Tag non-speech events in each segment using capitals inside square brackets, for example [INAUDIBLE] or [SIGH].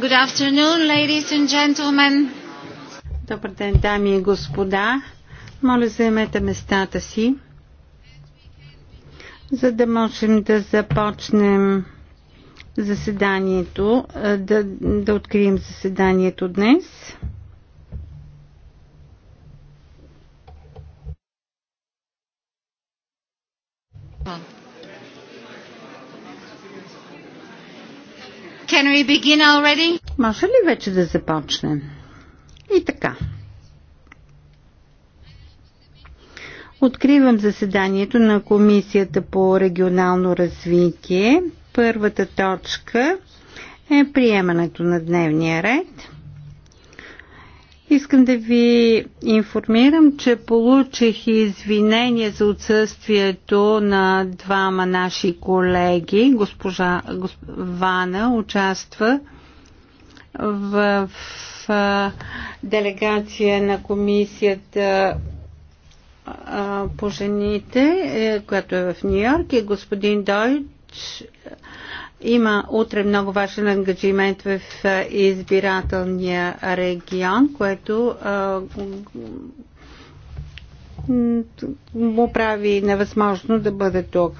Good afternoon, ladies and gentlemen. Добър ден, дами и господа. Моля, заемете местата си, за да можем да започнем заседанието, е, да, да открием заседанието днес. Can we begin already? Може ли вече да започнем? И така. Откривам заседанието на Комисията по регионално развитие. Първата точка е приемането на дневния ред. Искам да ви информирам, че получих извинение за отсъствието на двама наши колеги. Госпожа госп... Вана участва в, в делегация на комисията по жените, е, която е в Нью Йорк и господин Дойч е, има утре много важен ангажимент в избирателния регион, което му прави невъзможно да бъде тук.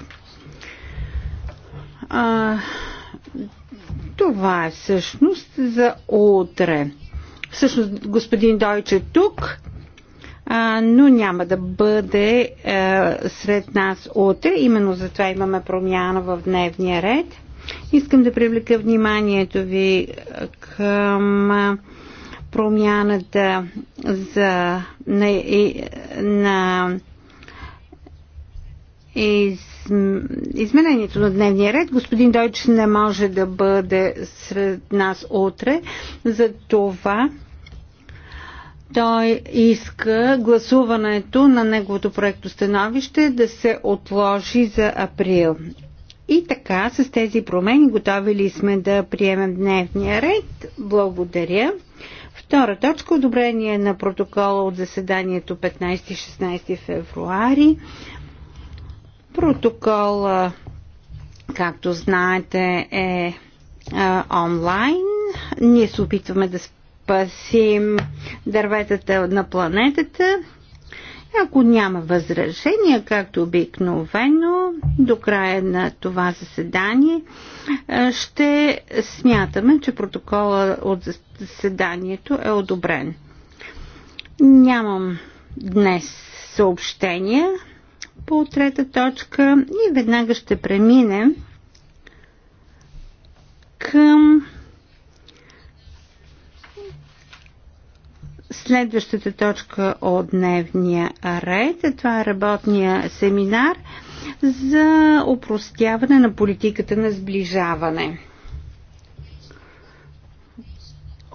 Това е всъщност за утре. Всъщност господин Дойч е тук, а, но няма да бъде а, е, сред нас утре. Именно за това имаме промяна в дневния ред. Искам да привлека вниманието ви е, към е, промяната за, на, на из изменението на дневния ред. Господин Дойч не може да бъде сред нас утре, за това той иска гласуването на неговото проекто становище да се отложи за април. И така, с тези промени готови ли сме да приемем дневния ред? Благодаря. Втора точка – одобрение на протокола от заседанието 15-16 февруари. Протокола, както знаете, е а, онлайн. Ние се опитваме да спасим дърветата на планетата. Ако няма възражения, както обикновено, до края на това заседание ще смятаме, че протокола от заседанието е одобрен. Нямам днес съобщения по трета точка и веднага ще преминем към следващата точка от дневния ред. Това е работния семинар за упростяване на политиката на сближаване.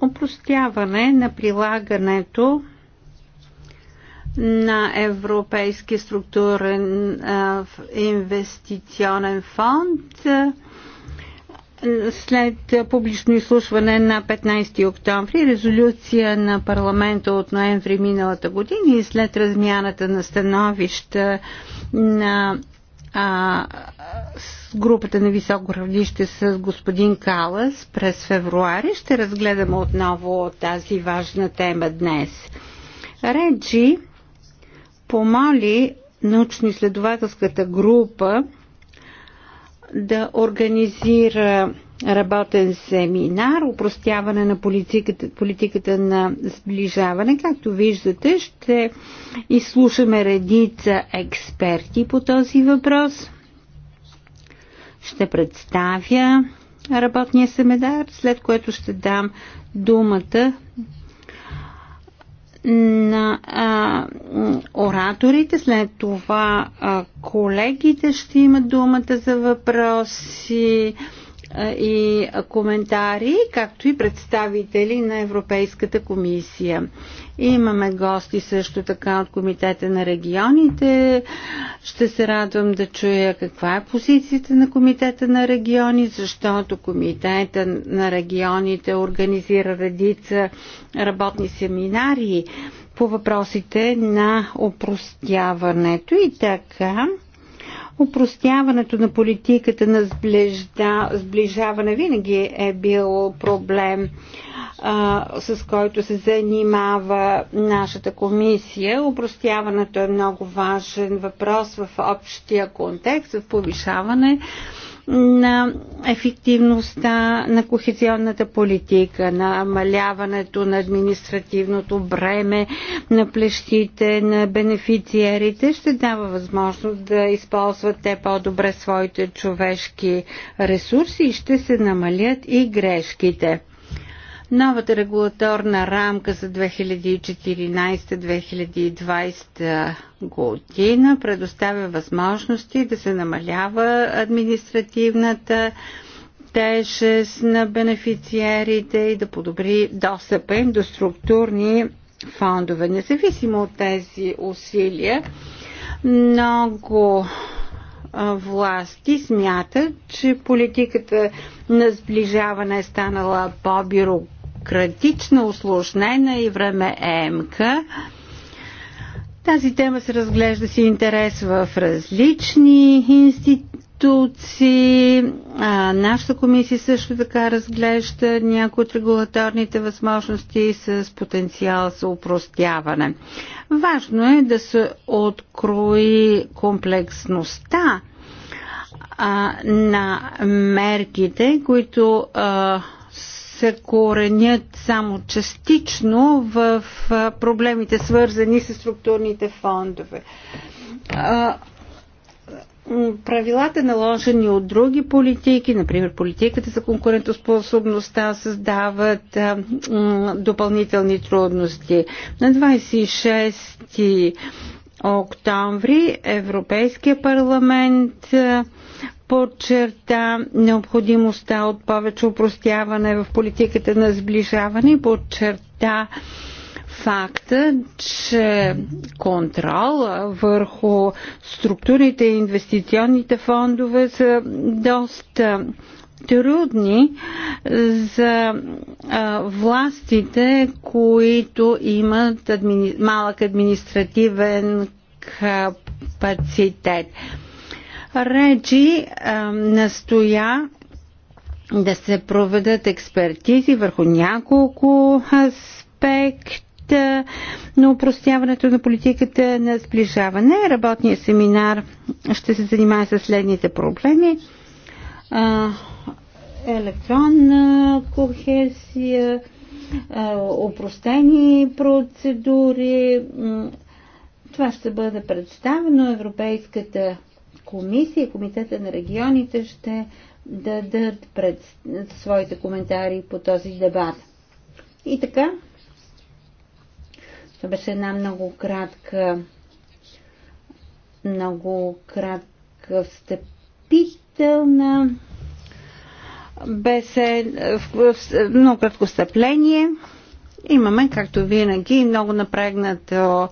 Упростяване на прилагането на Европейския структурен инвестиционен фонд след публично изслушване на 15 октомври, резолюция на парламента от ноември миналата година и след размяната на становища на а, с групата на високо равнище с господин Калас през февруари ще разгледаме отново тази важна тема днес. Реджи помоли научно-изследователската група да организира работен семинар, упростяване на политиката, политиката на сближаване. Както виждате, ще изслушаме редица експерти по този въпрос. Ще представя работния семинар, след което ще дам думата на а, ораторите, след това а, колегите ще имат думата за въпроси. А, и коментари, както и представители на Европейската комисия. Имаме гости също така от Комитета на регионите. Ще се радвам да чуя каква е позицията на Комитета на региони, защото Комитета на регионите организира редица работни семинари по въпросите на опростяването и така. Упростяването на политиката на сближда, сближаване винаги е бил проблем, а, с който се занимава нашата комисия. Упростяването е много важен въпрос в общия контекст, в повишаване а, на ефективността на кохезионната политика, на намаляването на административното бреме на плещите, на бенефициерите, ще дава възможност да използват те по-добре своите човешки ресурси и ще се намалят и грешките. Новата регулаторна рамка за 2014-2020 година предоставя възможности да се намалява административната тежест на бенефициерите и да подобри достъпа им до структурни фондове. Независимо от тези усилия, много власти смятат, че политиката на сближаване е станала по-бюрократична бюрократично осложнена и време ЕМК, Тази тема се разглежда си интерес в различни институции. А, нашата комисия също така разглежда някои от регулаторните възможности с потенциал за упростяване. Важно е да се открои комплексността а, на мерките, които а, се коренят само частично в проблемите, свързани с структурните фондове. Правилата, наложени от други политики, например политиката за конкурентоспособността, създават допълнителни трудности. На 26 октомври Европейския парламент подчерта необходимостта от повече упростяване в политиката на сближаване подчерта факта, че контрол върху структурите и инвестиционните фондове са доста трудни за а, властите, които имат админи... малък административен капацитет. Реджи настоя да се проведат експертизи върху няколко аспекта на упростяването на политиката на сближаване. Работният семинар ще се занимава с следните проблеми. електронна кохезия, упростени процедури. Това ще бъде представено Европейската комисия Комитета на регионите ще дадат пред своите коментари по този дебат. И така, това беше една много кратка много кратка встъпителна бесед, много кратко встъпление. Имаме, както винаги, много напрегнато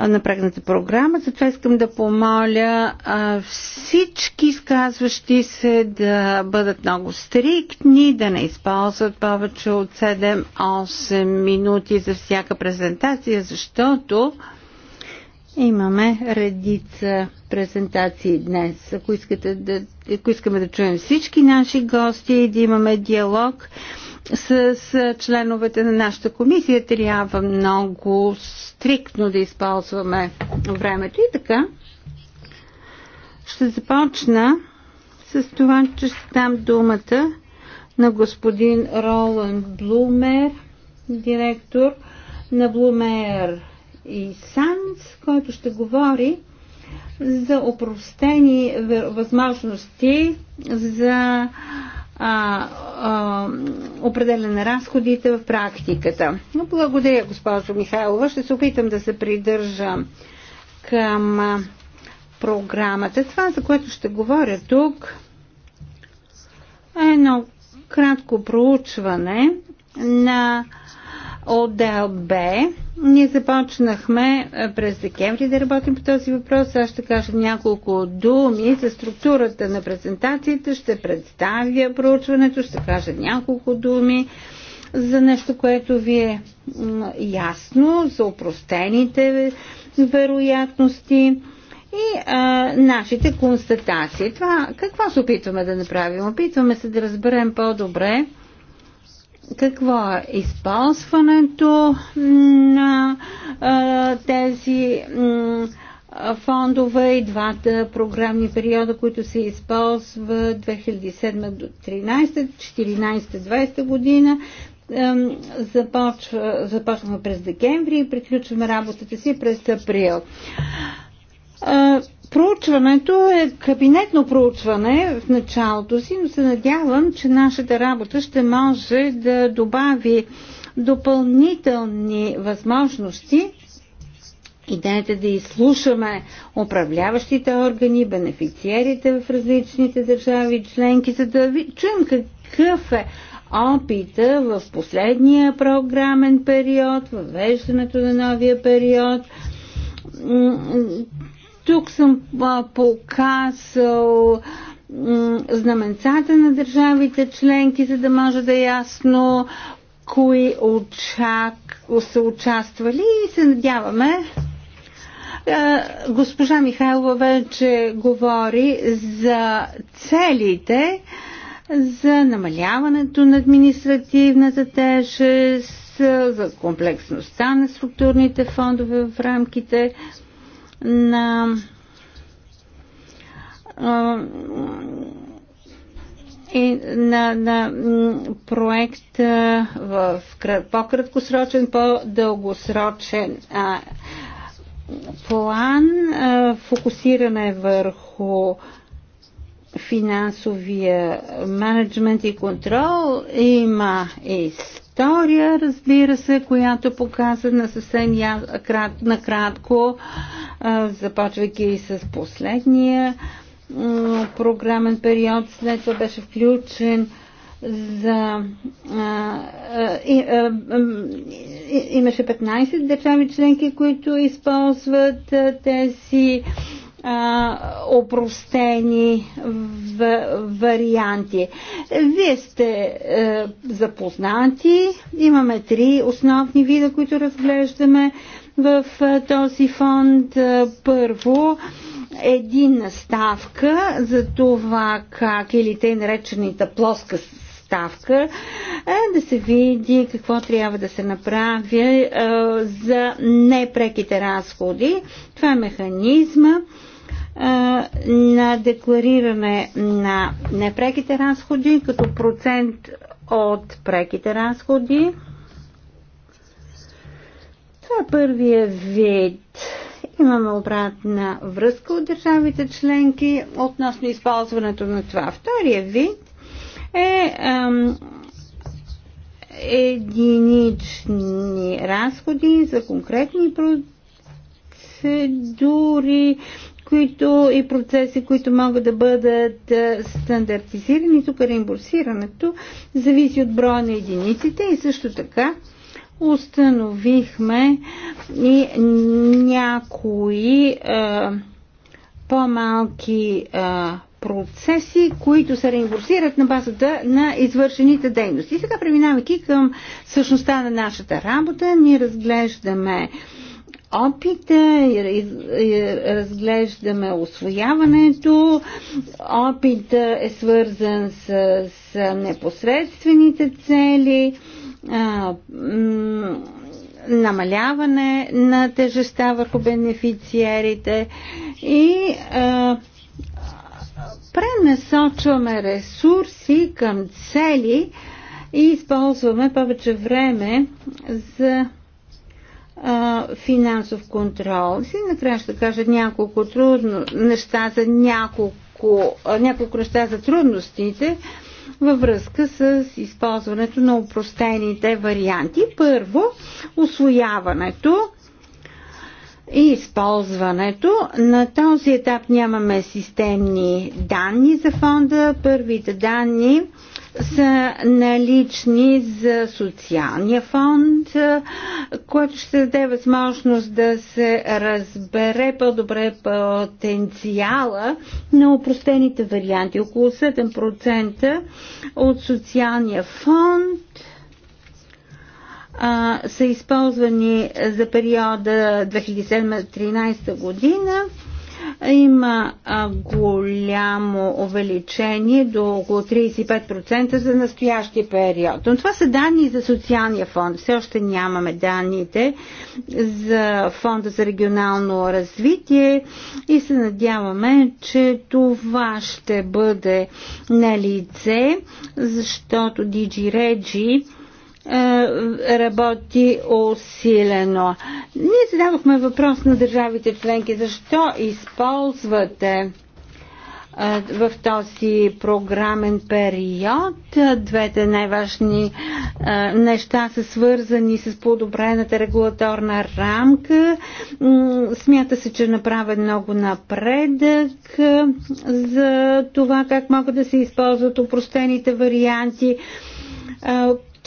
напрегната програма. Затова искам да помоля всички изказващи се да бъдат много стриктни, да не използват повече от 7-8 минути за всяка презентация, защото имаме редица презентации днес. Ако, искате да, ако искаме да чуем всички наши гости и да имаме диалог, с, с членовете на нашата комисия трябва много стриктно да използваме времето. И така, ще започна с това, че ще дам думата на господин Роланд Блумер, директор на Блумер и Санс, който ще говори за опростени възможности за а, а, определя на разходите в практиката. Но благодаря, госпожо Михайлова. Ще се опитам да се придържа към програмата. Това, за което ще говоря тук, е едно кратко проучване на Отдел Б. Ние започнахме е, през декември да работим по този въпрос. Аз ще кажа няколко думи за структурата на презентацията. Ще представя проучването, ще кажа няколко думи за нещо, което ви е ясно, за упростените вероятности и а, нашите констатации. Това какво се опитваме да направим? Опитваме се да разберем по-добре какво е използването на тези фондове и двата програмни периода, които се използват 2007 до 13, 2020 20 година. Започва, започваме през декември и приключваме работата си през април. Проучването е кабинетно проучване в началото си, но се надявам, че нашата работа ще може да добави допълнителни възможности. Идеята е да изслушаме управляващите органи, бенефициерите в различните държави, членки, за да ви чуем какъв е опита в последния програмен период, въвеждането на новия период тук съм показал знаменцата на държавите членки, за да може да е ясно кои очак, са участвали и се надяваме госпожа Михайлова вече говори за целите за намаляването на административната тежест, за комплексността на структурните фондове в рамките на и на, на проект в по-краткосрочен, по-дългосрочен план, фокусиране върху финансовия менеджмент и контрол. Има и история, разбира се, която показа на съвсем я, крат, накратко, започвайки с последния програмен период. След това беше включен за имаше 15 държави членки, които използват тези опростени варианти. Вие сте а, запознати, имаме три основни вида, които разглеждаме в а, този фонд. А, първо, един ставка за това как или те наречените плоска ставка, да се види какво трябва да се направи за непреките разходи. Това е механизма, на деклариране на непреките разходи като процент от преките разходи. Това е първия вид. Имаме обратна връзка от държавите членки относно използването на това. Втория вид е ам, единични разходи за конкретни процедури които и процеси, които могат да бъдат стандартизирани. Тук реимбурсирането зависи от броя на единиците и също така установихме и някои а, по-малки а, процеси, които се реимбурсират на базата на извършените дейности. И сега преминавайки към същността на нашата работа, ние разглеждаме опита и, и разглеждаме освояването. Опита е свързан с, с непосредствените цели, а, намаляване на тежеста върху бенефициерите и а, пренасочваме ресурси към цели и използваме повече време за финансов контрол. И накрая ще кажа няколко трудно неща за няколко, няколко неща за трудностите във връзка с използването на упростените варианти. Първо, освояването и използването. На този етап нямаме системни данни за фонда. Първите данни са налични за социалния фонд, което ще даде възможност да се разбере по-добре потенциала на упростените варианти. Около 7% от социалния фонд а, са използвани за периода 2007-2013 година има голямо увеличение до около 35% за настоящия период. Но това са данни за социалния фонд. Все още нямаме данните за фонда за регионално развитие и се надяваме, че това ще бъде на лице, защото DG Regi е, работи усилено. Ние задавахме въпрос на държавите членки, защо използвате е, в този програмен период. Е, двете най-важни неща са свързани с подобрената регулаторна рамка. Смята се, че направя много напредък за това как могат да се използват упростените варианти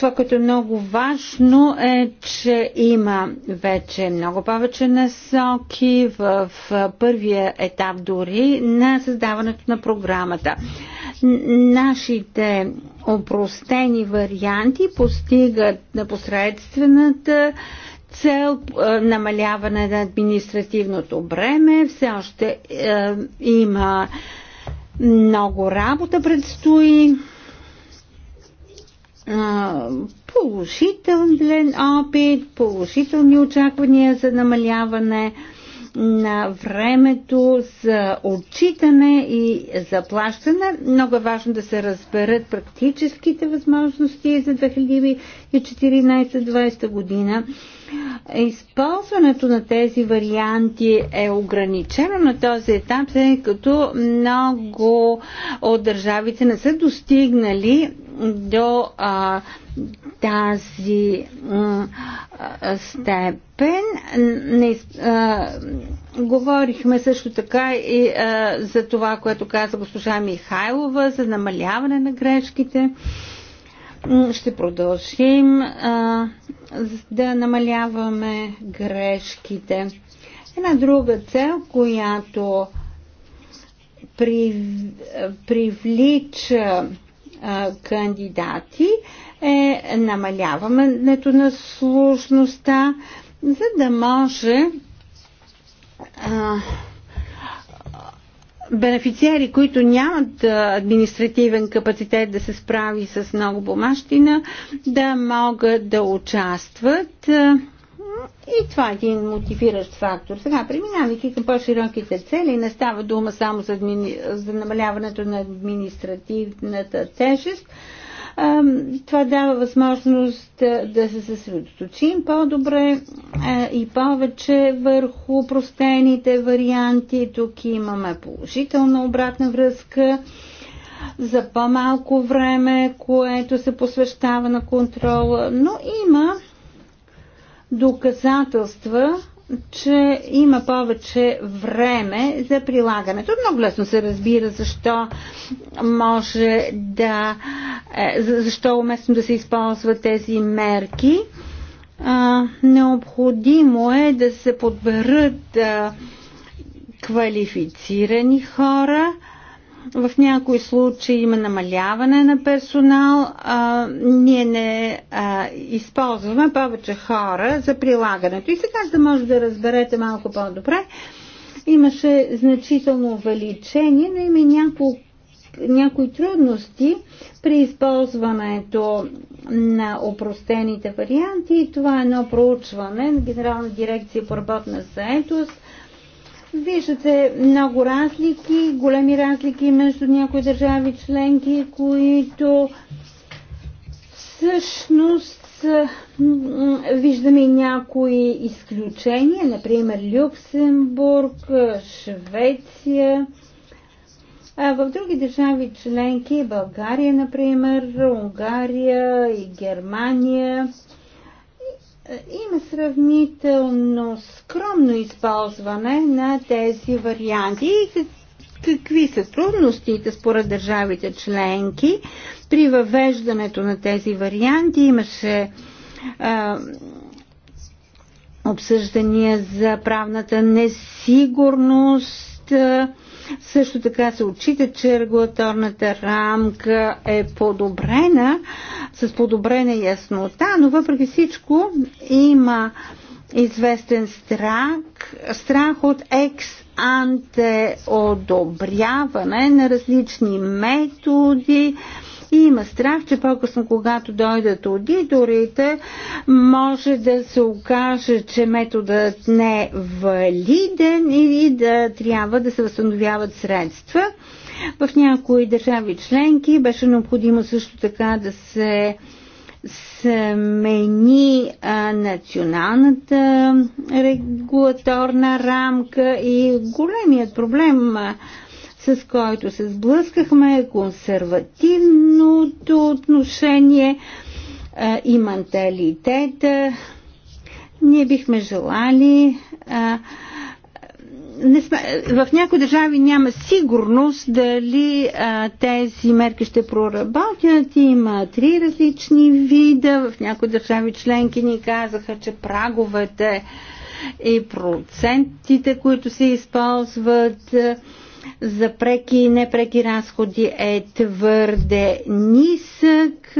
това, което е много важно е, че има вече много повече насоки в първия етап дори на създаването на програмата. Нашите опростени варианти постигат посредствената цел е, намаляване на административното бреме. Все още е, има много работа предстои положителен опит, положителни очаквания за намаляване на времето за отчитане и заплащане. Много е важно да се разберат практическите възможности за 2014-2020 година. Използването на тези варианти е ограничено на този етап, тъй като много от държавите не са достигнали до а, тази а, степен. Не, а, говорихме също така и а, за това, което каза госпожа Михайлова, за намаляване на грешките. Ще продължим а, да намаляваме грешките. Една друга цел, която при, привлича кандидати е намаляването на сложността, за да може а, бенефициари, които нямат административен капацитет да се справи с много бумащина, да могат да участват и това е един мотивиращ фактор. Сега, преминавайки към по-широките цели, не става дума само за, админи... за намаляването на административната тежест. Това дава възможност да се съсредоточим по-добре и повече върху простените варианти. Тук имаме положителна обратна връзка за по-малко време, което се посвещава на контрола, но има доказателства, че има повече време за прилагането. Много лесно се разбира защо може да. Е, защо уместно да се използват тези мерки. необходимо е да се подберат квалифицирани хора, в някои случаи има намаляване на персонал. А, ние не а, използваме повече хора за прилагането. И сега, за да може да разберете малко по-добре, имаше значително увеличение, но има няколко някои трудности при използването на опростените варианти. Това е едно проучване на Генерална дирекция по работна заетост Виждате много разлики, големи разлики между някои държави членки, които всъщност виждаме някои изключения, например Люксембург, Швеция. А в други държави членки, България, например, Унгария и Германия, е, има сравнително скромно използване на тези варианти и какви са трудностите според държавите членки при въвеждането на тези варианти. Имаше а, обсъждания за правната несигурност, а, също така се отчита, че регулаторната рамка е подобрена, с подобрена яснота, но въпреки всичко има известен страх, страх от екс анте одобряване на различни методи, и има страх, че по-късно, когато дойдат аудиторите, може да се окаже, че методът не е валиден и да трябва да се възстановяват средства. В някои държави членки беше необходимо също така да се смени а, националната регулаторна рамка и големият проблем, а, с който се сблъскахме, консервативното отношение а, и менталитета. Ние бихме желали. А, не сме, в някои държави няма сигурност дали а, тези мерки ще проработят. Има три различни вида. В някои държави членки ни казаха, че праговете и процентите, които се използват, за преки и непреки разходи е твърде нисък.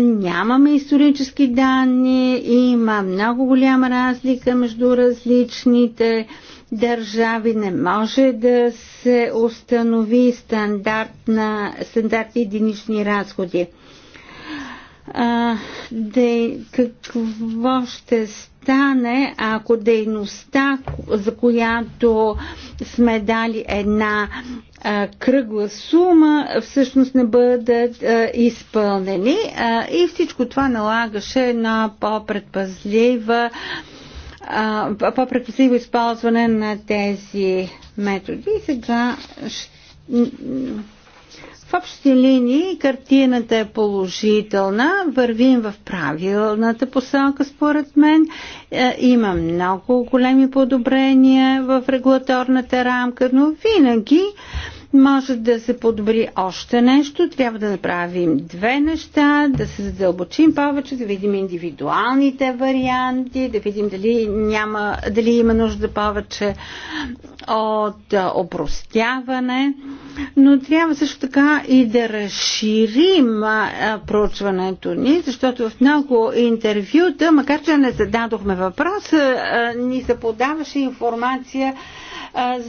Нямаме исторически данни, има много голяма разлика между различните държави. Не може да се установи стандарт на стандарт единични разходи а, де, какво ще стане, ако дейността, за която сме дали една а, кръгла сума, всъщност не бъдат а, изпълнени. А, и всичко това налагаше една по-предпазлива по-предпазливо използване на тези методи. И сега ще в общи линии картината е положителна, вървим в правилната посока според мен. Е, има много големи подобрения в регулаторната рамка, но винаги може да се подобри още нещо. Трябва да направим две неща, да се задълбочим повече, да видим индивидуалните варианти, да видим дали, няма, дали има нужда повече от опростяване. Но трябва също така и да разширим проучването ни, защото в много интервюта, макар че не зададохме въпрос, ни се подаваше информация,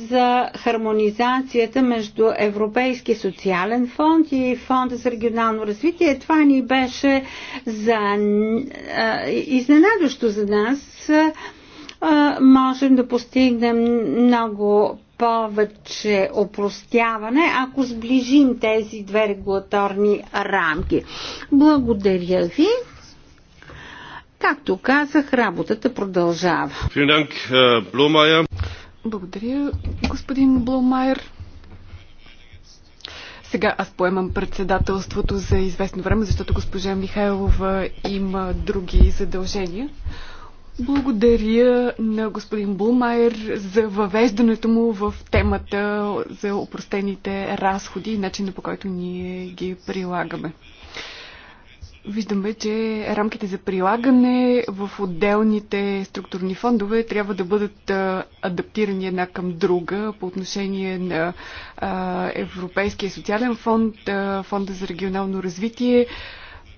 за хармонизацията между Европейски социален фонд и Фонда за регионално развитие. Това ни беше за, изненадващо за нас. Можем да постигнем много повече опростяване, ако сближим тези две регулаторни рамки. Благодаря ви. Както казах, работата продължава. Благодаря, господин Блумайер. Сега аз поемам председателството за известно време, защото госпожа Михайлова има други задължения. Благодаря на господин Булмайер за въвеждането му в темата за упростените разходи и начина по който ние ги прилагаме. Виждаме, че рамките за прилагане в отделните структурни фондове трябва да бъдат адаптирани една към друга по отношение на Европейския социален фонд, фонда за регионално развитие.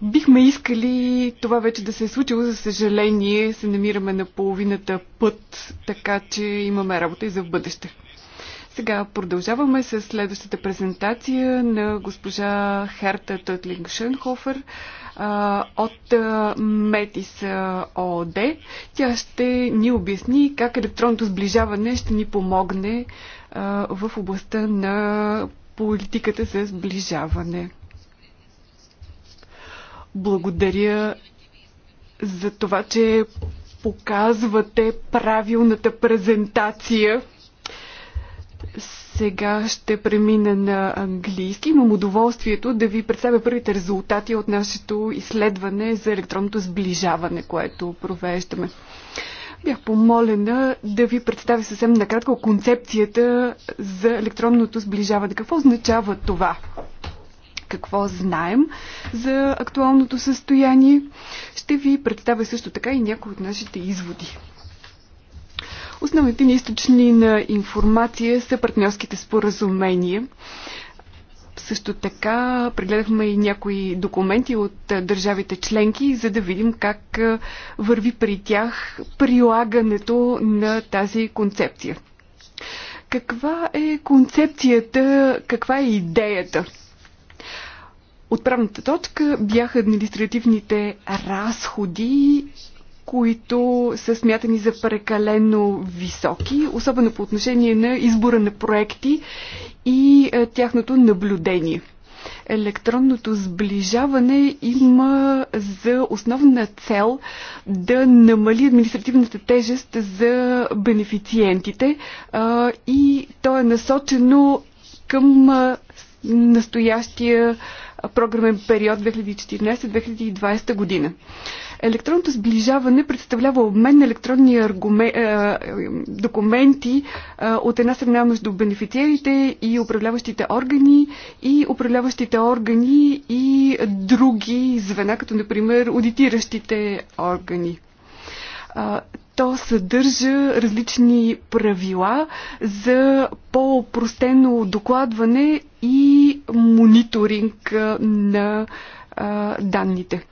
Бихме искали това вече да се е случило. За съжаление, се намираме на половината път, така че имаме работа и за в бъдеще. Сега продължаваме с следващата презентация на госпожа Херта Тотлинг Шенхофер от Метис ООД. Тя ще ни обясни как електронното сближаване ще ни помогне в областта на политиката за сближаване. Благодаря за това, че показвате правилната презентация. Сега ще премина на английски. Имам удоволствието да ви представя първите резултати от нашето изследване за електронното сближаване, което провеждаме. Бях помолена да ви представя съвсем накратко концепцията за електронното сближаване. Какво означава това? Какво знаем за актуалното състояние? Ще ви представя също така и някои от нашите изводи. Основните ни източни на информация са партньорските споразумения. Също така прегледахме и някои документи от държавите членки, за да видим как върви при тях прилагането на тази концепция. Каква е концепцията, каква е идеята? Отправната точка бяха административните разходи които са смятани за прекалено високи, особено по отношение на избора на проекти и е, тяхното наблюдение. Електронното сближаване има за основна цел да намали административната тежест за бенефициентите и то е насочено към настоящия програмен период 2014-2020 година. Електронното сближаване представлява обмен на електронни аргумен... Е, е, документи е, от една страна между бенефициерите и управляващите органи и управляващите органи и други звена, като например аудитиращите органи. То съдържа различни правила за по-простено докладване и мониторинг на данните.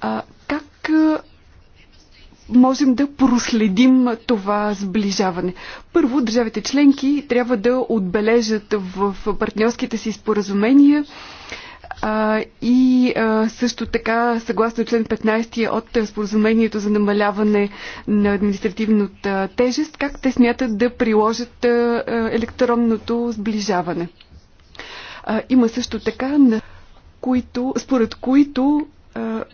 А, как можем да проследим това сближаване. Първо, държавите членки трябва да отбележат в партньорските си споразумения а, и а, също така, съгласно член 15 от споразумението за намаляване на административната тежест, как те смятат да приложат а, електронното сближаване. А, има също така, които, според които а,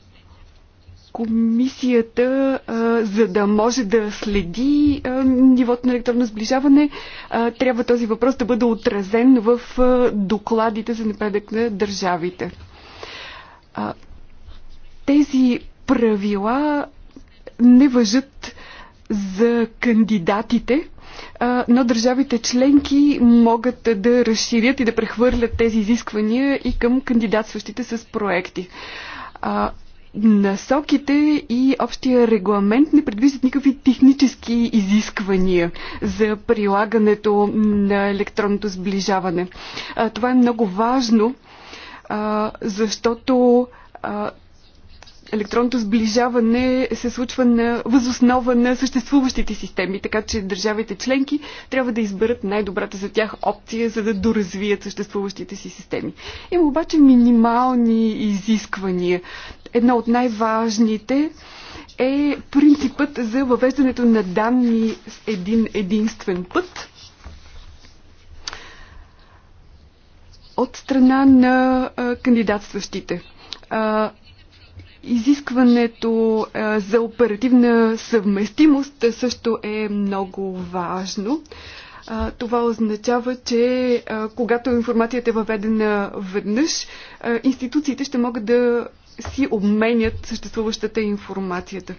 комисията, за да може да следи нивото на електронно сближаване, трябва този въпрос да бъде отразен в докладите за напредък на държавите. Тези правила не въжат за кандидатите, но държавите членки могат да разширят и да прехвърлят тези изисквания и към кандидатстващите с проекти насоките и общия регламент не предвиждат никакви технически изисквания за прилагането на електронното сближаване. Това е много важно, защото електронното сближаване се случва на възоснова на съществуващите системи, така че държавите членки трябва да изберат най-добрата за тях опция, за да доразвият съществуващите си системи. Има обаче минимални изисквания. Едно от най-важните е принципът за въвеждането на данни с един единствен път. От страна на кандидатстващите изискването е, за оперативна съвместимост също е много важно. Това означава, че когато информацията е въведена веднъж, институциите ще могат да си обменят съществуващата информацията.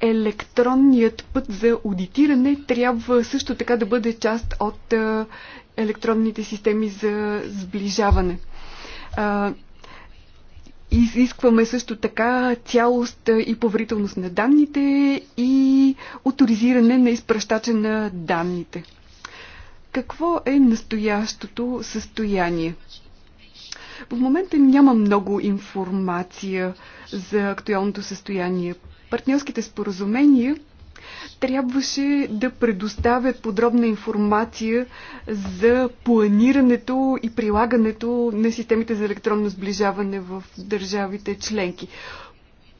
Електронният път за аудитиране трябва също така да бъде част от електронните системи за сближаване Изискваме също така цялост и поверителност на данните и авторизиране на изпращача на данните. Какво е настоящото състояние? В момента няма много информация за актуалното състояние. Партньорските споразумения трябваше да предоставят подробна информация за планирането и прилагането на системите за електронно сближаване в държавите членки.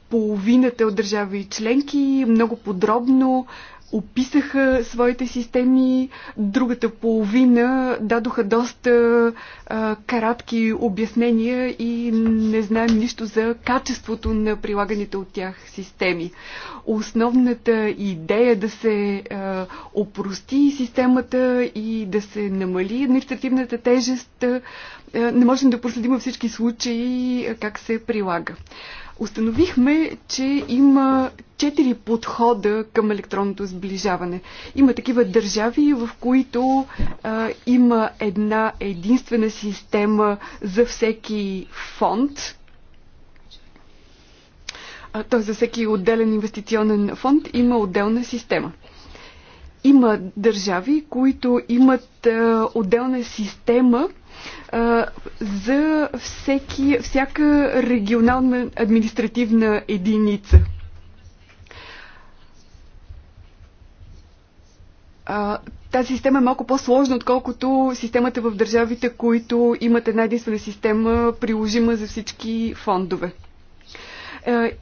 Половината от държави членки много подробно описаха своите системи, другата половина дадоха доста а, кратки обяснения и не знаем нищо за качеството на прилаганите от тях системи. Основната идея да се а, опрости системата и да се намали административната тежест, а, не можем да проследим във всички случаи как се прилага. Установихме, че има четири подхода към електронното сближаване. Има такива държави, в които а, има една единствена система за всеки фонд, т.е. за всеки отделен инвестиционен фонд има отделна система. Има държави, които имат а, отделна система за всеки, всяка регионална административна единица. тази система е малко по-сложна, отколкото системата в държавите, които имат една единствена система, приложима за всички фондове.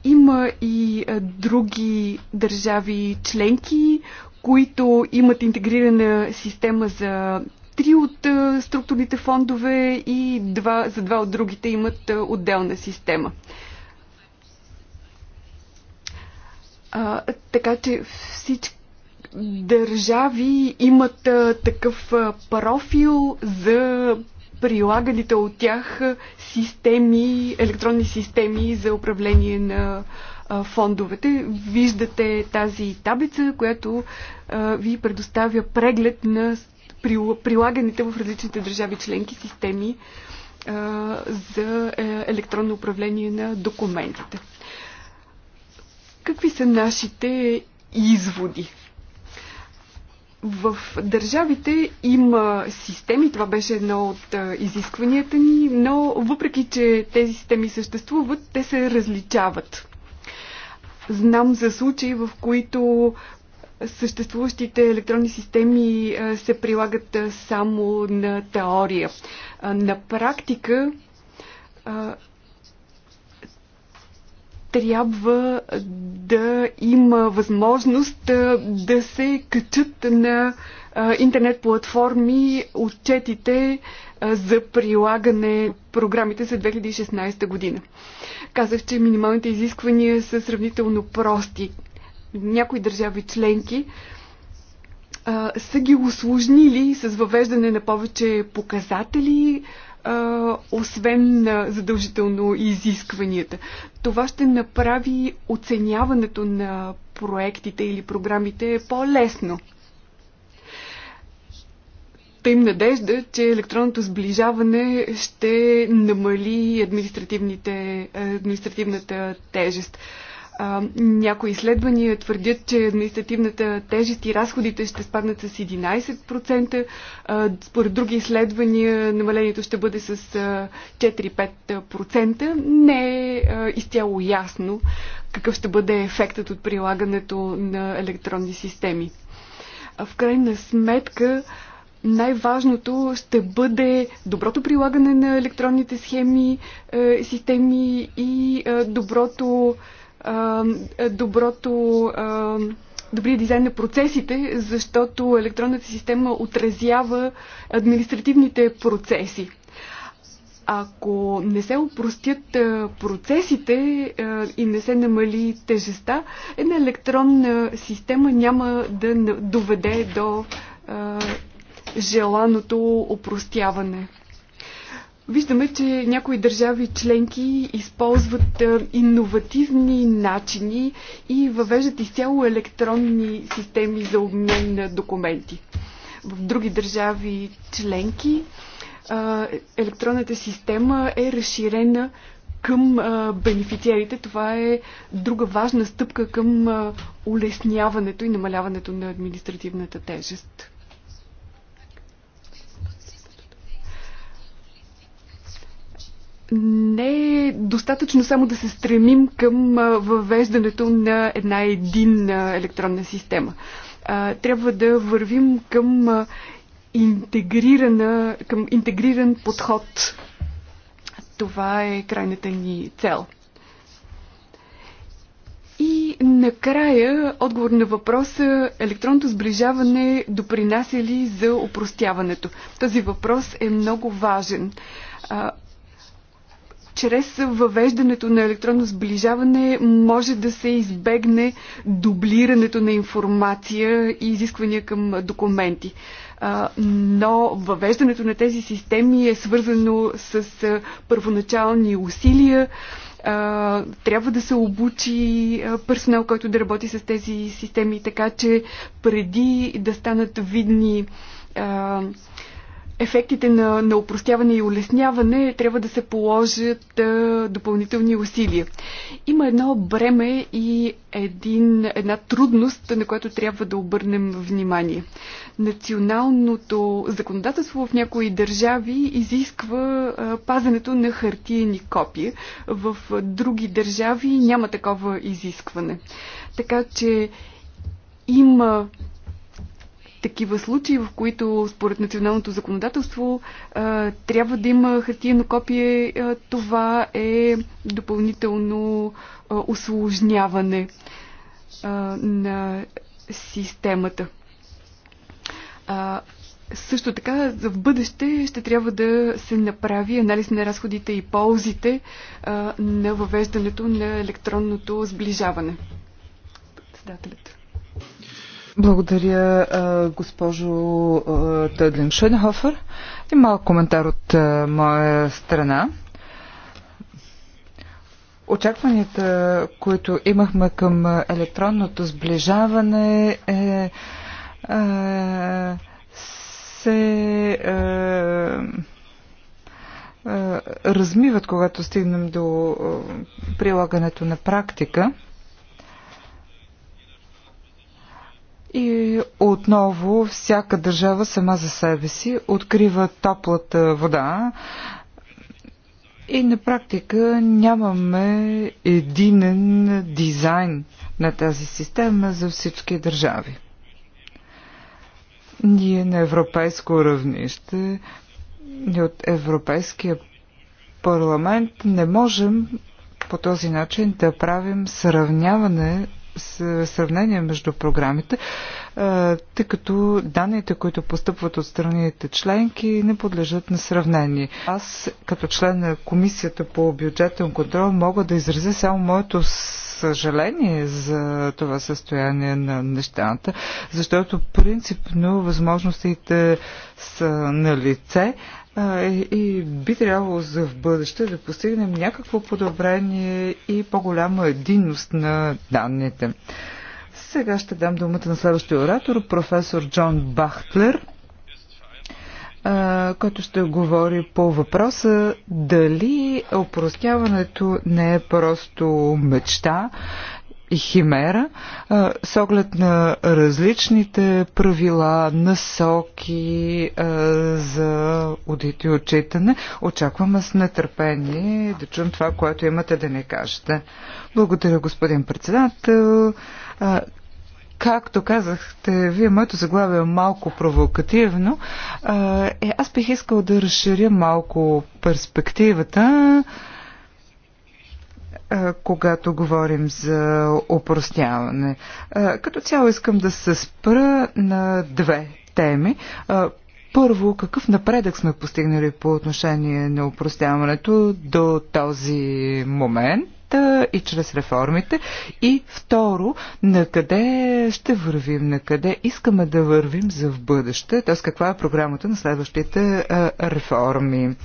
Има и други държави членки, които имат интегрирана система за три от е, структурните фондове и два, за два от другите имат е, отделна система. А, така че всички държави имат а, е, такъв а, профил за прилаганите от тях системи, електронни системи за управление на а, фондовете. Виждате тази таблица, която а, ви предоставя преглед на прилаганите в различните държави членки системи за е, електронно управление на документите. Какви са нашите изводи? В държавите има системи, това беше едно от изискванията ни, но въпреки, че тези системи съществуват, те се различават. Знам за случаи, в които съществуващите електронни системи се прилагат само на теория. На практика трябва да има възможност да се качат на интернет платформи отчетите за прилагане програмите за 2016 година. Казах, че минималните изисквания са сравнително прости някои държави членки а, са ги осложнили с въвеждане на повече показатели, а, освен на задължително изискванията. Това ще направи оценяването на проектите или програмите по-лесно. Та им надежда, че електронното сближаване ще намали административните, административната тежест някои изследвания твърдят, че административната тежест и разходите ще спаднат с 11%. според други изследвания намалението ще бъде с 4-5%. Не е изцяло ясно какъв ще бъде ефектът от прилагането на електронни системи. в крайна сметка, най-важното ще бъде доброто прилагане на електронните схеми, е, системи и е, доброто доброто. А, добрия дизайн на процесите, защото електронната система отразява административните процеси. Ако не се опростят процесите и не се намали тежеста, една електронна система няма да доведе до желаното опростяване. Виждаме, че някои държави членки използват е, иновативни начини и въвеждат изцяло електронни системи за обмен на документи. В други държави членки е, електронната система е разширена към е, бенефициерите. Това е друга важна стъпка към улесняването и намаляването на административната тежест. не е достатъчно само да се стремим към въвеждането на една единна електронна система. Трябва да вървим към, интегрирана, към интегриран подход. Това е крайната ни цел. И накрая, отговор на въпроса, електронното сближаване допринася ли за упростяването? Този въпрос е много важен чрез въвеждането на електронно сближаване може да се избегне дублирането на информация и изисквания към документи. Но въвеждането на тези системи е свързано с първоначални усилия. Трябва да се обучи персонал, който да работи с тези системи, така че преди да станат видни ефектите на, на упростяване и улесняване трябва да се положат а, допълнителни усилия. Има едно бреме и един, една трудност, на която трябва да обърнем внимание. Националното законодателство в някои държави изисква а, пазането на хартиени копия. В други държави няма такова изискване. Така че има такива случаи, в които според националното законодателство трябва да има хартиено копие, това е допълнително осложняване на системата. Също така, за в бъдеще ще трябва да се направи анализ на разходите и ползите а, на въвеждането на електронното сближаване. Председателят. Благодаря, госпожо Тъдлин Шенхофер. И малък коментар от моя страна. Очакванията, които имахме към електронното сближаване е, е се е, е, размиват, когато стигнем до прилагането на практика. И отново всяка държава сама за себе си открива топлата вода и на практика нямаме единен дизайн на тази система за всички държави. Ние на европейско равнище, ние от Европейския парламент не можем по този начин да правим сравняване сравнение между програмите, тъй като данните, които постъпват от страните членки, не подлежат на сравнение. Аз, като член на Комисията по бюджетен контрол, мога да изразя само моето съжаление за това състояние на нещата, защото принципно възможностите са на лице, и би трябвало за в бъдеще да постигнем някакво подобрение и по-голяма единност на данните. Сега ще дам думата на следващия оратор, професор Джон Бахтлер, който ще говори по въпроса дали опростяването не е просто мечта, и химера с оглед на различните правила, насоки за одит и отчитане. Очакваме с нетърпение да чуем това, което имате да ни кажете. Благодаря, господин председател. Както казахте, вие моето заглавие е малко провокативно. Е, аз бих искал да разширя малко перспективата когато говорим за упростяване. Като цяло искам да се спра на две теми. Първо, какъв напредък сме постигнали по отношение на упростяването до този момент? и чрез реформите. И второ, на къде ще вървим, на къде искаме да вървим за в бъдеще, т.е. каква е програмата на следващите реформи.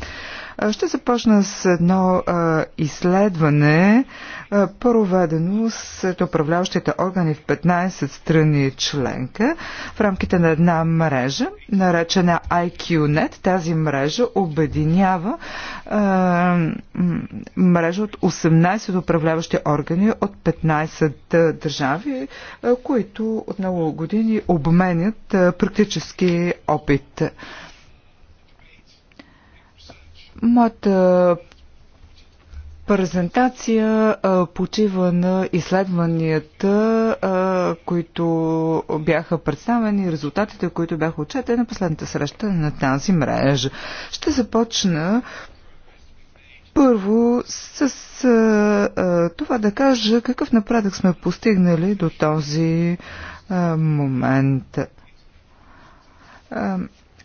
Ще започна с едно а, изследване, а, проведено с управляващите органи в 15 страни членка в рамките на една мрежа, наречена IQNet. Тази мрежа обединява а, мрежа от 18 управляващи органи от 15 държави, а, които от много години обменят а, практически опит. Моята презентация почива на изследванията, които бяха представени, резултатите, които бяха отчетени на последната среща на тази мрежа. Ще започна първо с а, това да кажа какъв напредък сме постигнали до този а, момент. А,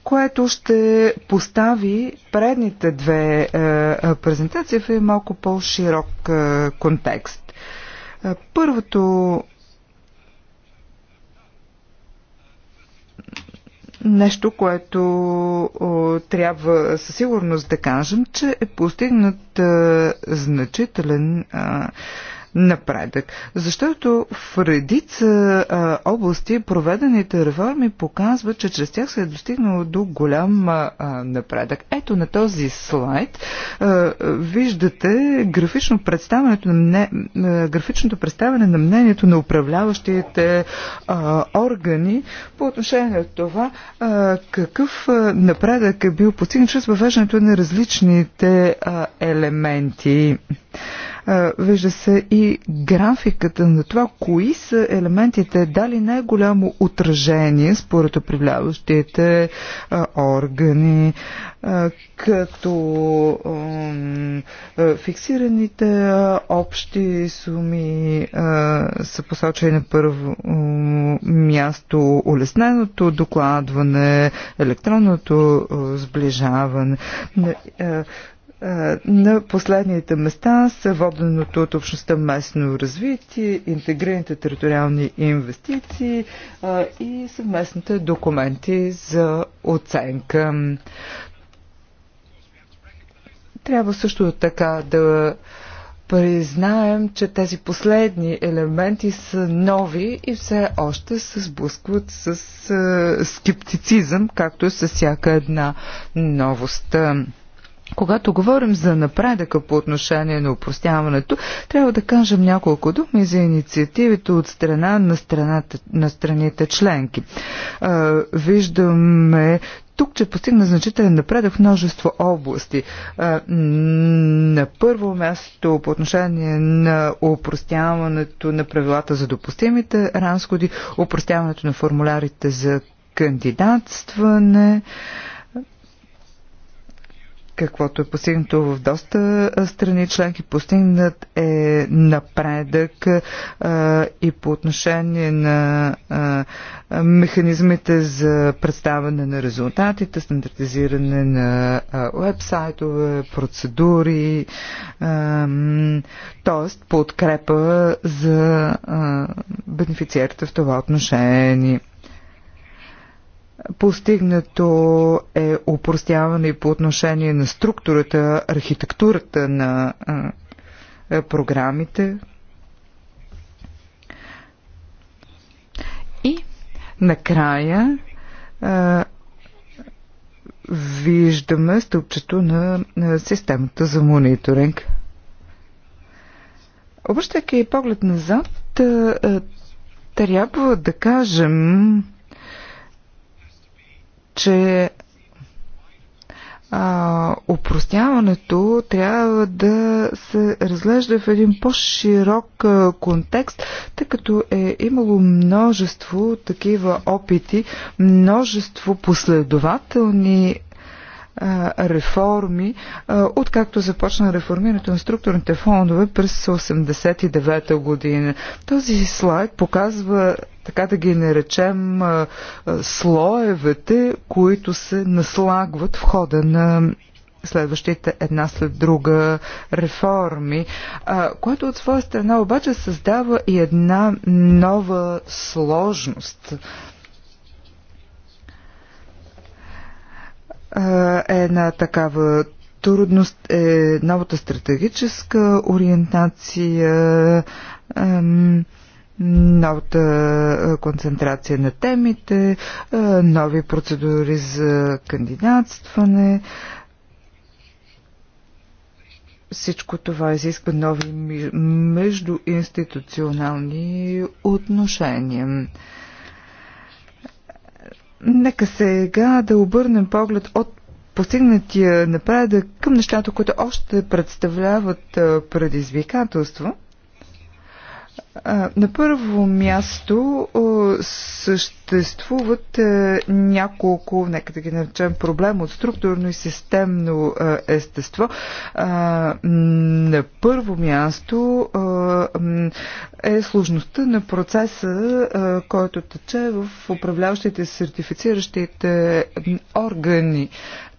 което ще постави предните две е, е, презентации в малко по-широк е, контекст. Първото Нещо, което о, трябва със сигурност да кажем, че е постигнат а, значителен а, напредък. Защото в редица а, области проведените реформи показват, че чрез тях се е достигнало до голям а, напредък. Ето на този слайд а, виждате графично представянето на мне, а, графичното представяне на мнението на управляващите а, органи по отношение на това а, какъв а, напредък е бил постигнат чрез въвеждането на различните а, елементи. Вижда се и графиката на това, кои са елементите дали най-голямо отражение според управляващите органи, като фиксираните общи суми са посочени на първо място улесненото докладване, електронното сближаване е, на последните места са воденото от общността местно развитие, интегрираните териториални инвестиции е, и съвместните документи за оценка. Трябва също така да признаем, че тези последни елементи са нови и все още се сблъскват с е, скептицизъм, както и с всяка една новост. Когато говорим за напредъка по отношение на упростяването, трябва да кажем няколко думи за инициативите от страна на, страната, на страните членки. А, виждаме тук, че постигна значителен напредък в множество области. А, на първо място по отношение на упростяването на правилата за допустимите разходи, упростяването на формулярите за кандидатстване. А, каквото е постигнато в доста страни членки, постигнат е напредък а, и по отношение на а, механизмите за представяне на резултатите, стандартизиране на уебсайтове, процедури, т.е. подкрепа за а, бенефициерите в това отношение. Постигнато е упростяване по отношение на структурата, архитектурата на е, програмите. И накрая виждаме стъпчето на, системата за мониторинг. Обръщайки поглед назад, трябва да кажем, че а, упростяването трябва да се разглежда в един по-широк контекст, тъй като е имало множество такива опити, множество последователни а, реформи, а, откакто започна реформирането на структурните фондове през 1989 година. Този слайд показва така да ги наречем, слоевете, които се наслагват в хода на следващите една след друга реформи, което от своя страна обаче създава и една нова сложност. една такава трудност е новата стратегическа ориентация новата концентрация на темите, нови процедури за кандидатстване. Всичко това изисква нови междуинституционални отношения. Нека сега да обърнем поглед от постигнатия напредък към нещата, които още представляват предизвикателство – на първо място съществуват няколко, нека да ги наречем, проблем от структурно и системно естество. На първо място е сложността на процеса, който тече в управляващите сертифициращите органи.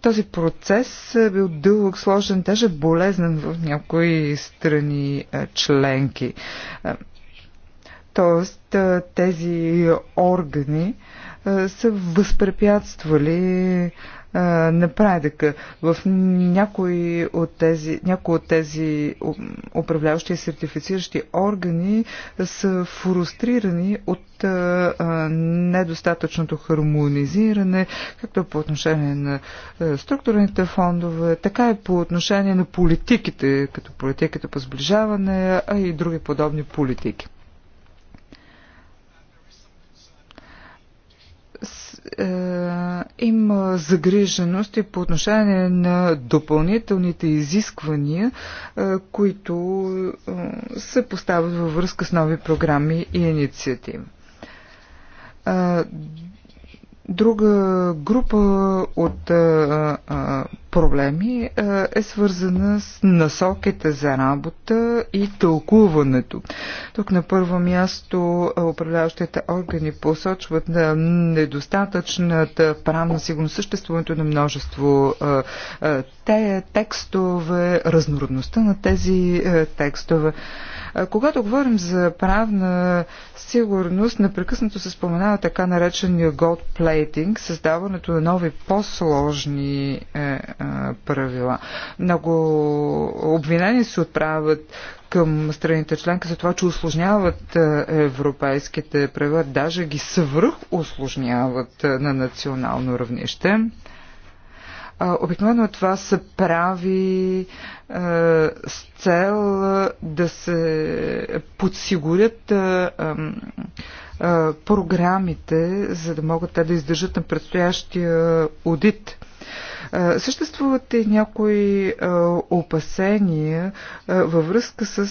Този процес е бил дълъг, сложен, даже болезнен в някои страни членки. Тоест тези органи са възпрепятствали напредъка. В някои от тези, някои от тези управляващи и сертифициращи органи са фрустрирани от недостатъчното хармонизиране, както по отношение на структурните фондове, така и по отношение на политиките, като политиката по сближаване, а и други подобни политики. Е, има загриженост и по отношение на допълнителните изисквания, е, които е, се поставят във връзка с нови програми и инициативи. Друга група от а, а, проблеми а, е свързана с насоките за работа и тълкуването. Тук на първо място управляващите органи посочват на недостатъчната правна сигурност, съществуването на множество а, а, те текстове, разнородността на тези а, текстове. Когато говорим за правна сигурност, непрекъснато се споменава така наречения gold plating, създаването на нови по-сложни е, е, правила. Много обвинения се отправят към страните членки за това, че осложняват е, европейските правила, даже ги свръх осложняват е, на национално равнище. Обикновено това се прави с цел да се подсигурят програмите, за да могат те да издържат на предстоящия аудит. Съществуват и някои опасения във връзка с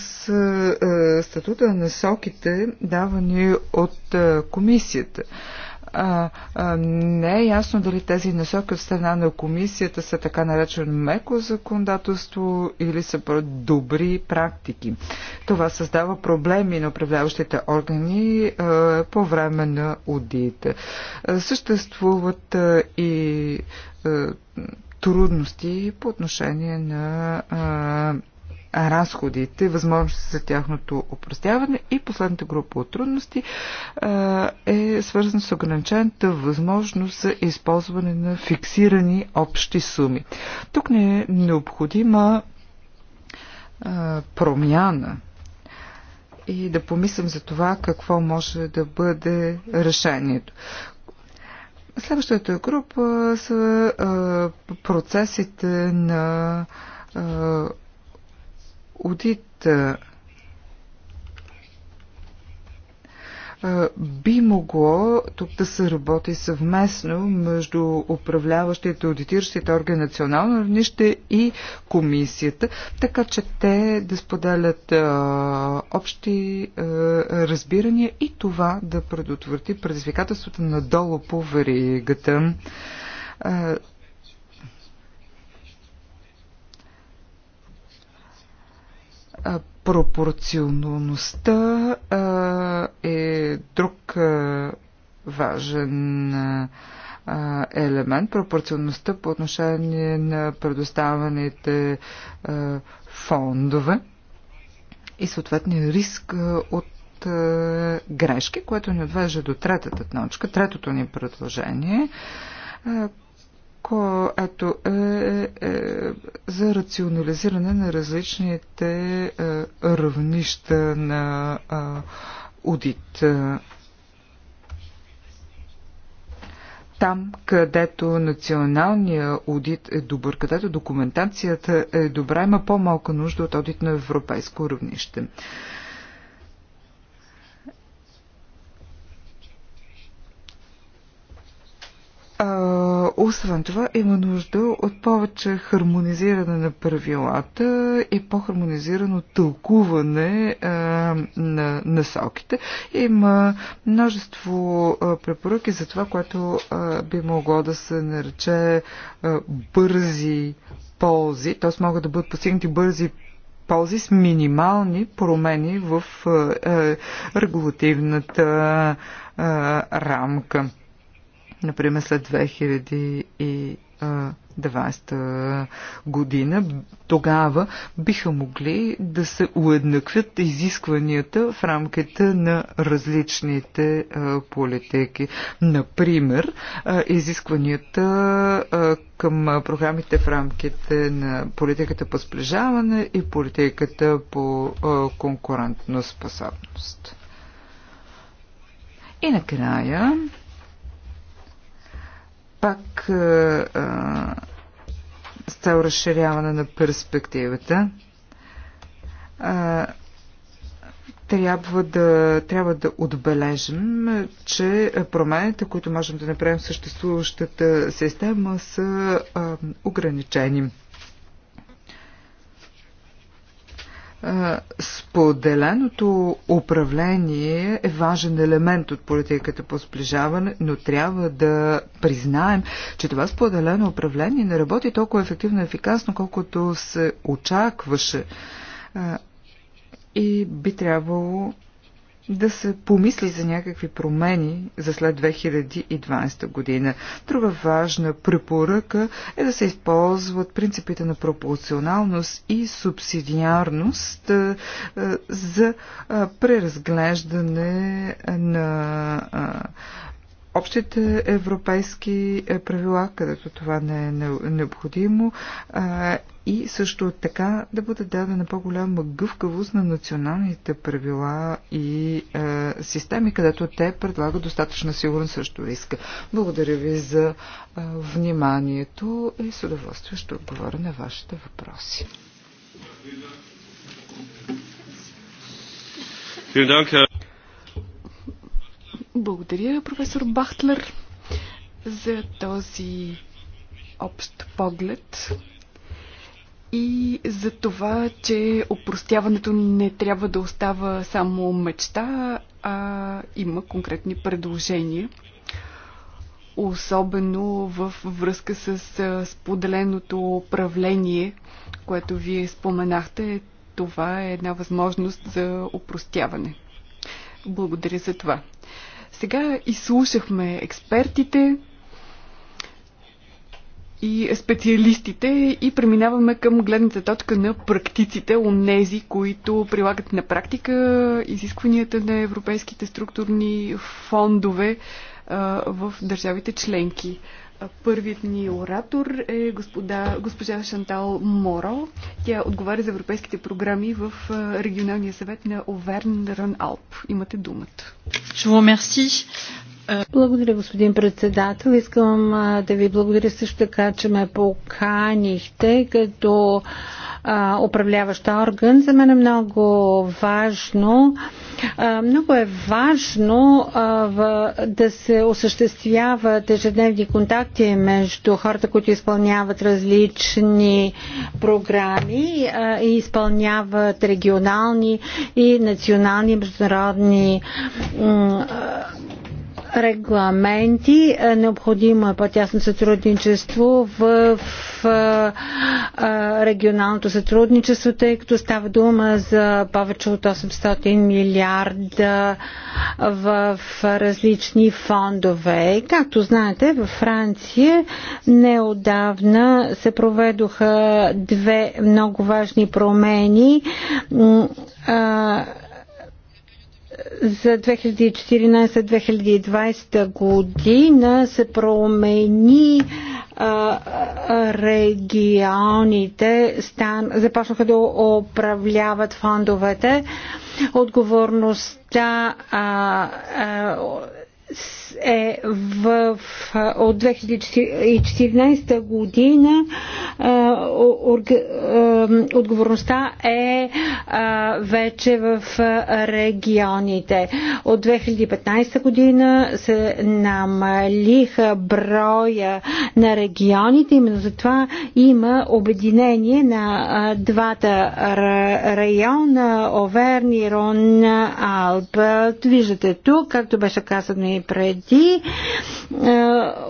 статута на соките, давани от комисията а, а, не е ясно дали тези насоки от страна на комисията са така наречено меко законодателство или са добри практики. Това създава проблеми на управляващите органи а, по време на аудита. Съществуват а, и а, трудности по отношение на а, разходите, възможности за тяхното упростяване и последната група от трудности а, е свързана с ограничената възможност за използване на фиксирани общи суми. Тук не е необходима а, промяна и да помислим за това какво може да бъде решението. Следващата група са а, процесите на а, Одит би могло тук да се работи съвместно между управляващите и аудитиращите органи национално равнище и комисията, така че те да споделят а, общи а, разбирания и това да предотврати предизвикателството надолу по веригата. пропорционалността е друг важен елемент. Пропорционалността по отношение на предоставаните фондове и съответния риск от грешки, което ни отвежда до третата точка, третото ни предложение, което е, е за рационализиране на различните е, равнища на е, аудит. Там, където националния аудит е добър, където документацията е добра, има по-малка нужда от аудит на европейско равнище. освен това, има нужда от повече хармонизиране на правилата и по-хармонизирано тълкуване а, на насоките. Има множество а, препоръки за това, което а, би могло да се нарече а, бързи ползи, т.е. могат да бъдат постигнати бързи ползи с минимални промени в а, а, е, регулативната а, рамка например след 2020 година, тогава биха могли да се уеднаквят изискванията в рамките на различните политики. Например, изискванията към програмите в рамките на политиката по сближаване и политиката по конкурентна способност. И накрая пак а, е, а, е, с цел разширяване на перспективата. А, е, трябва да, трябва да отбележим, че промените, които можем да направим в съществуващата система, са а, ограничени. Споделеното управление е важен елемент от политиката по сближаване, но трябва да признаем, че това споделено управление не работи толкова ефективно и ефикасно, колкото се очакваше. И би трябвало да се помисли за някакви промени за след 2020 година. Друга важна препоръка е да се използват принципите на пропорционалност и субсидиарност е, е, за е, преразглеждане на общите европейски е, правила, където това не е необходимо и също така да бъде дадена по-голяма гъвкавост на националните правила и е, системи, където те предлагат достатъчна сигурност също риска. Благодаря ви за е, вниманието и с удоволствие ще отговоря на вашите въпроси. Vielen Dank, Herr благодаря, професор Бахтлер, за този общ поглед и за това, че опростяването не трябва да остава само мечта, а има конкретни предложения. Особено в връзка с споделеното управление, което вие споменахте, това е една възможност за опростяване. Благодаря за това. Сега изслушахме експертите и специалистите и преминаваме към гледната точка на практиците, онези, които прилагат на практика изискванията на европейските структурни фондове а, в държавите членки. Първият ни оратор е господа, госпожа Шантал Моро. Тя отговаря за европейските програми в регионалния съвет на Оверн Рън Алп. Имате думата. Je мерси. Е, благодаря, господин председател. Искам да ви благодаря също така, че ме поканихте като а, управляващ орган. За мен е много важно. А, много е важно а, в, да се осъществяват ежедневни контакти между хората, които изпълняват различни програми а, и изпълняват регионални и национални международни регламенти. Е, необходимо е по-тясно сътрудничество в е, е, регионалното сътрудничество, тъй като става дума за повече от 800 милиарда в различни фондове. Както знаете, във Франция неодавна се проведоха две много важни промени за 2014-2020 година се промени а, регионите, стан, започнаха да управляват фондовете. Отговорността а, а, е в, от 2014 година отговорността е вече в регионите. От 2015 година се намалиха броя на регионите, именно затова има обединение на двата района Оверни, Рон, Алп. Виждате тук, както беше казано и години преди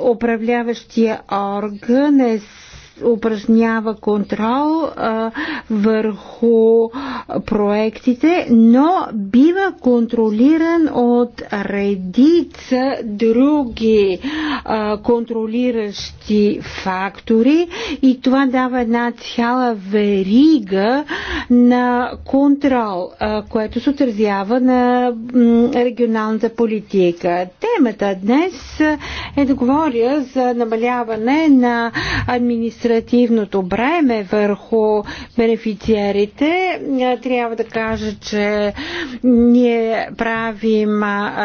управляващия орган е упражнява контрол а, върху проектите, но бива контролиран от редица други а, контролиращи фактори и това дава една цяла верига на контрол, а, което се отразява на регионалната политика. Темата днес е да говоря за намаляване на администрацията административното бреме върху бенефициарите, трябва да кажа, че ние правим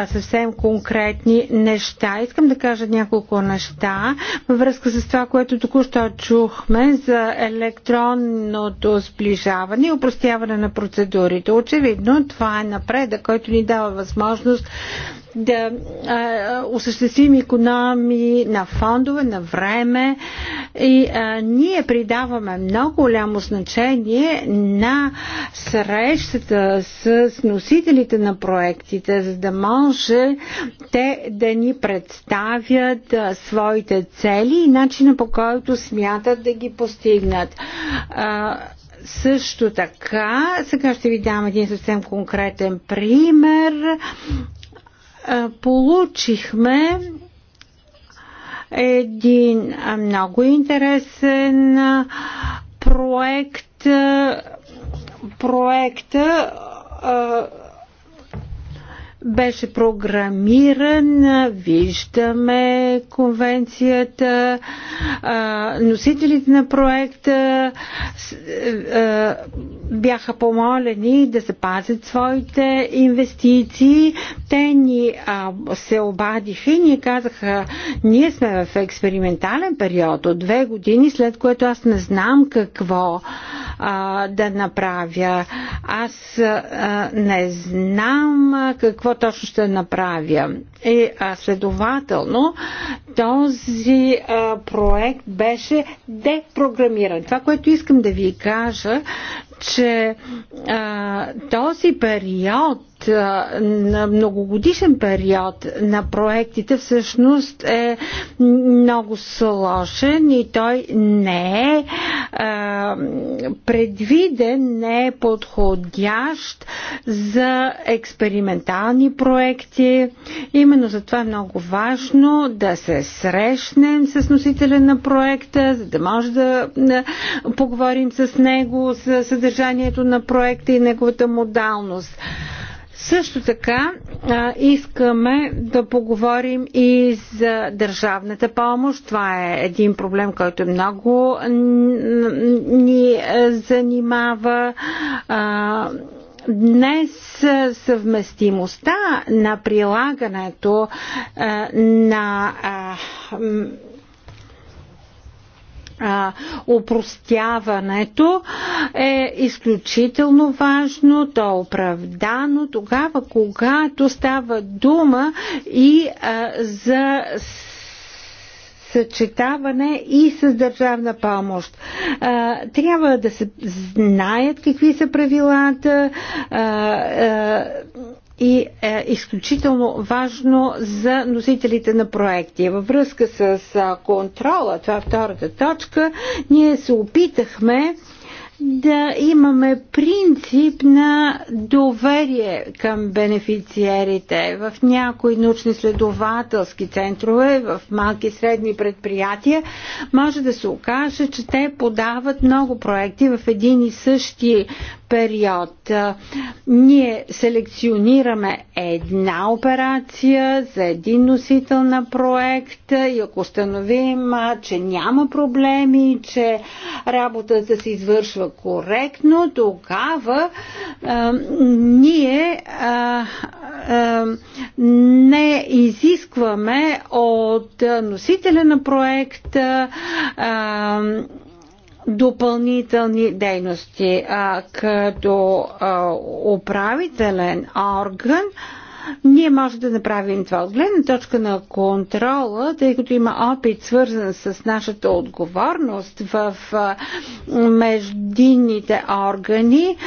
съвсем конкретни неща. Искам да кажа няколко неща във връзка с това, което току-що чухме за електронното сближаване и упростяване на процедурите. Очевидно, това е напредък, който ни дава възможност да а, осъществим економи на фондове, на време и а, ние придаваме много голямо значение на срещата с носителите на проектите, за да може те да ни представят а, своите цели и начина по който смятат да ги постигнат. А, също така, сега ще ви дам един съвсем конкретен пример е, получихме един много интересен е, проект е, проекта беше програмиран, виждаме конвенцията, носителите на проекта бяха помолени да запазят своите инвестиции. Те ни се обадиха и ни казаха, ние сме в експериментален период от две години, след което аз не знам какво да направя. Аз не знам какво точно ще направя. И а, следователно този а, проект беше депрограмиран. Това, което искам да ви кажа, че а, този период, а, на многогодишен период на проектите всъщност е много сложен и той не е а, предвиден, не е подходящ за експериментални проекти. Именно за това е много важно да се срещнем с носителя на проекта, за да може да, да поговорим с него за съдържанието съдържанието на проекта и неговата модалност. Също така а, искаме да поговорим и за държавната помощ. Това е един проблем, който е много ни занимава. А, Днес съвместимостта на прилагането а, на а, опростяването е изключително важно, то е оправдано тогава, когато става дума и а, за съчетаване и с държавна помощ. Трябва да се знаят какви са правилата и е изключително важно за носителите на проекти. Във връзка с контрола, това е втората точка, ние се опитахме да имаме принцип на доверие към бенефициерите в някои научно-следователски центрове, в малки и средни предприятия, може да се окаже, че те подават много проекти в един и същи период. Ние селекционираме една операция за един носител на проект и ако установим, че няма проблеми, че работата се извършва коректно, тогава а, ние а, а, не изискваме от носителя на проекта а, допълнителни дейности. А, като а, управителен орган, а, ние може да направим това от гледна точка на контрола, тъй като има опит свързан с нашата отговорност в междинните органи.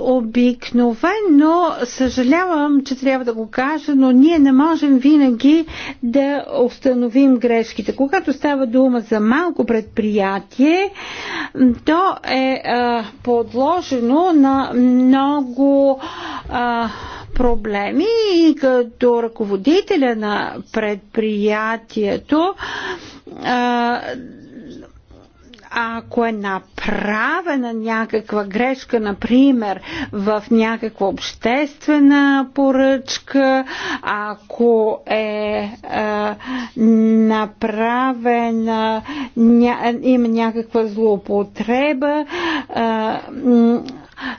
Обикновено съжалявам, че трябва да го кажа, но ние не можем винаги да установим грешките. Когато става дума за малко предприятие, то е подложено на много проблеми и като ръководителя на предприятието ако е направена някаква грешка, например, в някаква обществена поръчка, ако е е направена, ня, има някаква злоупотреба, е,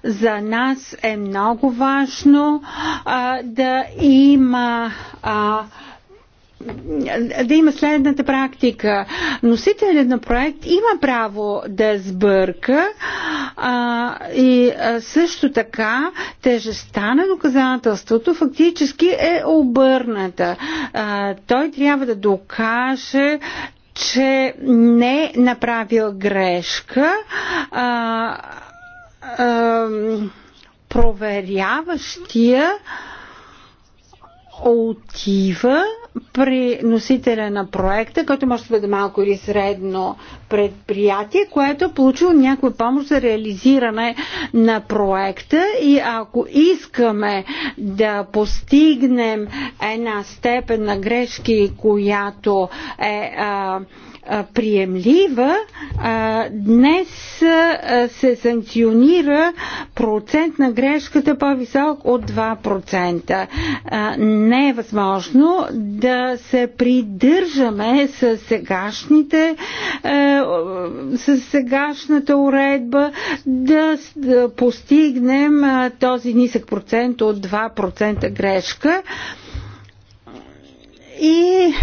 за нас е много важно а, е, да има а, е, да има следната практика. Носителят на проект има право да сбърка а, и а, също така тежестта на доказателството фактически е обърната. А, той трябва да докаже, че не е направил грешка. А, а, проверяващия отива при носителя на проекта, който може да бъде малко или средно предприятие, което е получило някаква помощ за реализиране на проекта и ако искаме да постигнем една степен на грешки, която е а, приемлива, днес се санкционира процент на грешката по-висок от 2%. Не е възможно да се придържаме с сегашните с сегашната уредба да постигнем този нисък процент от 2% грешка. И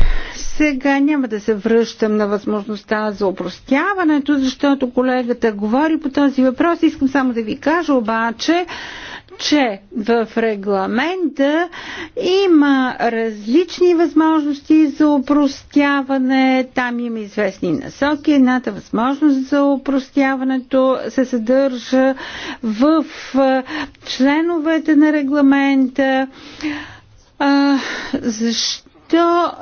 сега няма да се връщам на възможността за опростяването, защото колегата говори по този въпрос. Искам само да ви кажа обаче, че в регламента има различни възможности за опростяване. Там има известни насоки. Едната възможност за опростяването се съдържа в членовете на регламента. А, защо? защо,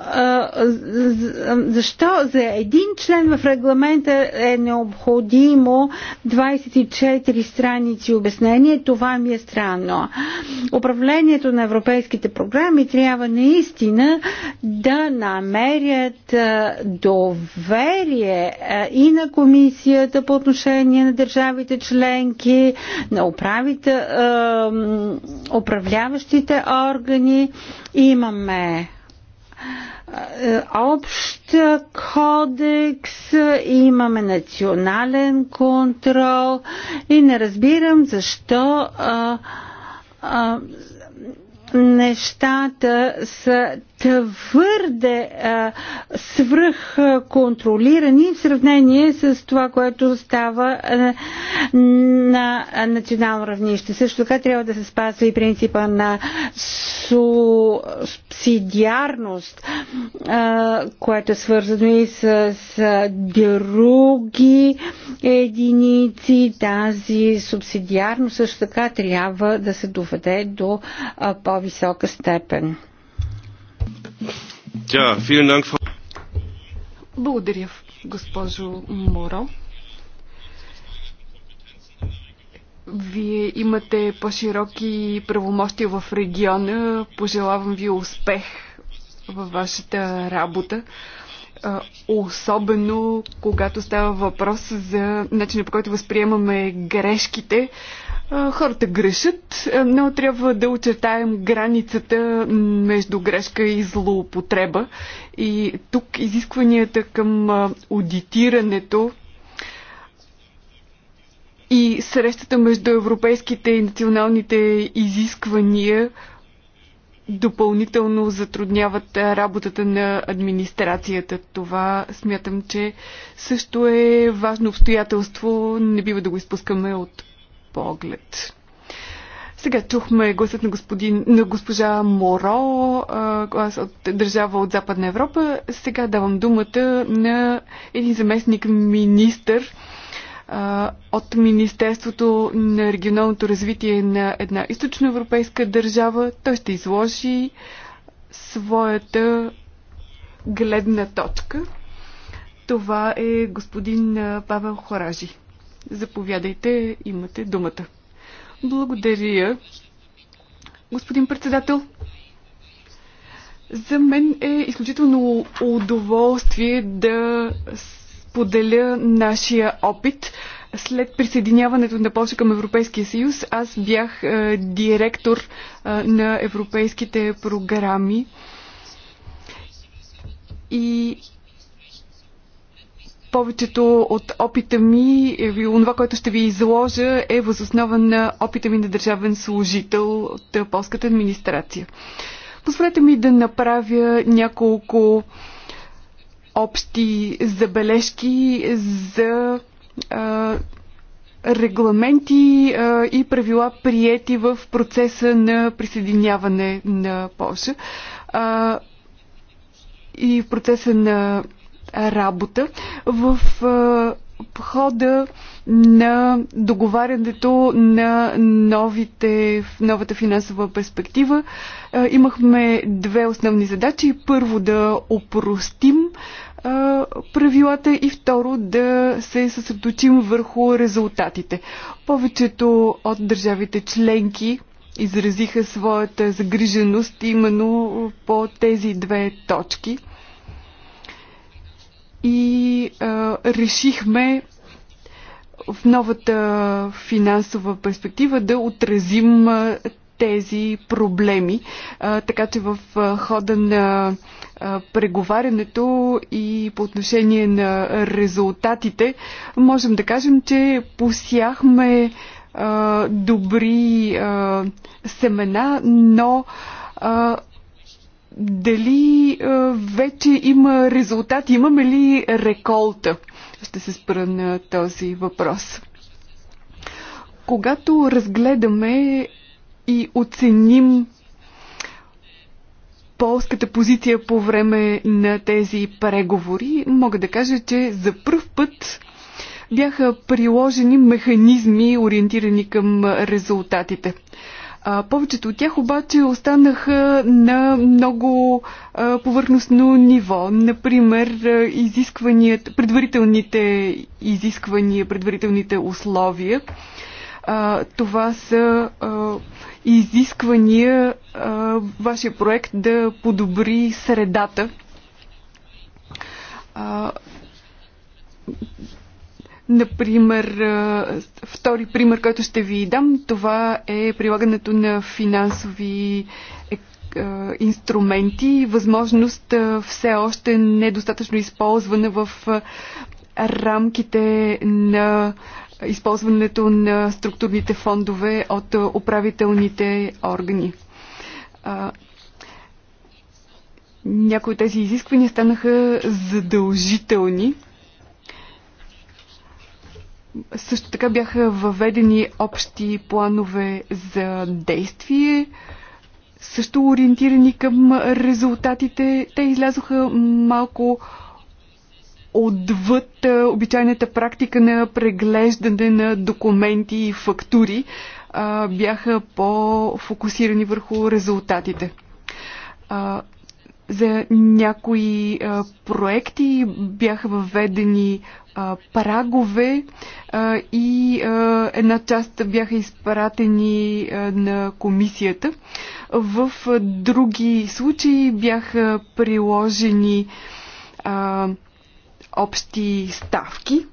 защо за един член в регламента е необходимо 24 страници обяснение. Това ми е странно. Управлението на европейските програми трябва наистина да намерят доверие и на комисията по отношение на държавите членки, на управите, управляващите органи. Имаме е, общ кодекс, имаме национален контрол и не разбирам защо а, а, нещата са твърде а, свръхконтролирани в сравнение с това, което става а, на национално равнище. Също така трябва да се спазва и принципа на субсидиарност, което е свързано и с, с други единици. Тази субсидиарност също така трябва да се доведе до по-висока степен. Благодаря, госпожо Моро. Вие имате по-широки правомощия в региона. Пожелавам ви успех във вашата работа особено когато става въпрос за начина по който възприемаме грешките. Хората грешат, но трябва да очертаем границата между грешка и злоупотреба. И тук изискванията към аудитирането и срещата между европейските и националните изисквания допълнително затрудняват е, работата на администрацията. Това смятам, че също е важно обстоятелство. Не бива да го изпускаме от поглед. Сега чухме гласът на, господин, на госпожа Моро, глас от държава от Западна Европа. Сега давам думата на един заместник министър от Министерството на регионалното развитие на една източноевропейска държава. Той ще изложи своята гледна точка. Това е господин Павел Хоражи. Заповядайте, имате думата. Благодаря, господин председател. За мен е изключително удоволствие да споделя нашия опит. След присъединяването на Польша към Европейския съюз, аз бях е, директор е, на европейските програми. И повечето от опита ми е, и това, което ще ви изложа, е възоснова на опита ми на държавен служител от е, полската администрация. Позволете ми да направя няколко общи забележки за а, регламенти а, и правила приети в процеса на присъединяване на Польша а, и в процеса на работа. В а, хода на договарянето на новите, новата финансова перспектива е, имахме две основни задачи. Първо да опростим е, правилата и второ да се съсредоточим върху резултатите. Повечето от държавите членки изразиха своята загриженост именно по тези две точки – и а, решихме в новата финансова перспектива да отразим а, тези проблеми. А, така че в а, хода на а, преговарянето и по отношение на резултатите можем да кажем, че посяхме а, добри а, семена, но а, дали е, вече има резултат, имаме ли реколта? Ще се спра на този въпрос. Когато разгледаме и оценим полската позиция по време на тези преговори, мога да кажа, че за първ път бяха приложени механизми, ориентирани към резултатите. А, повечето от тях обаче останаха на много а, повърхностно ниво. Например, предварителните изисквания, предварителните условия. А, това са а, изисквания а, вашия проект да подобри средата. А, Например, втори пример, който ще ви дам, това е прилагането на финансови е, инструменти, възможност все още недостатъчно използвана в рамките на използването на структурните фондове от управителните органи. Някои от тези изисквания станаха задължителни също така бяха въведени общи планове за действие, също ориентирани към резултатите. Те излязоха малко отвъд обичайната практика на преглеждане на документи и фактури. Бяха по-фокусирани върху резултатите за някои а, проекти бяха въведени а, прагове а, и а, една част бяха изпратени а, на комисията. В а, други случаи бяха приложени а, общи ставки,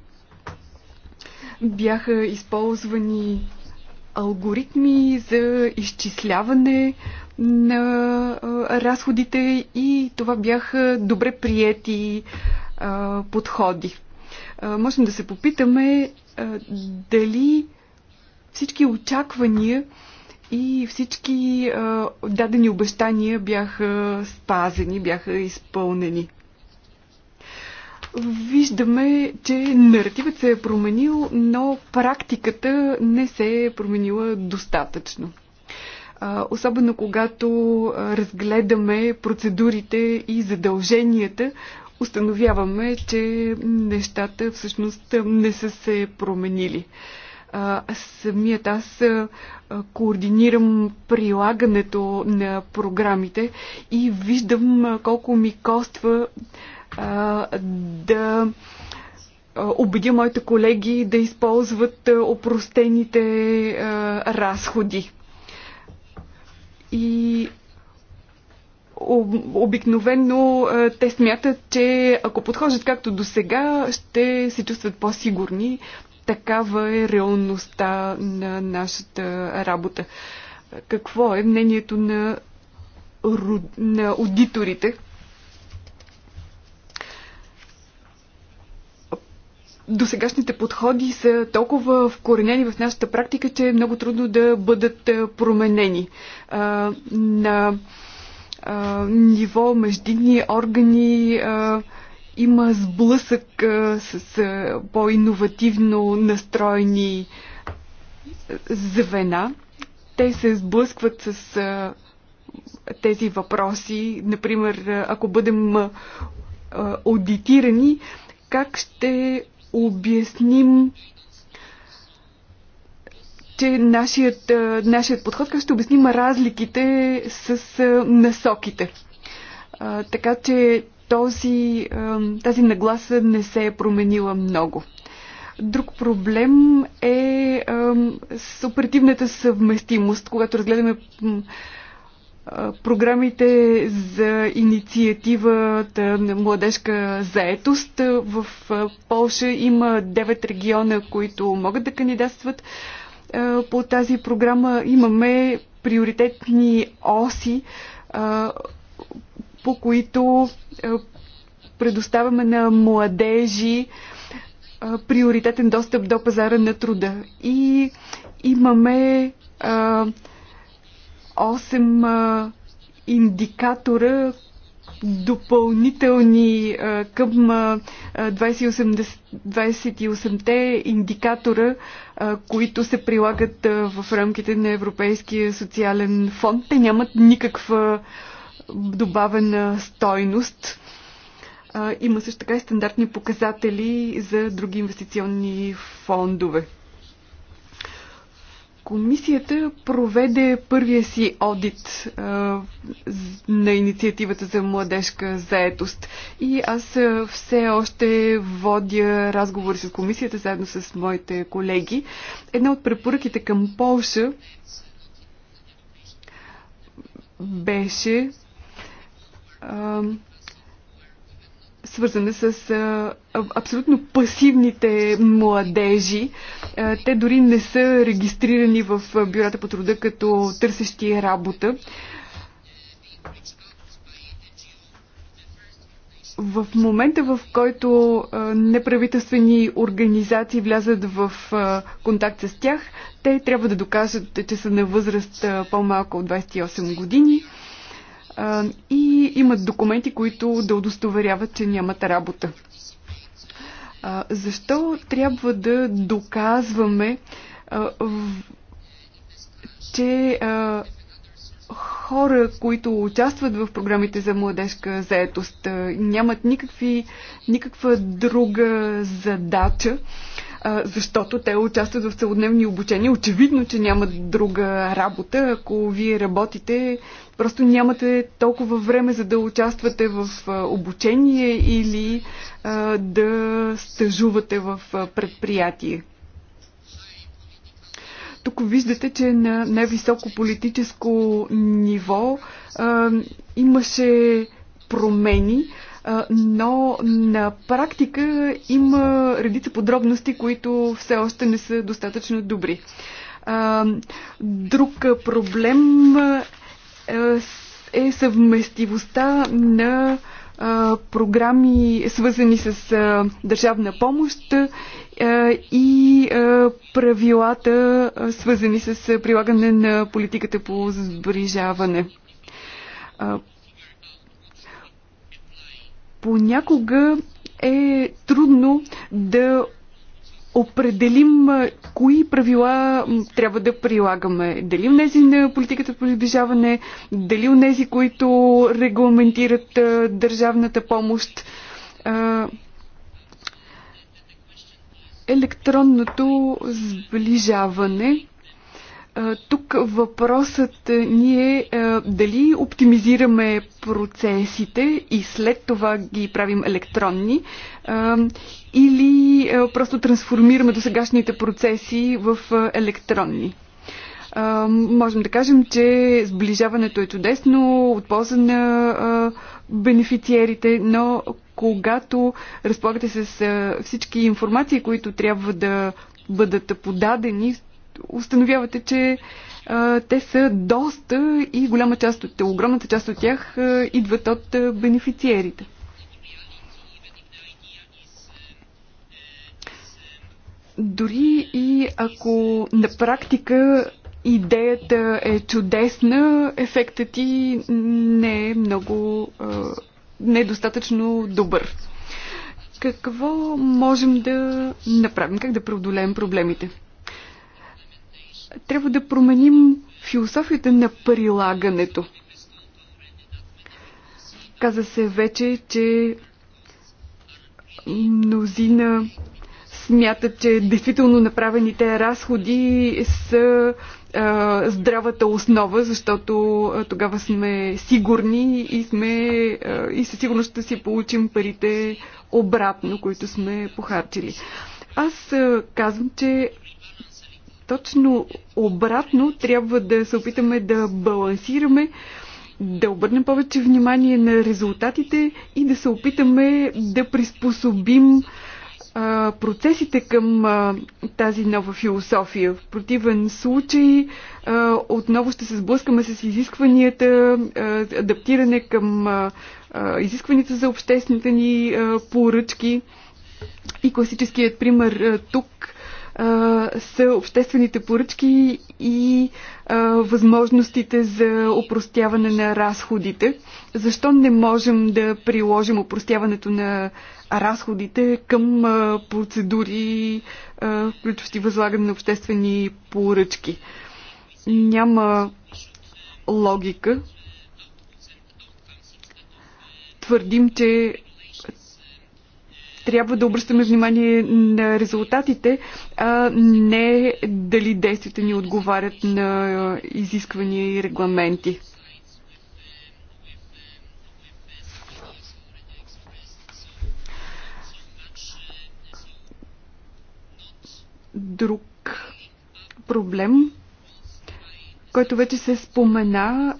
бяха използвани алгоритми за изчисляване на разходите и това бяха добре приети подходи. Можем да се попитаме дали всички очаквания и всички дадени обещания бяха спазени, бяха изпълнени виждаме, че наративът се е променил, но практиката не се е променила достатъчно особено когато разгледаме процедурите и задълженията, установяваме, че нещата всъщност не са се променили. самият аз координирам прилагането на програмите и виждам колко ми коства а, да убедя моите колеги да използват опростените а, разходи. И обикновенно те смятат, че ако подхождат както до сега, ще се чувстват по-сигурни. Такава е реалността на нашата работа. Какво е мнението на, на аудиторите? досегашните подходи са толкова вкоренени в нашата практика, че е много трудно да бъдат променени. А, на а, ниво междинни органи а, има сблъсък а, с а, по-инновативно настроени звена. Те се сблъскват с а, тези въпроси. Например, ако бъдем аудитирани, как ще обясним че нашият, е, нашият подход как ще обясним разликите с е, насоките. Е, така че този, тази нагласа не се е променила много. Друг проблем е с оперативната съвместимост, когато разгледаме програмите за инициативата на младежка заетост. В Полша има 9 региона, които могат да кандидатстват. По тази програма имаме приоритетни оси, по които предоставяме на младежи приоритетен достъп до пазара на труда. И имаме 8 индикатора, допълнителни към 28-те индикатора, които се прилагат в рамките на Европейския социален фонд. Те нямат никаква добавена стойност. Има също така и стандартни показатели за други инвестиционни фондове. Комисията проведе първия си одит а, на инициативата за младежка заетост. И аз все още водя разговори с комисията, заедно с моите колеги. Една от препоръките към Полша беше а, свързана с а, абсолютно пасивните младежи. А, те дори не са регистрирани в бюрата по труда като търсещи работа. В момента, в който а, неправителствени организации влязат в а, контакт с тях, те трябва да докажат, че са на възраст а, по-малко от 28 години и имат документи, които да удостоверяват, че нямат работа. Защо трябва да доказваме, че хора, които участват в програмите за младежка заетост, нямат никакви, никаква друга задача, защото те участват в целодневни обучения. Очевидно, че нямат друга работа. Ако вие работите, просто нямате толкова време за да участвате в обучение или да стъжувате в предприятие. Тук виждате, че на най-високо политическо ниво а, имаше промени но на практика има редица подробности, които все още не са достатъчно добри. Друг проблем е съвместивостта на програми, свързани с държавна помощ и правилата, свързани с прилагане на политиката по сближаване понякога е трудно да определим кои правила трябва да прилагаме. Дали унези на политиката по приближаване, дали унези, които регламентират държавната помощ. електронното сближаване тук въпросът е, ни е дали оптимизираме процесите и след това ги правим електронни е, или е, просто трансформираме досегашните процеси в електронни. Можем да кажем, че сближаването е чудесно, от полза на бенефициерите, но когато разполагате с всички информации, които трябва да бъдат подадени, установявате, че а, те са доста и голяма част от, огромната част от тях а, идват от а, бенефициерите. Дори и ако на практика идеята е чудесна, ефектът ти не е много не е достатъчно добър. Какво можем да направим? Как да преодолеем проблемите? трябва да променим философията на прилагането. Каза се вече, че мнозина смятат, че действително направените разходи са а, здравата основа, защото а, тогава сме сигурни и, сме, а, и със сигурност ще си получим парите обратно, които сме похарчили. Аз а, казвам, че точно обратно трябва да се опитаме да балансираме, да обърнем повече внимание на резултатите и да се опитаме да приспособим а, процесите към а, тази нова философия. В противен случай а, отново ще се сблъскаме с изискванията, а, адаптиране към а, а, изискванията за обществените ни а, поръчки. И класическият пример а, тук а, са обществените поръчки и а, възможностите за опростяване на разходите. Защо не можем да приложим опростяването на разходите към а, процедури, а, включващи възлагане на обществени поръчки? Няма логика. Твърдим, че трябва да обръщаме внимание на резултатите, а не дали действията ни отговарят на изисквания и регламенти. Друг проблем, който вече се спомена,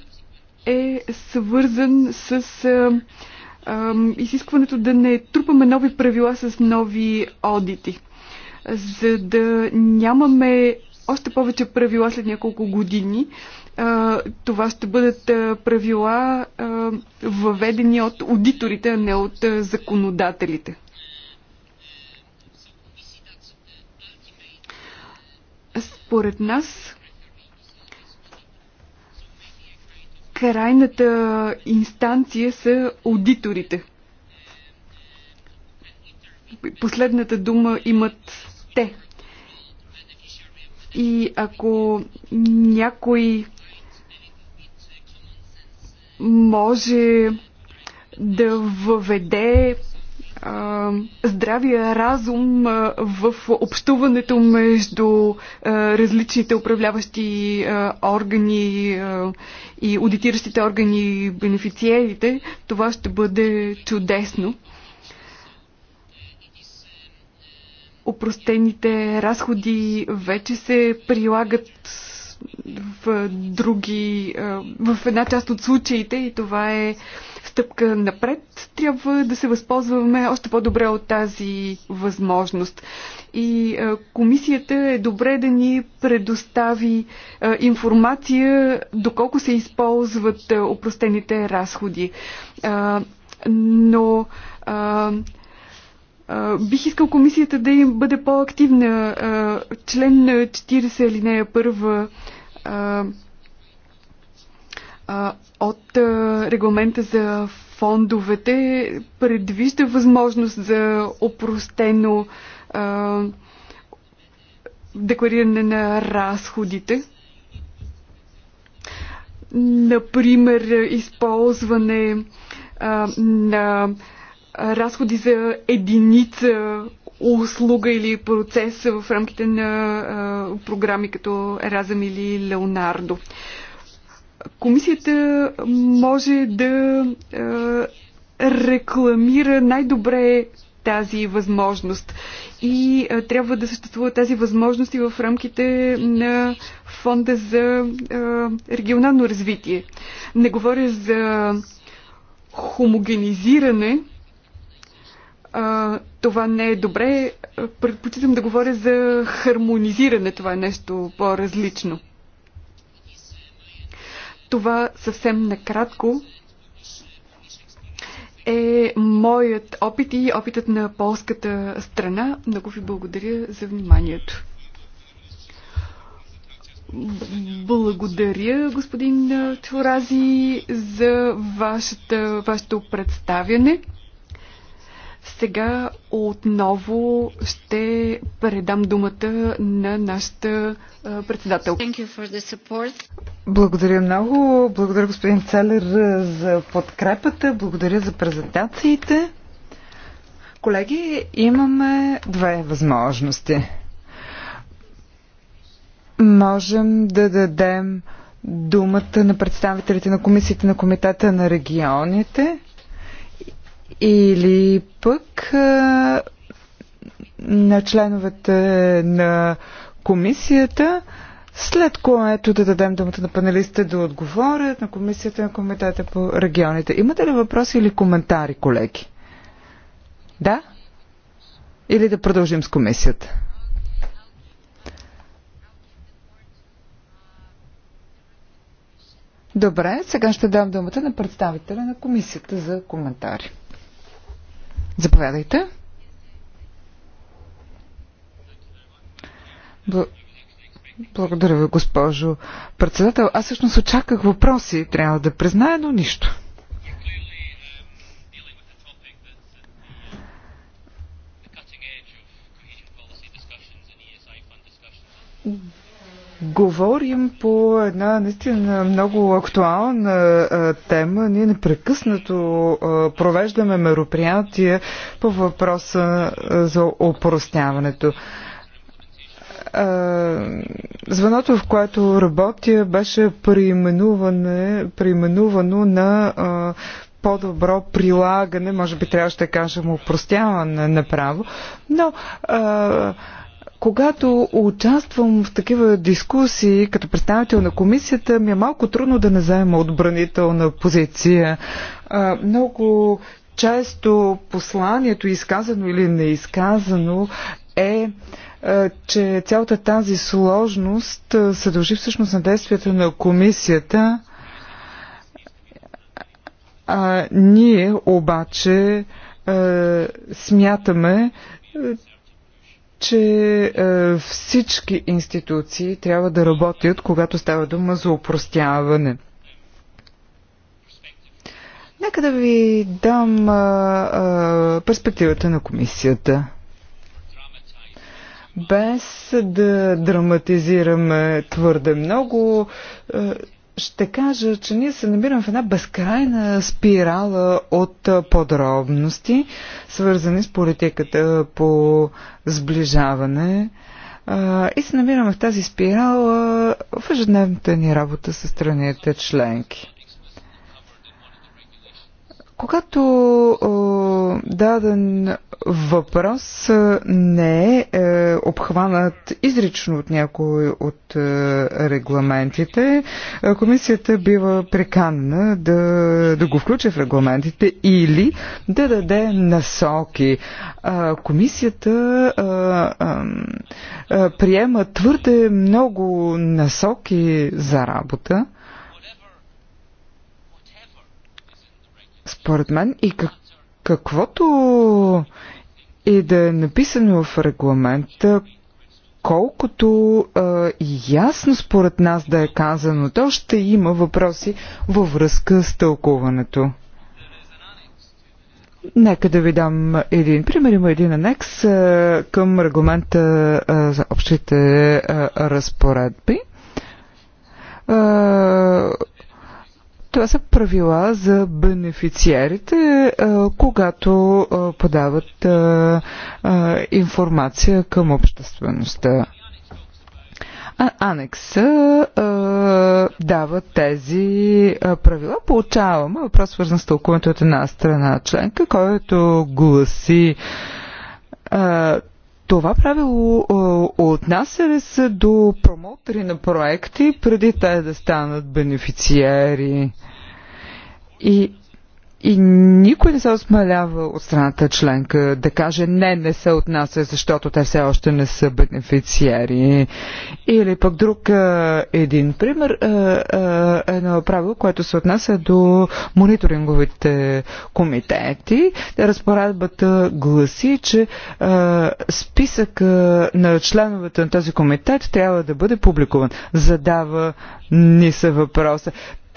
е свързан с а, изискването да не трупаме нови правила с нови одити, за да нямаме още повече правила след няколко години. Това ще бъдат правила въведени от аудиторите, а не от законодателите. Според нас крайната инстанция са аудиторите. Последната дума имат те. И ако някой може да въведе а, здравия разум а, в общуването между а, различните управляващи а, органи а, и аудитиращите органи и бенефициерите. Това ще бъде чудесно. Опростените разходи вече се прилагат в други, в една част от случаите и това е стъпка напред. Трябва да се възползваме още по-добре от тази възможност. И комисията е добре да ни предостави информация доколко се използват упростените разходи. Но Бих искал комисията да им бъде по-активна. Член 40 алинея първа от регламента за фондовете предвижда възможност за опростено деклариране на разходите. Например, използване на разходи за единица услуга или процес в рамките на а, програми като Еразъм или Леонардо. Комисията може да а, рекламира най-добре тази възможност. И а, трябва да съществува тази възможност и в рамките на фонда за а, регионално развитие. Не говоря за хомогенизиране, а, това не е добре. Предпочитам да говоря за хармонизиране. Това е нещо по-различно. Това съвсем накратко е моят опит и опитът на полската страна. Много ви благодаря за вниманието. Благодаря, господин Чорази, за вашето представяне. Сега отново ще предам думата на нашата председател. Благодаря много. Благодаря господин Целер за подкрепата. Благодаря за презентациите. Колеги, имаме две възможности. Можем да дадем думата на представителите на комисията на Комитета на регионите или пък на членовете на комисията, след което да дадем думата на панелистите да отговорят на комисията на комитета по регионите. Имате ли въпроси или коментари, колеги? Да? Или да продължим с комисията? Добре, сега ще дам думата на представителя на комисията за коментари. Заповядайте. Благодаря ви, госпожо председател. Аз всъщност очаках въпроси, трябва да призная, но нищо. Mm-hmm. Говорим по една наистина много актуална а, тема. Ние непрекъснато а, провеждаме мероприятия по въпроса а, за опростяването. Звеното, в което работя, беше преименувано на а, по-добро прилагане, може би трябваше да кажем опростяване направо, но а, когато участвам в такива дискусии като представител на комисията, ми е малко трудно да не заема отбранителна позиция. А, много често посланието, изказано или неизказано, е, че цялата тази сложност се дължи всъщност на действията на комисията. А, ние обаче а, смятаме, че е, всички институции трябва да работят, когато става дума за упростяване. Нека да ви дам а, е, а, е, перспективата на комисията. Без да драматизираме твърде много, а, е, ще кажа, че ние се намираме в една безкрайна спирала от подробности, свързани с политиката по сближаване. И се намираме в тази спирала в ежедневната ни работа с страните членки. Когато о, даден въпрос не е, е обхванат изрично от някой от е, регламентите, е, комисията бива приканена да, да го включи в регламентите или да даде насоки. А, комисията а, а, приема твърде много насоки за работа Според мен и как, каквото и да е написано в регламента, колкото а, ясно според нас да е казано, то ще има въпроси във връзка с тълкуването. Нека да ви дам един пример. Има един анекс а, към регламента а, за общите а, разпоредби. А, това са правила за бенефициерите, когато подават информация към обществеността. Анекса а, дава тези а, правила. Получаваме въпрос, свързан с тълкуването от една страна членка, който гласи а, това правило е, отнася ли се до промотори на проекти преди те да станат бенефициери? И и никой не се осмалява от страната членка да каже не, не се отнася, защото те все още не са бенефициери. Или пък друг един пример, едно правило, което се отнася до мониторинговите комитети. Разпоредбата гласи, че списък на членовете на този комитет трябва да бъде публикуван. Задава ни се въпроса.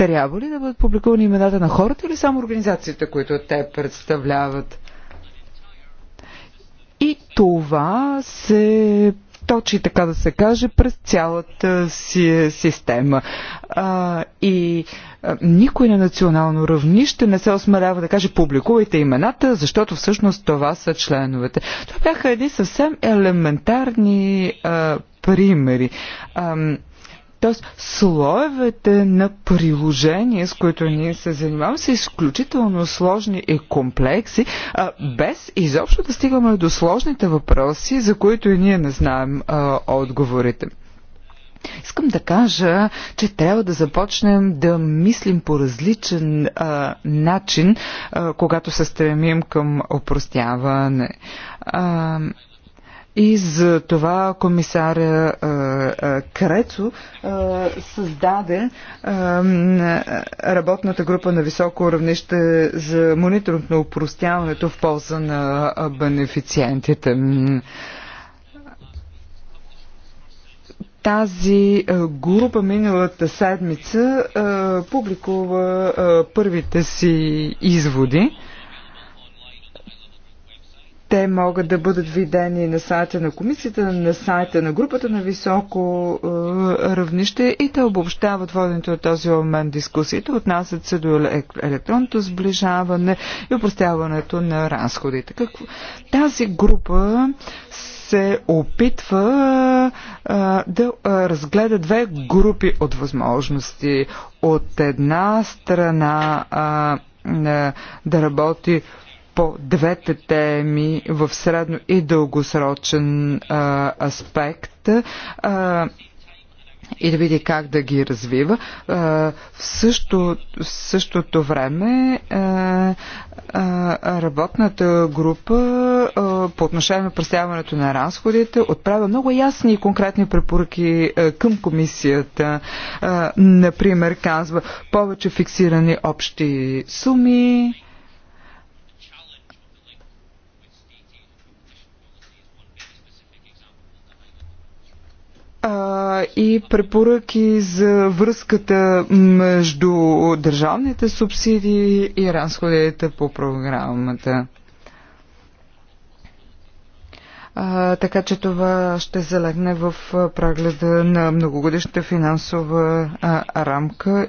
Трябва ли да бъдат публикувани имената на хората или само организацията, които те представляват? И това се точи, така да се каже, през цялата си система. А, и а, никой на национално равнище не се осмелява да каже публикувайте имената, защото всъщност това са членовете. Това бяха едни съвсем елементарни а, примери. А, Тоест, слоевете на приложения, с които ние се занимаваме, са изключително сложни и комплекси, а, без изобщо да стигаме до сложните въпроси, за които и ние не знаем а, отговорите. Искам да кажа, че трябва да започнем да мислим по различен а, начин, а, когато се стремим към опростяване. А, и за това комисаря Крецо създаде работната група на високо равнище за мониторинг на упростяването в полза на бенефициентите. Тази група миналата седмица публикува първите си изводи. Те могат да бъдат видени на сайта на комисията, на сайта на групата на високо е, равнище и те обобщават воденето от този момент дискусиите, отнасят се до електронното сближаване и упростяването на разходите. Какво? Тази група се опитва е, да е, разгледа две групи от възможности. От една страна е, да работи по двете теми в средно и дългосрочен а, аспект. А, и да види как да ги развива. В, също, в същото време работната група по отношение на представянето на разходите отправя много ясни и конкретни препоръки към комисията. Например, казва повече фиксирани общи суми, а, и препоръки за връзката между държавните субсидии и разходите по програмата. А, така че това ще залегне в прегледа на многогодишната финансова а, рамка.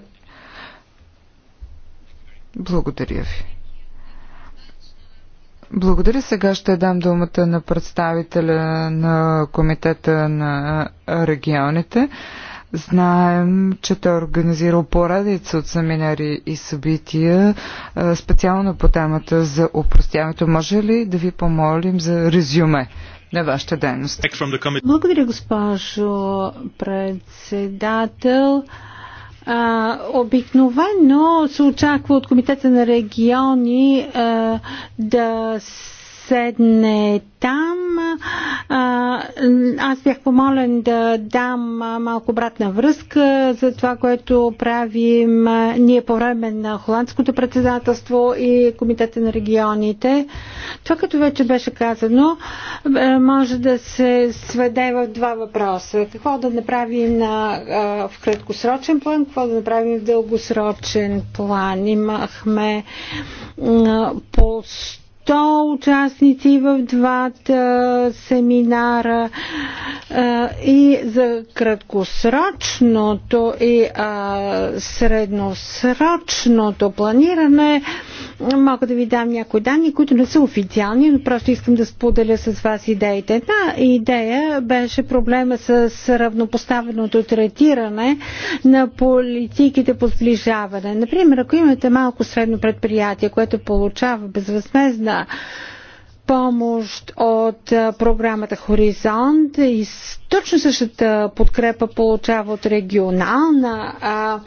Благодаря ви. Благодаря. Сега ще дам думата на представителя на Комитета на регионите. Знаем, че той е организирал поредица от семинари и събития, специално по темата за упростяването. Може ли да ви помолим за резюме на вашата дейност? Благодаря, госпожо председател. А, обикновено се очаква от Комитета на региони а, да седне там. Аз бях помолен да дам малко обратна връзка за това, което правим ние по време на холандското председателство и Комитета на регионите. Това, като вече беше казано, е, може да се сведе в два въпроса. Какво да направим на, в краткосрочен план, какво да направим в дългосрочен план. Имахме по 100 участници в двата семинара и за краткосрочното и средносрочното планиране мога да ви дам някои данни, които не са официални, но просто искам да споделя с вас идеите. Една идея беше проблема с равнопоставеното третиране на политиките по сближаване. Например, ако имате малко средно предприятие, което получава безвъзмезна това помощ от програмата Хоризонт и точно същата подкрепа получава от регионална а,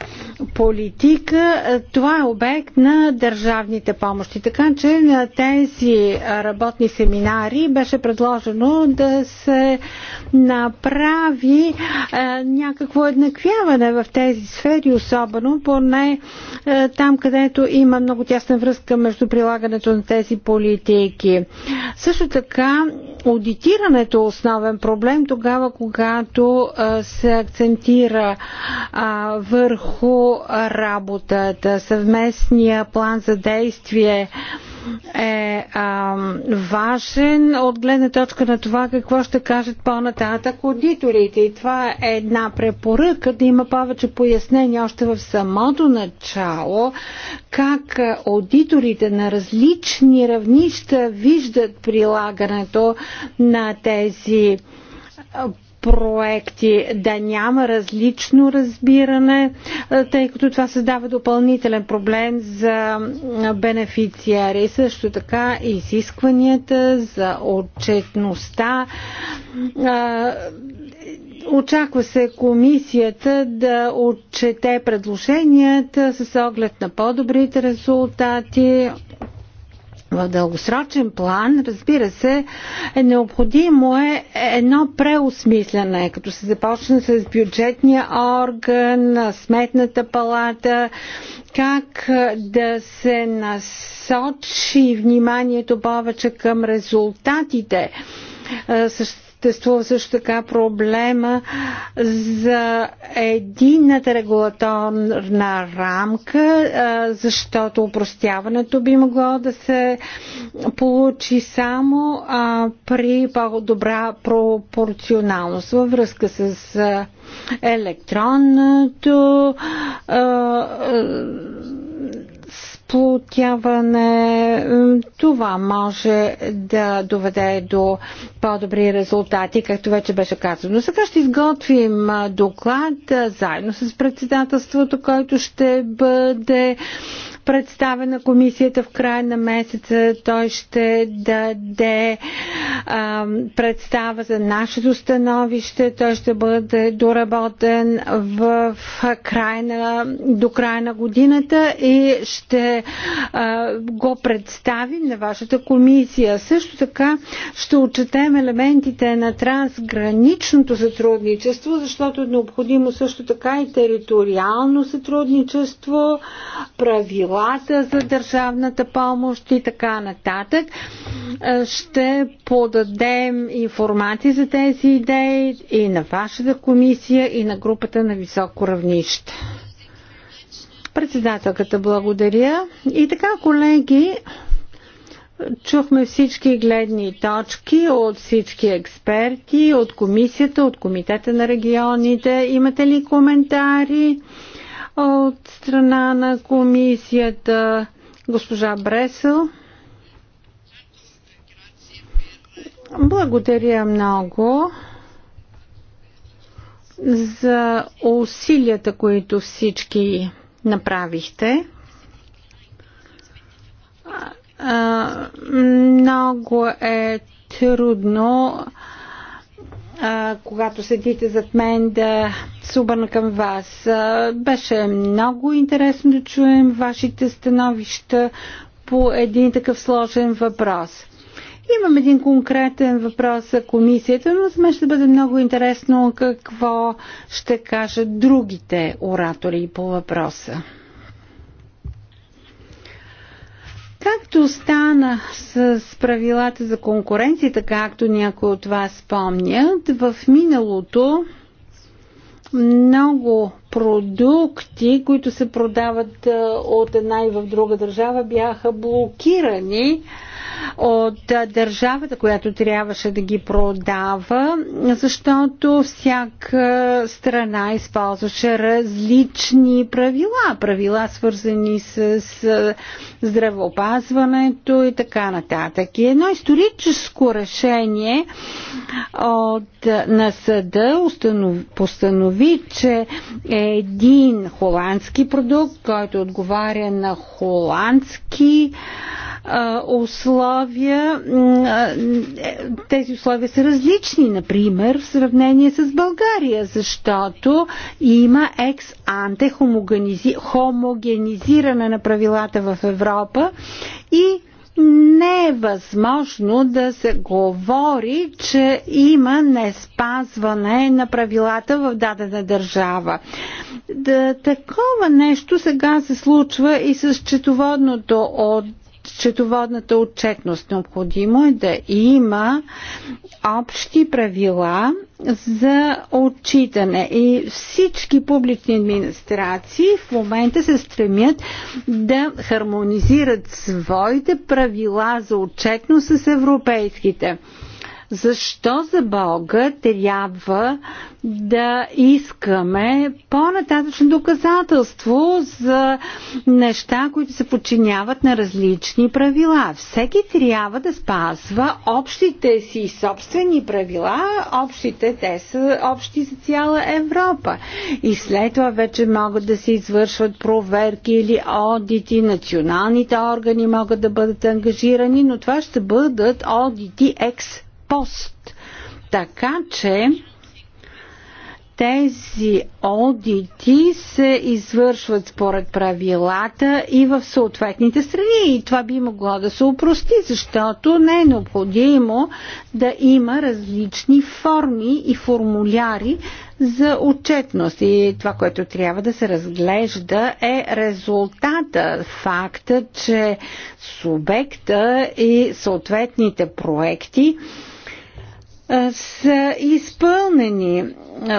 политика. Това е обект на държавните помощи. Така че на тези работни семинари беше предложено да се направи а, някакво еднаквяване в тези сфери, особено поне а, там, където има много тясна връзка между прилагането на тези политики. Също така, аудитирането е основен проблем тогава, когато се акцентира върху работата, съвместния план за действие е а, важен от гледна точка на това какво ще кажат по-нататък аудиторите. И това е една препоръка да има повече пояснения още в самото начало, как аудиторите на различни равнища виждат прилагането на тези проекти, да няма различно разбиране, тъй като това създава допълнителен проблем за бенефициари. Също така изискванията за отчетността. Очаква се комисията да отчете предложенията с оглед на по-добрите резултати в дългосрочен план, разбира се, е необходимо е едно преосмислене, като се започне с бюджетния орган, сметната палата, как да се насочи вниманието повече към резултатите. Е, също съществува също така проблема за единната регулаторна рамка, защото упростяването би могло да се получи само при по-добра пропорционалност във връзка с електронното сплотяване. Това може да доведе до по-добри резултати, както вече беше казано. Сега ще изготвим доклад заедно с председателството, който ще бъде представя на комисията в края на месеца. Той ще даде а, представа за нашето становище. Той ще бъде доработен в края на, до края на годината и ще а, го представим на вашата комисия. Също така ще отчетем елементите на трансграничното сътрудничество, защото е необходимо също така и териториално сътрудничество, правила правилата за държавната помощ и така нататък. Е, ще подадем информация за тези идеи и на вашата комисия и на групата на високо равнище. Председателката благодаря. И така, колеги, чухме всички гледни точки от всички експерти, от комисията, от комитета на регионите. Имате ли коментари? от страна на комисията госпожа Бресъл. Благодаря много за усилията, които всички направихте. Много е трудно а, когато седите зад мен, да се обърна към вас. А, беше много интересно да чуем вашите становища по един такъв сложен въпрос. Имам един конкретен въпрос за комисията, но за мен ще бъде много интересно какво ще кажат другите оратори по въпроса. Както стана с правилата за конкуренцията, както някои от вас спомнят, в миналото много продукти, които се продават от една и в друга държава, бяха блокирани от държавата, която трябваше да ги продава, защото всяка страна използваше различни правила. Правила свързани с здравеопазването и така нататък. И едно историческо решение от, на съда установ, постанови, че един холандски продукт, който отговаря на холандски е, условия, условия, е, тези условия са различни, например, в сравнение с България, защото има екс-анте хомогенизиране на правилата в Европа и не е възможно да се говори, че има неспазване на правилата в дадена държава. Да, такова нещо сега се случва и с четоводното от счетоводната отчетност. Необходимо е да има общи правила за отчитане и всички публични администрации в момента се стремят да хармонизират своите правила за отчетност с европейските. Защо за Бога трябва да искаме по-нататъчно доказателство за неща, които се подчиняват на различни правила? Всеки трябва да спазва общите си собствени правила, общите те са общи за цяла Европа. И след това вече могат да се извършват проверки или одити, националните органи могат да бъдат ангажирани, но това ще бъдат одити екс пост. Така че тези одити се извършват според правилата и в съответните страни. И това би могло да се упрости, защото не е необходимо да има различни форми и формуляри за отчетност. И това, което трябва да се разглежда е резултата, факта, че субекта и съответните проекти са изпълнени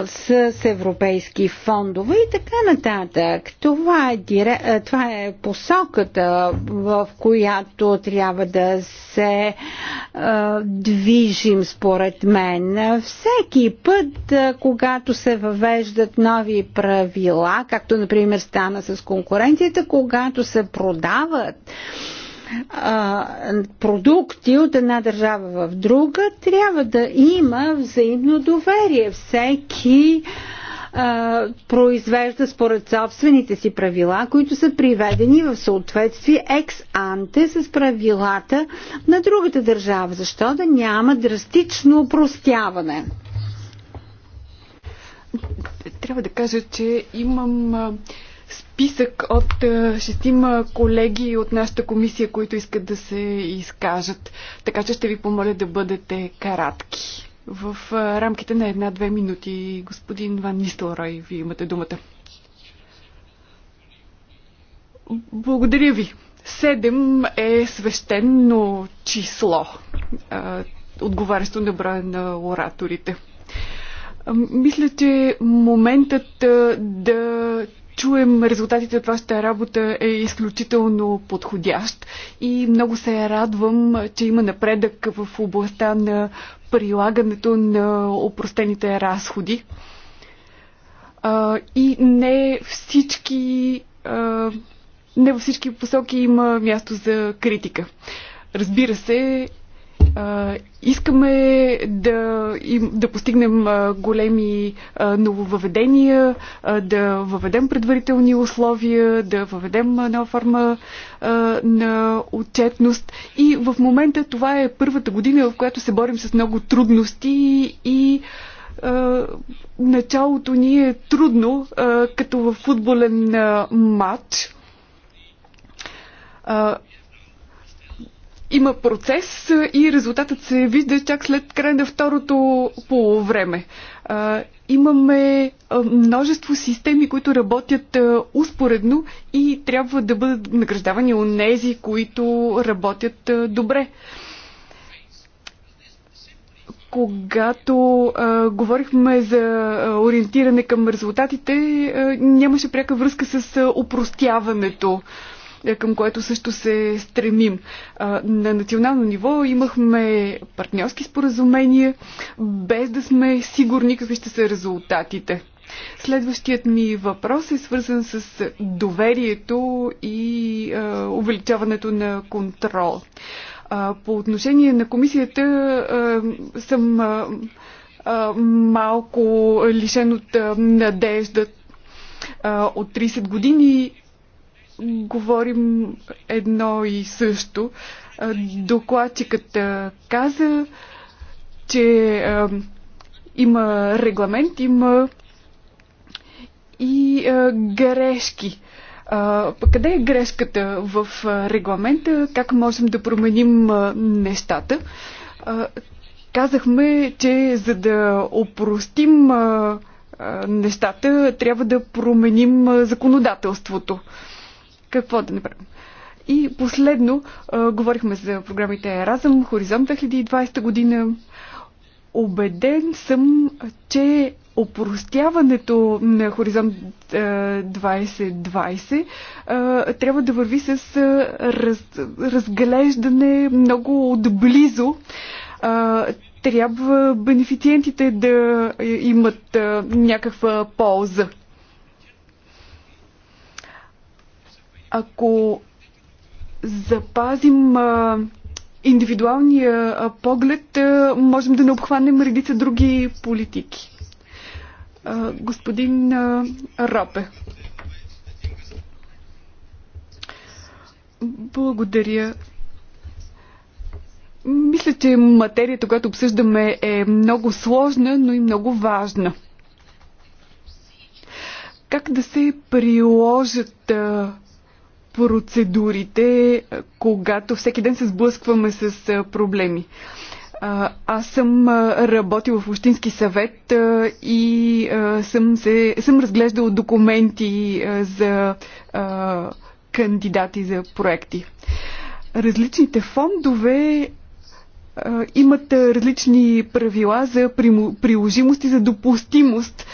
с европейски фондове и така нататък. Това е, дире... това е посоката, в която трябва да се а, движим, според мен. Всеки път, а, когато се въвеждат нови правила, както, например, стана с конкуренцията, когато се продават а, а, продукти от една държава в друга, трябва да има взаимно доверие. Всеки а, произвежда според собствените си правила, които са приведени в съответствие екс-анте с правилата на другата държава. Защо да няма драстично упростяване? Трябва да кажа, че имам списък от е, шестима колеги от нашата комисия, които искат да се изкажат. Така че ще ви помоля да бъдете каратки. В е, рамките на една-две минути, господин Ван Нистелрой, ви имате думата. Благодаря ви. Седем е свещено число, е, отговарящо на броя на ораторите. Мисля, че моментът да чуем резултатите от вашата работа е изключително подходящ и много се радвам, че има напредък в областта на прилагането на опростените разходи. И не всички не във всички посоки има място за критика. Разбира се, Искаме да, да постигнем големи нововъведения, да въведем предварителни условия, да въведем нова форма на отчетност. И в момента това е първата година, в която се борим с много трудности и началото ни е трудно, като в футболен матч има процес и резултатът се вижда чак след край на второто полувреме. Имаме множество системи, които работят успоредно и трябва да бъдат награждавани от нези, които работят добре. Когато а, говорихме за ориентиране към резултатите, а, нямаше пряка връзка с а, упростяването. А, е, към което също се стремим. На национално ниво имахме партньорски споразумения, без да сме сигурни какви ще са резултатите. Следващият ми въпрос е свързан с доверието и е, увеличаването на контрол. Е, по отношение на комисията е, съм е, малко лишен от е, надежда. Е, от 30 години говорим едно и също. Докладчикът каза, че а, има регламент, има и а, грешки. А, къде е грешката в регламента? Как можем да променим а, нещата? А, казахме, че за да опростим а, а, нещата, трябва да променим а, законодателството. А, какво да направим. И последно, а, говорихме за програмите Еразъм, Хоризонт 2020 година. Обеден съм, че опростяването на Хоризонт 2020 трябва да върви с раз, разглеждане много отблизо. Трябва бенефициентите да имат някаква полза. Ако запазим а, индивидуалния а, поглед, а, можем да не обхванем редица други политики. А, господин а, Ропе. Благодаря. Мисля, че материята, която обсъждаме, е много сложна, но и много важна. Как да се приложат а, процедурите, когато всеки ден се сблъскваме с проблеми. Аз съм работил в Общински съвет и съм, се, съм разглеждал документи за кандидати за проекти. Различните фондове имат различни правила за приложимост и за допустимост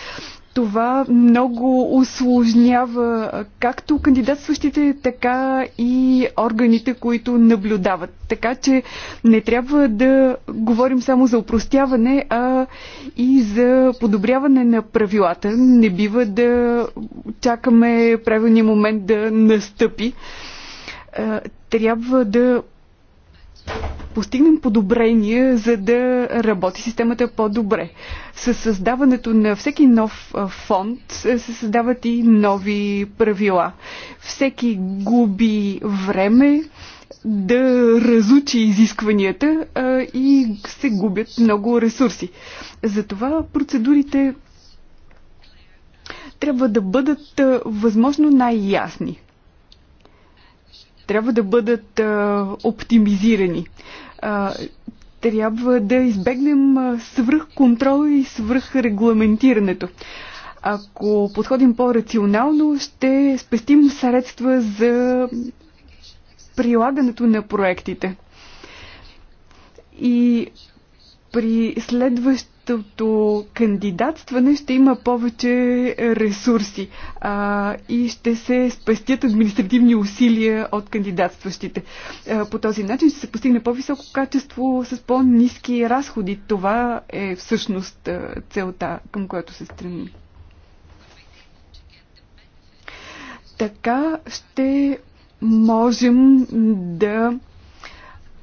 това много усложнява както кандидатстващите, така и органите, които наблюдават. Така че не трябва да говорим само за упростяване, а и за подобряване на правилата. Не бива да чакаме правилния момент да настъпи е, трябва да постигнем подобрение, за да работи системата по-добре. С създаването на всеки нов фонд се създават и нови правила. Всеки губи време да разучи изискванията а, и се губят много ресурси. Затова процедурите трябва да бъдат възможно най-ясни трябва да бъдат а, оптимизирани. А, трябва да избегнем свръхконтрола и свръхрегламентирането. Ако подходим по-рационално, ще спестим средства за прилагането на проектите. И при следващ бъдещото кандидатстване ще има повече ресурси а, и ще се спестят административни усилия от кандидатстващите. А, по този начин ще се постигне по-високо качество с по-низки разходи. Това е всъщност целта, към която се стремим. Така ще можем да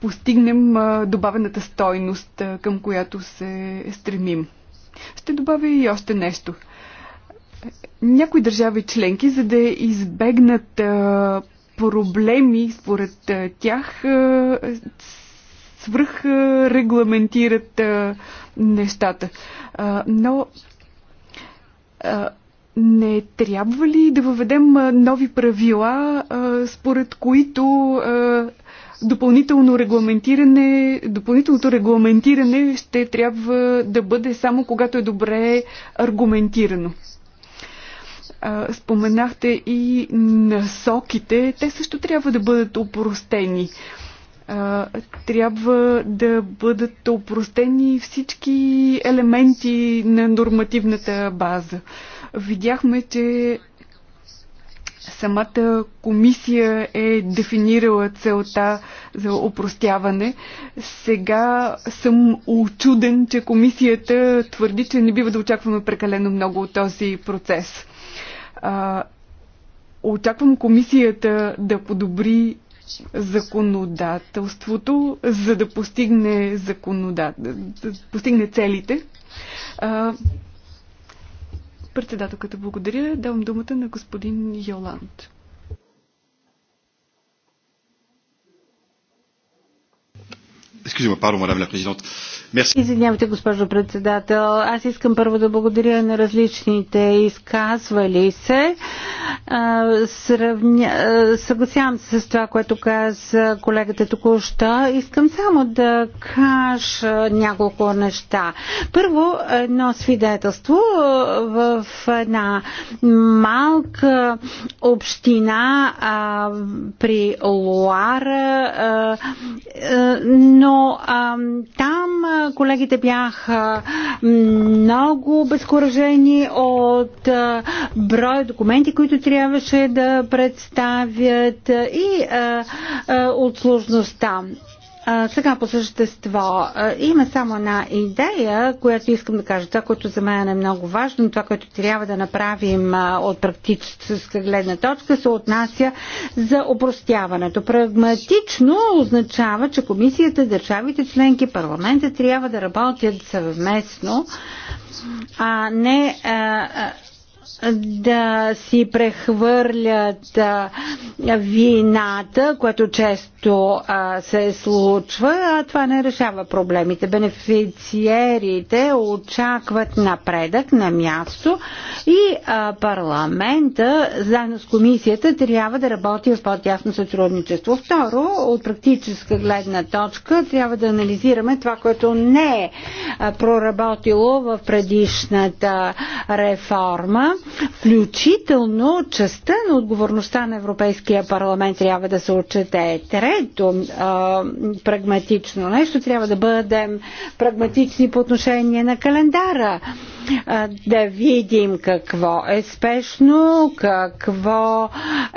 постигнем добавената стойност, към която се стремим. Ще добавя и още нещо. Някои държави членки, за да избегнат проблеми, според тях, свръх регламентират нещата. Но не трябва ли да въведем нови правила, според които допълнително регламентиране, допълнителното регламентиране ще трябва да бъде само когато е добре аргументирано. Споменахте и насоките. Те също трябва да бъдат опростени трябва да бъдат опростени всички елементи на нормативната база. Видяхме, че Самата комисия е дефинирала целта за опростяване. Сега съм очуден, че комисията твърди, че не бива да очакваме прекалено много от този процес. А, очаквам комисията да подобри законодателството, за да постигне, законодател... да постигне целите. А, Председателката благодаря. Давам думата на господин Йоланд. Excusez-moi, pardon, Madame la Présidente. Euh, Извинявайте, госпожо председател. Аз искам първо да благодаря на различните изказвали се. Сравня... Съгласявам се с това, което каза колегата току-що. Искам само да кажа няколко неща. Първо, едно свидетелство в една малка община а, при Луара, а, а, но а, там колегите бяха много безкуражени от броя документи, които трябваше да представят и от сложността сега по същество. има само една идея, която искам да кажа. Това, което за мен е много важно, това, което трябва да направим от практическа гледна точка, се отнася за опростяването. Прагматично означава, че комисията, държавите членки, парламента трябва да работят съвместно, а не. А, а, да си прехвърлят вината, което често се случва, а това не решава проблемите. Бенефициерите очакват напредък на място и парламента заедно с комисията трябва да работи в по-тясно сътрудничество. Второ, от практическа гледна точка трябва да анализираме това, което не е проработило в предишната реформа включително частта на отговорността на Европейския парламент трябва да се отчете. Трето, а, прагматично нещо, трябва да бъдем прагматични по отношение на календара. А, да видим какво е спешно, какво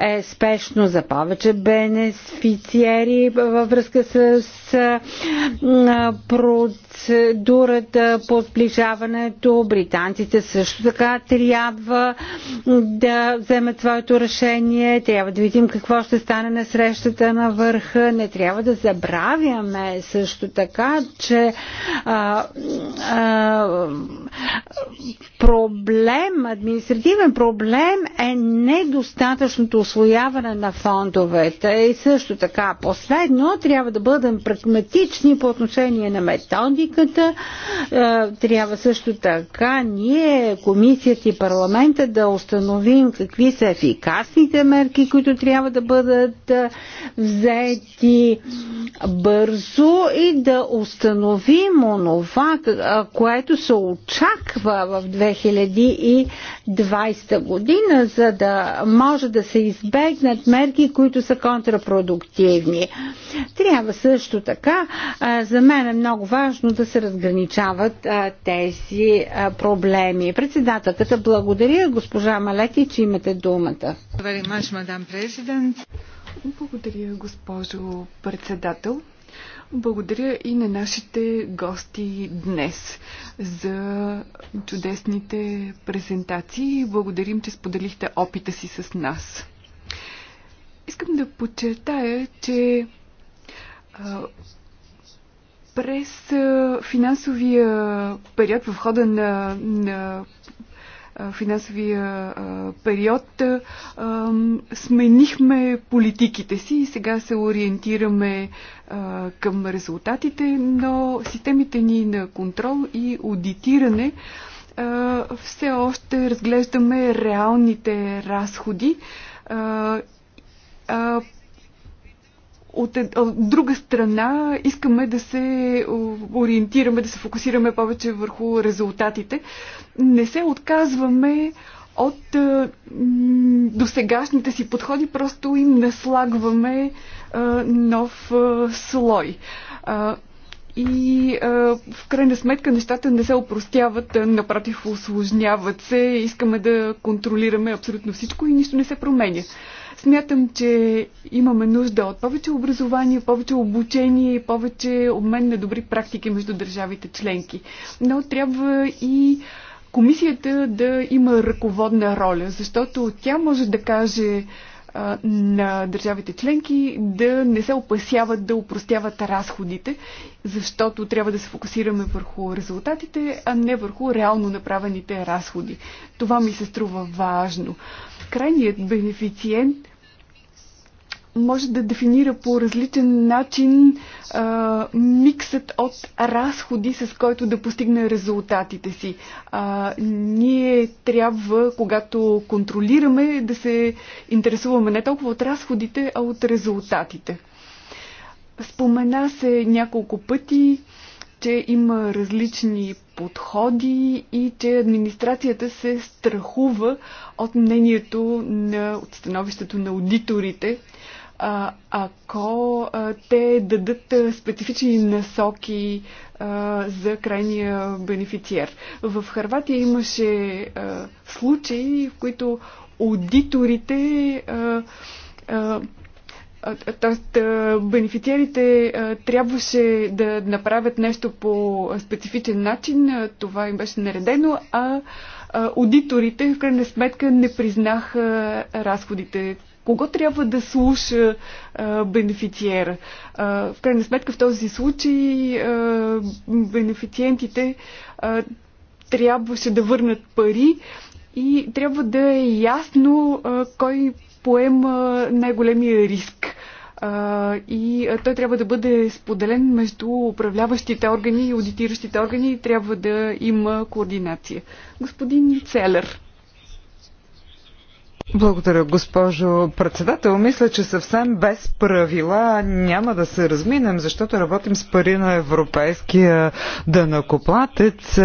е спешно за повече бенефициери във връзка с а, процедурата по сближаването. Британците също така трябва трябва да вземат своето решение, трябва да видим какво ще стане на срещата на върха. Не трябва да забравяме също така, че а, а, проблем, административен проблем е недостатъчното освояване на фондовете и също така последно трябва да бъдем прагматични по отношение на методиката. Трябва също така ние, комисията и парламент парламента да установим какви са ефикасните мерки, които трябва да бъдат взети бързо и да установим онова, което се очаква в 2020 година, за да може да се избегнат мерки, които са контрапродуктивни. Трябва също така, за мен е много важно да се разграничават тези проблеми. Председателката благодаря благодаря, госпожа Малети, че имате думата. Благодаря, госпожо председател. Благодаря и на нашите гости днес за чудесните презентации. Благодарим, че споделихте опита си с нас. Искам да подчертая, че а, през а, финансовия период в хода на, на финансовия период сменихме политиките си и сега се ориентираме към резултатите, но системите ни на контрол и аудитиране все още разглеждаме реалните разходи от, от друга страна, искаме да се ориентираме, да се фокусираме повече върху резултатите. Не се отказваме от е, досегашните си подходи, просто им наслагваме е, е, а, нов слой. и в крайна сметка нещата не се опростяват, напротив, осложняват се, искаме да контролираме абсолютно всичко и нищо не се променя. Смятам, че имаме нужда от повече образование, повече обучение и повече обмен на добри практики между държавите членки. Но трябва и комисията да има ръководна роля, защото тя може да каже на държавите членки да не се опасяват да упростяват разходите, защото трябва да се фокусираме върху резултатите, а не върху реално направените разходи. Това ми се струва важно. Крайният бенефициент може да дефинира по различен начин а, миксът от разходи, с който да постигне резултатите си. А, ние трябва, когато контролираме, да се интересуваме не толкова от разходите, а от резултатите. Спомена се няколко пъти, че има различни подходи и че администрацията се страхува от мнението на от становището на аудиторите а, ако а, те дадат специфични насоки а, за крайния бенефициер. В Харватия имаше а, случаи, в които аудиторите, а, а, Тоест, бенефициерите трябваше да направят нещо по специфичен начин, това им беше наредено, а аудиторите в крайна сметка не признаха разходите, кого трябва да слуша а, бенефициера. А, в крайна сметка в този случай а, бенефициентите а, трябваше да върнат пари и трябва да е ясно а, кой поема най-големия риск. А, и а, той трябва да бъде споделен между управляващите органи и аудитиращите органи и трябва да има координация. Господин Целер. Благодаря, госпожо председател. Мисля, че съвсем без правила няма да се разминем, защото работим с пари на европейския дънакоплатец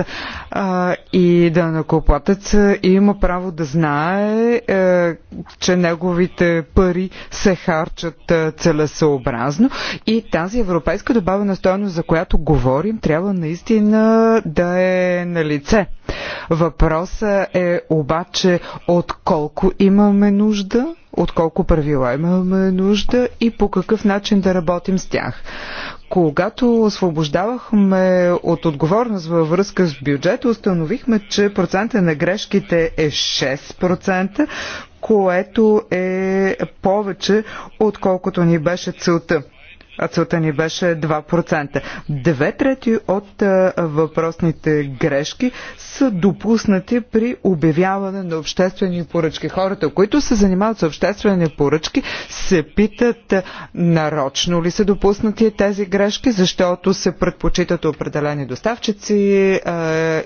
а, и дънакоплатец има право да знае, а, е, че неговите пари се харчат е, целесообразно и тази европейска добавена стоеност, за която говорим, трябва наистина да е на лице. Въпросът е обаче отколко и имаме нужда, от колко правила имаме нужда и по какъв начин да работим с тях. Когато освобождавахме от отговорност във връзка с бюджета, установихме, че процента на грешките е 6%, което е повече, отколкото ни беше целта. Целта ни беше 2%. Две трети от въпросните грешки са допуснати при обявяване на обществени поръчки. Хората, които се занимават с обществени поръчки, се питат нарочно ли са допуснати тези грешки, защото се предпочитат определени доставчици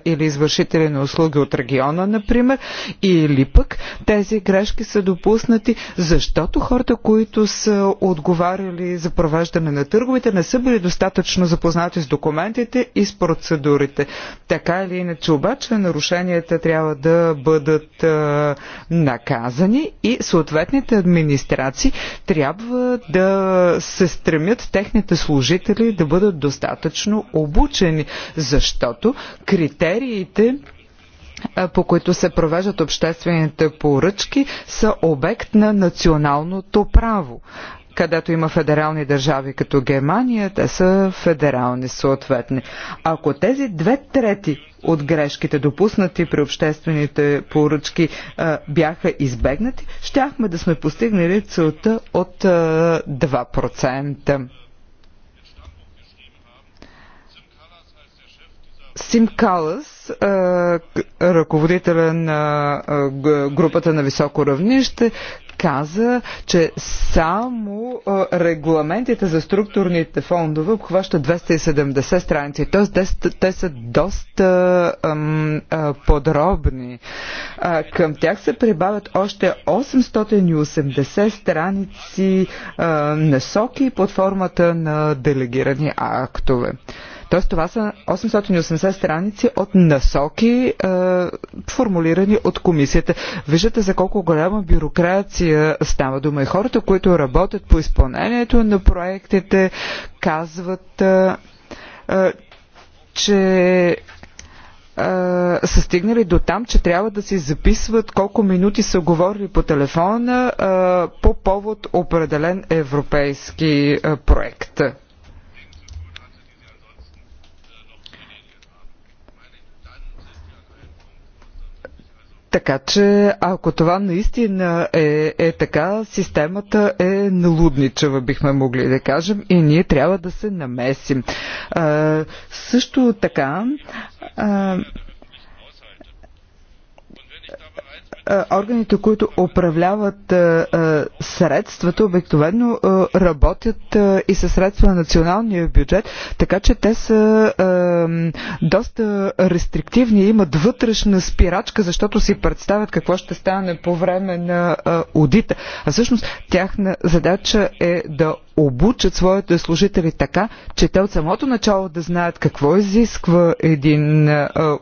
или извършители на услуги от региона, например, или пък тези грешки са допуснати, защото хората, които са отговаряли за провеждане провеждане на търговете не са били достатъчно запознати с документите и с процедурите. Така или иначе обаче нарушенията трябва да бъдат а, наказани и съответните администрации трябва да се стремят техните служители да бъдат достатъчно обучени, защото критериите по които се провеждат обществените поръчки, са обект на националното право където има федерални държави като Германия, те са федерални съответни. Ако тези две трети от грешките, допуснати при обществените поръчки, бяха избегнати, щяхме да сме постигнали целта от 2%. Сим Калас, ръководителя на групата на високо равнище, каза, че само регламентите за структурните фондове обхващат 270 страници, т.е. те са доста подробни. към тях се прибавят още 880 страници насоки под формата на делегирани актове. Тоест това са 880 страници от насоки, е, формулирани от комисията. Виждате за колко голяма бюрокрация става дума и хората, които работят по изпълнението на проектите, казват, е, е, че е, са стигнали до там, че трябва да си записват колко минути са говорили по телефона е, по повод определен европейски е, проект. Така че, ако това наистина е, е така, системата е налудничава, бихме могли да кажем, и ние трябва да се намесим. А, също така. А, е, органите, които управляват е, е, средствата, обикновено работят и със средства на националния бюджет, така че те са доста рестриктивни, имат вътрешна спирачка, защото си представят какво ще стане по време на аудита. А всъщност тяхна задача е да обучат своите служители така, че те от самото начало да знаят какво изисква един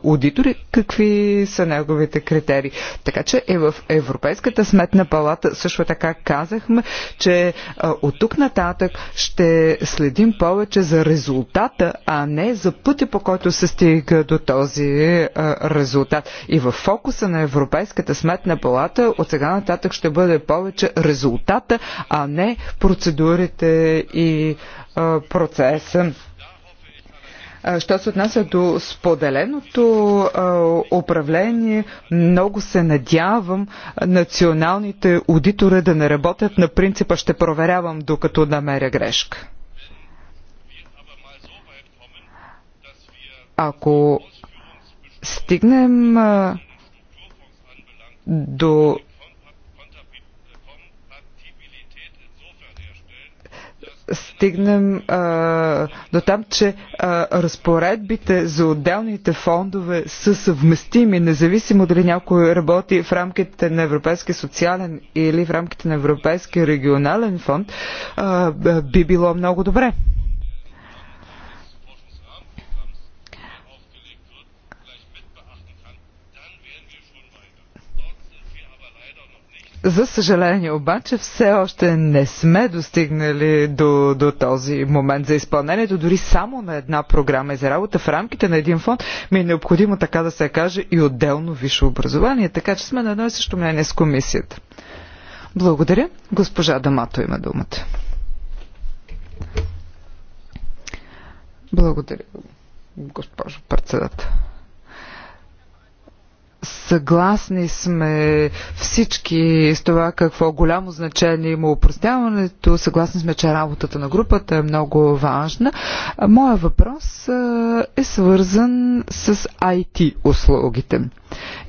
аудитор и какви са неговите критерии. Така вече е в Европейската сметна палата също така казахме, че от тук нататък ще следим повече за резултата, а не за пътя по който се стига до този резултат. И в фокуса на Европейската сметна палата от сега нататък ще бъде повече резултата, а не процедурите и процеса. Що се отнася до споделеното управление, много се надявам националните аудитори да не работят на принципа ще проверявам докато намеря грешка. Ако стигнем до стигнем а, до там, че а, разпоредбите за отделните фондове са съвместими, независимо дали някой работи в рамките на Европейския социален или в рамките на Европейския регионален фонд, а, би било много добре. За съжаление обаче все още не сме достигнали до, до този момент за изпълнението. Дори само на една програма и за работа в рамките на един фонд ми е необходимо така да се каже и отделно висше образование. Така че сме на едно и също мнение с комисията. Благодаря. Госпожа Дамато има думата. Благодаря, госпожо председател. Съгласни сме всички с това какво голямо значение има упростяването. Съгласни сме, че работата на групата е много важна. Моя въпрос е свързан с IT услугите.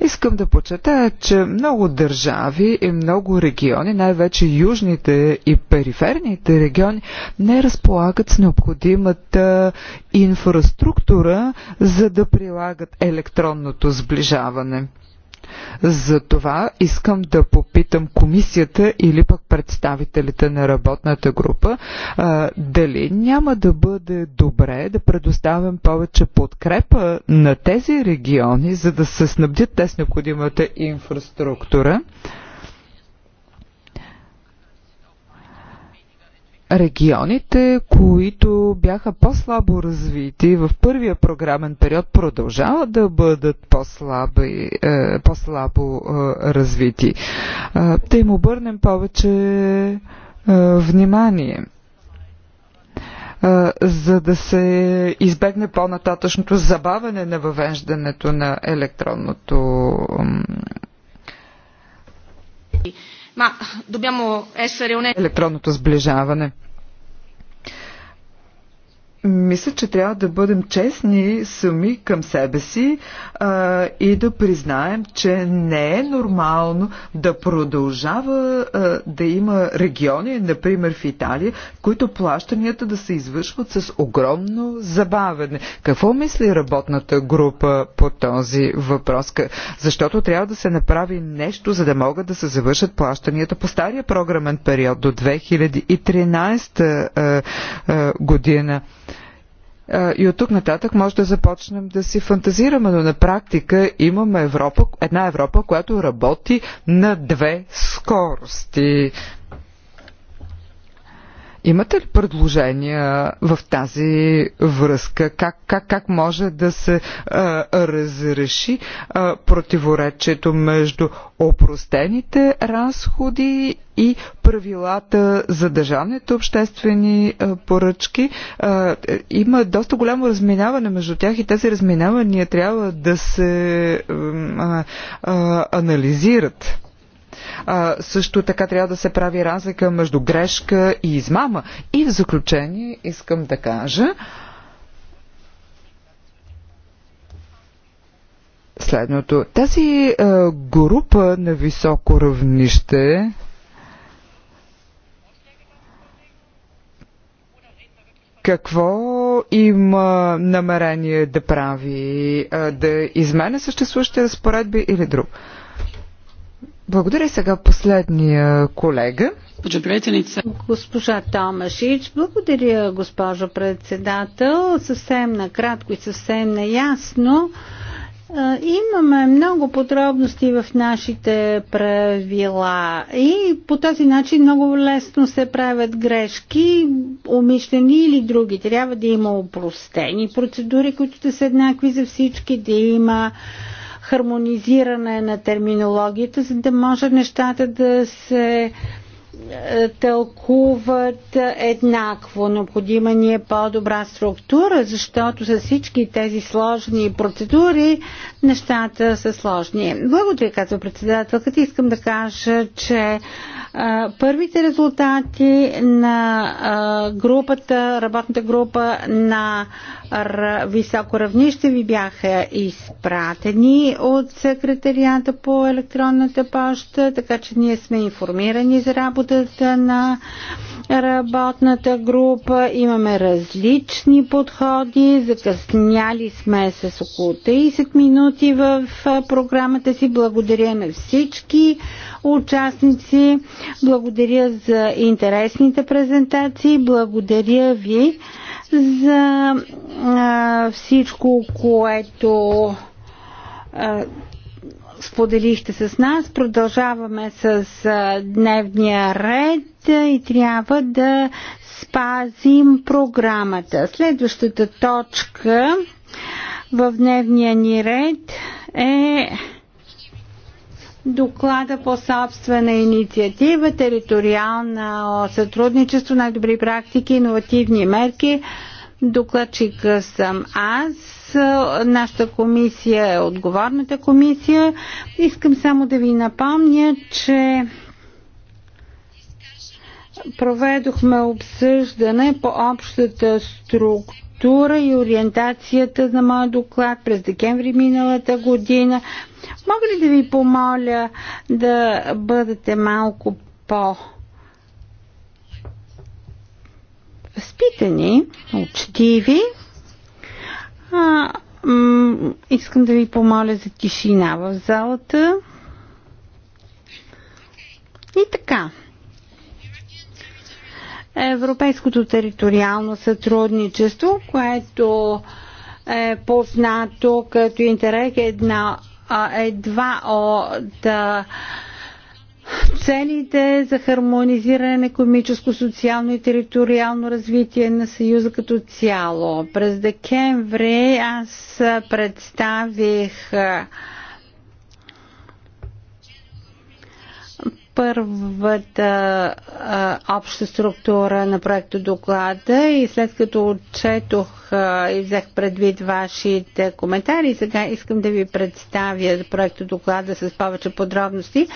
Искам да подчертая, че много държави и много региони, най-вече южните и периферните региони, не разполагат с необходимата инфраструктура, за да прилагат електронното сближаване. За това искам да попитам комисията или пък представителите на работната група а, дали няма да бъде добре да предоставим повече подкрепа на тези региони, за да се снабдят те с необходимата инфраструктура. Регионите, които бяха по-слабо развити в първия програмен период, продължават да бъдат по-слаби, е, по-слабо е, развити. Е, да им обърнем повече внимание за да се избегне по-нататъчното забавене на въвеждането на електронното Ma dobbiamo essere onesti. Електронното сближаване мисля, че трябва да бъдем честни сами към себе си а, и да признаем, че не е нормално да продължава а, да има региони, например в Италия, които плащанията да се извършват с огромно забавене. Какво мисли работната група по този въпрос? Защото трябва да се направи нещо, за да могат да се завършат плащанията по стария програмен период до 2013 а, а, година. И от тук нататък може да започнем да си фантазираме, но на практика имаме Европа, една Европа, която работи на две скорости. Имате ли предложения в тази връзка? Как, как, как може да се а, разреши а, противоречието между опростените разходи и правилата за държавните обществени а, поръчки? А, има доста голямо разминаване между тях и тези разминавания трябва да се а, а, анализират също така трябва да се прави разлика между грешка и измама. И в заключение искам да кажа, следното. Тази а, група на високо равнище какво има намерение да прави, да изменя съществуващите разпоредби или друг? Благодаря сега последния колега. Госпожа Томашич, благодаря, госпожо председател. Съвсем накратко и съвсем наясно. Имаме много подробности в нашите правила и по този начин много лесно се правят грешки, умишлени или други. Трябва да има упростени процедури, които да са еднакви за всички, да има хармонизиране на терминологията, за да може нещата да се тълкуват еднакво. Необходима ни е по-добра структура, защото за всички тези сложни процедури нещата са сложни. Благодаря, казва председателката. Искам да кажа, че а, първите резултати на а, групата, работната група на високо равнище ви бяха изпратени от секретарията по електронната поща, така че ние сме информирани за работа работата на работната група. Имаме различни подходи. Закъсняли сме с около 30 минути в програмата си. Благодаря на всички участници. Благодаря за интересните презентации. Благодаря ви за а, всичко, което а, споделихте с нас. Продължаваме с дневния ред и трябва да спазим програмата. Следващата точка в дневния ни ред е доклада по собствена инициатива, териториална сътрудничество, най-добри практики, иновативни мерки. Докладчика съм аз. Е, нашата комисия е отговорната комисия. Искам само да ви напомня, че проведохме обсъждане по общата структура структура и ориентацията на моя доклад през декември миналата година. Мога ли да ви помоля да бъдете малко по възпитани, учтиви? А, искам да ви помоля за тишина в залата. И така. Европейското териториално сътрудничество, което е познато като интерег е една едва от целите за хармонизиране на економическо, социално и териториално развитие на Съюза като цяло. През декември аз представих първата а, обща структура на проекто доклада и след като отчетох а, и взех предвид вашите коментари, сега искам да ви представя проекто доклада с повече подробности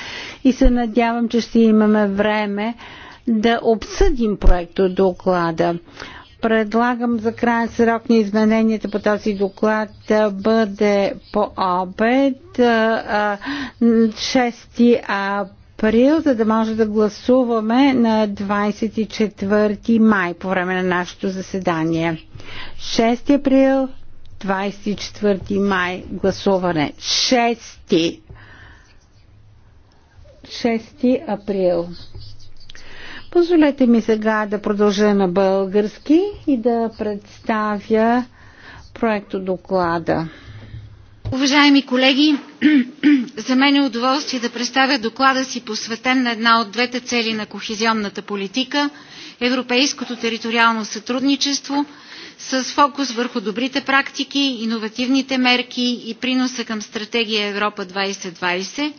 и се надявам, че ще имаме време да обсъдим проекто доклада. Предлагам за крайен срок на измененията по този доклад да бъде по обед 6 април април, за да може да гласуваме на 24 май по време на нашето заседание. 6 април, 24 май гласуване. 6 6 април. Позволете ми сега да продължа на български и да представя проекто доклада. Уважаеми колеги, [CLEARS THROAT] за мен е удоволствие да представя доклада си посветен на една от двете цели на кохезионната политика – европейското териториално сътрудничество, с фокус върху добрите практики, иновативните мерки и приноса към стратегия Европа 2020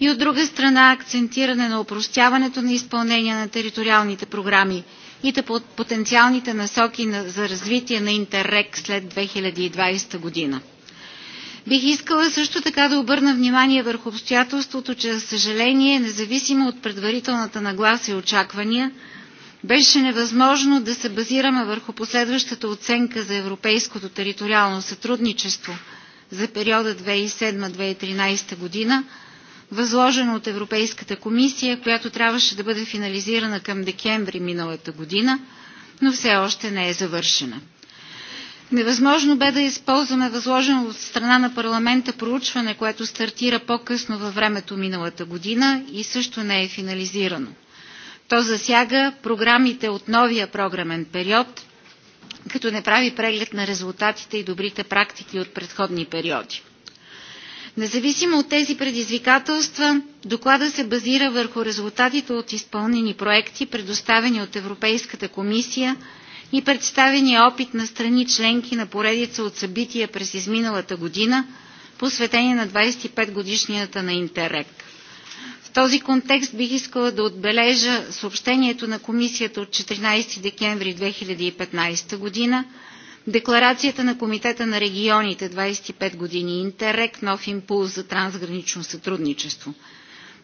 и от друга страна акцентиране на упростяването на изпълнение на териториалните програми и да потенциалните насоки за развитие на Интеррек след 2020 година. Бих искала също така да обърна внимание върху обстоятелството, че, за съжаление, независимо от предварителната нагласа и очаквания, беше невъзможно да се базираме върху последващата оценка за европейското териториално сътрудничество за периода 2007-2013 година, възложена от Европейската комисия, която трябваше да бъде финализирана към декември миналата година, но все още не е завършена. Невъзможно бе да използваме възложено от страна на парламента проучване, което стартира по-късно във времето миналата година и също не е финализирано. То засяга програмите от новия програмен период, като не прави преглед на резултатите и добрите практики от предходни периоди. Независимо от тези предизвикателства, доклада се базира върху резултатите от изпълнени проекти, предоставени от Европейската комисия – и представения опит на страни членки на поредица от събития през изминалата година, посветени на 25 годишнията на Интерек. В този контекст бих искала да отбележа съобщението на комисията от 14 декември 2015 година, декларацията на Комитета на регионите 25 години Интерек – нов импулс за трансгранично сътрудничество –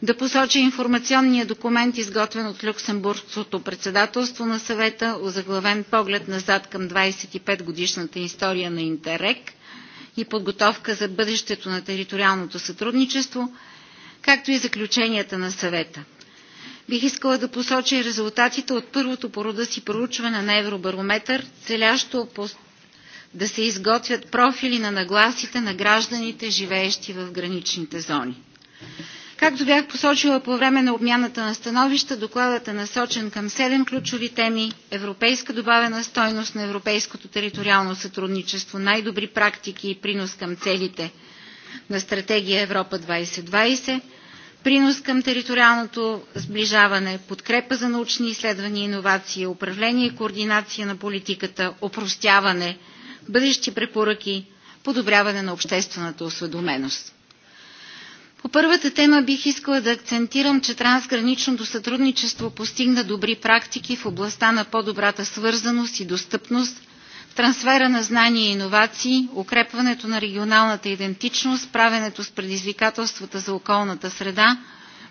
да посочи информационния документ, изготвен от Люксембургското председателство на съвета, озаглавен поглед назад към 25-годишната история на Интерек и подготовка за бъдещето на териториалното сътрудничество, както и заключенията на съвета. Бих искала да посоча и резултатите от първото порода си проучване на Евробарометър, целящо да се изготвят профили на нагласите на гражданите, живеещи в граничните зони. Както бях посочила по време на обмяната на становища, докладът е насочен към седем ключови теми – европейска добавена стойност на европейското териториално сътрудничество, най-добри практики и принос към целите на стратегия Европа 2020, принос към териториалното сближаване, подкрепа за научни изследвания и иновации, управление и координация на политиката, опростяване, бъдещи препоръки, подобряване на обществената осведоменост. По първата тема бих искала да акцентирам, че трансграничното сътрудничество постигна добри практики в областта на по-добрата свързаност и достъпност, в трансфера на знания и иновации, укрепването на регионалната идентичност, правенето с предизвикателствата за околната среда,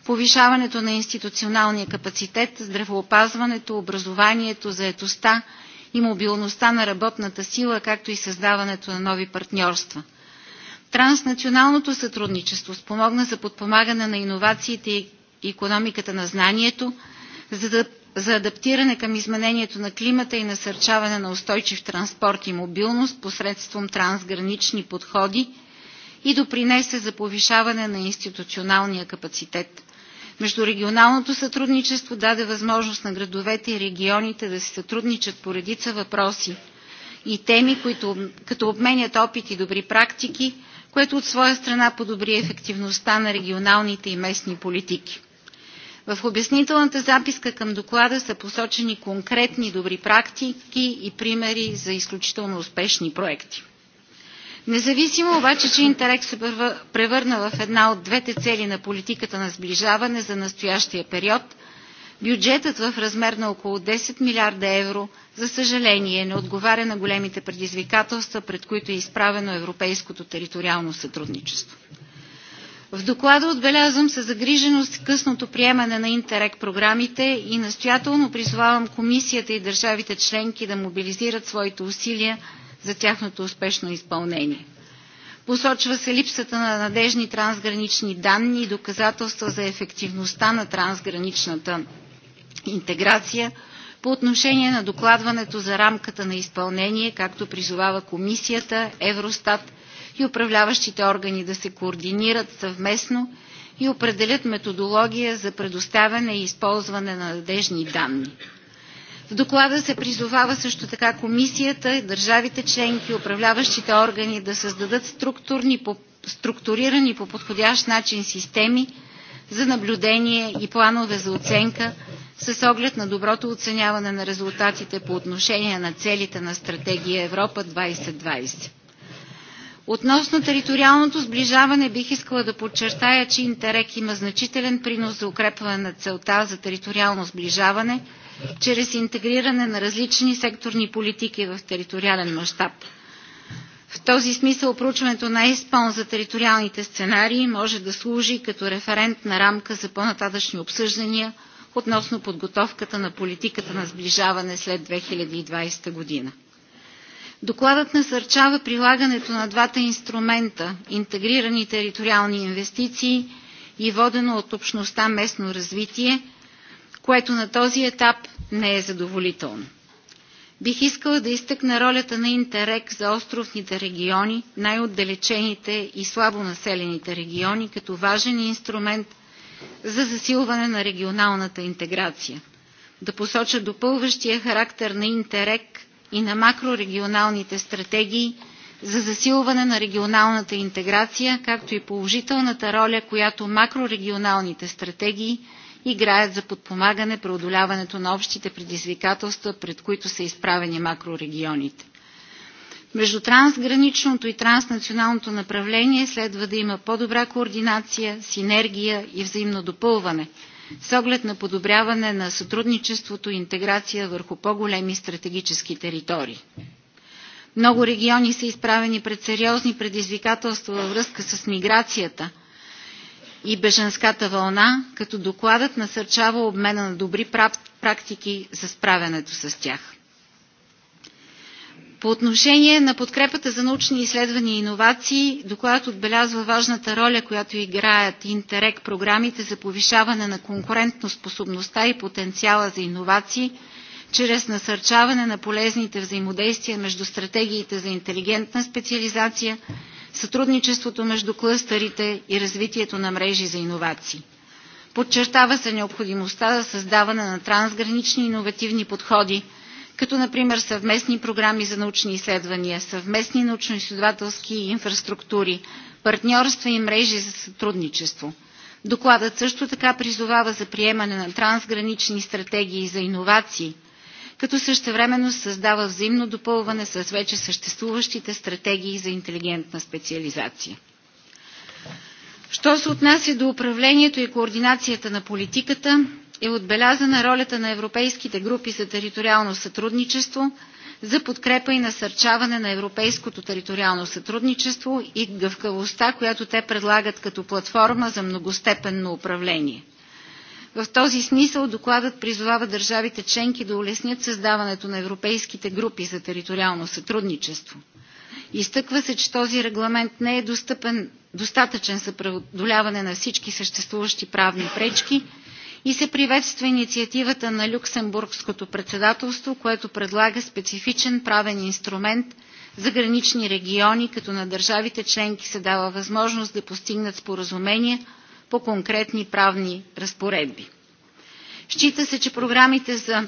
повишаването на институционалния капацитет, здравеопазването, образованието, заетостта и мобилността на работната сила, както и създаването на нови партньорства – Транснационалното сътрудничество спомогна за подпомагане на иновациите и економиката на знанието, за, да, за адаптиране към изменението на климата и насърчаване на устойчив транспорт и мобилност посредством трансгранични подходи и допринесе за повишаване на институционалния капацитет. Междурегионалното сътрудничество даде възможност на градовете и регионите да се сътрудничат по редица въпроси и теми, които, като обменят опит и добри практики, което от своя страна подобри ефективността на регионалните и местни политики. В обяснителната записка към доклада са посочени конкретни добри практики и примери за изключително успешни проекти. Независимо обаче, че Интерек се превърна в една от двете цели на политиката на сближаване за настоящия период, Бюджетът в размер на около 10 милиарда евро, за съжаление, не отговаря на големите предизвикателства, пред които е изправено европейското териториално сътрудничество. В доклада отбелязвам със загриженост късното приемане на интерек програмите и настоятелно призвавам комисията и държавите членки да мобилизират своите усилия за тяхното успешно изпълнение. Посочва се липсата на надежни трансгранични данни и доказателства за ефективността на трансграничната интеграция по отношение на докладването за рамката на изпълнение, както призовава Комисията, Евростат и управляващите органи да се координират съвместно и определят методология за предоставяне и използване на надежни данни. В доклада се призовава също така комисията, държавите членки, управляващите органи да създадат структурни, по, структурирани по подходящ начин системи за наблюдение и планове за оценка с оглед на доброто оценяване на резултатите по отношение на целите на стратегия Европа 2020. Относно териториалното сближаване бих искала да подчертая, че Интерек има значителен принос за укрепване на целта за териториално сближаване чрез интегриране на различни секторни политики в териториален мащаб. В този смисъл проучването на ЕСПОН за териториалните сценарии може да служи като референтна рамка за по-нататъчни обсъждания – относно подготовката на политиката на сближаване след 2020 година. Докладът насърчава прилагането на двата инструмента – интегрирани териториални инвестиции и водено от общността местно развитие, което на този етап не е задоволително. Бих искала да изтъкна ролята на Интерек за островните региони, най-отдалечените и слабо населените региони, като важен инструмент за засилване на регионалната интеграция. Да посоча допълващия характер на Интерек и на макрорегионалните стратегии за засилване на регионалната интеграция, както и положителната роля, която макрорегионалните стратегии играят за подпомагане преодоляването на общите предизвикателства, пред които са изправени макрорегионите. Между трансграничното и транснационалното направление следва да има по-добра координация, синергия и взаимно допълване, с оглед на подобряване на сътрудничеството и интеграция върху по-големи стратегически територии. Много региони са изправени пред сериозни предизвикателства във връзка с миграцията и беженската вълна, като докладът насърчава обмена на добри практики за справянето с тях. По отношение на подкрепата за научни изследвания и иновации, доклад отбелязва важната роля, която играят интерек програмите за повишаване на конкурентноспособността и потенциала за иновации, чрез насърчаване на полезните взаимодействия между стратегиите за интелигентна специализация, сътрудничеството между клъстерите и развитието на мрежи за иновации. Подчертава се необходимостта за създаване на трансгранични иновативни подходи – като например съвместни програми за научни изследвания, съвместни научно-изследователски инфраструктури, партньорства и мрежи за сътрудничество. Докладът също така призовава за приемане на трансгранични стратегии за иновации, като същевременно създава взаимно допълване с вече съществуващите стратегии за интелигентна специализация. Що се отнася до управлението и координацията на политиката, е отбелязана ролята на европейските групи за териториално сътрудничество, за подкрепа и насърчаване на европейското териториално сътрудничество и гъвкавостта, която те предлагат като платформа за многостепенно управление. В този смисъл докладът призовава държавите членки да улеснят създаването на европейските групи за териториално сътрудничество. Изтъква се, че този регламент не е достъпен, достатъчен за преодоляване на всички съществуващи правни пречки – и се приветства инициативата на Люксембургското председателство, което предлага специфичен правен инструмент за гранични региони, като на държавите членки се дава възможност да постигнат споразумения по конкретни правни разпоредби. Счита се, че програмите за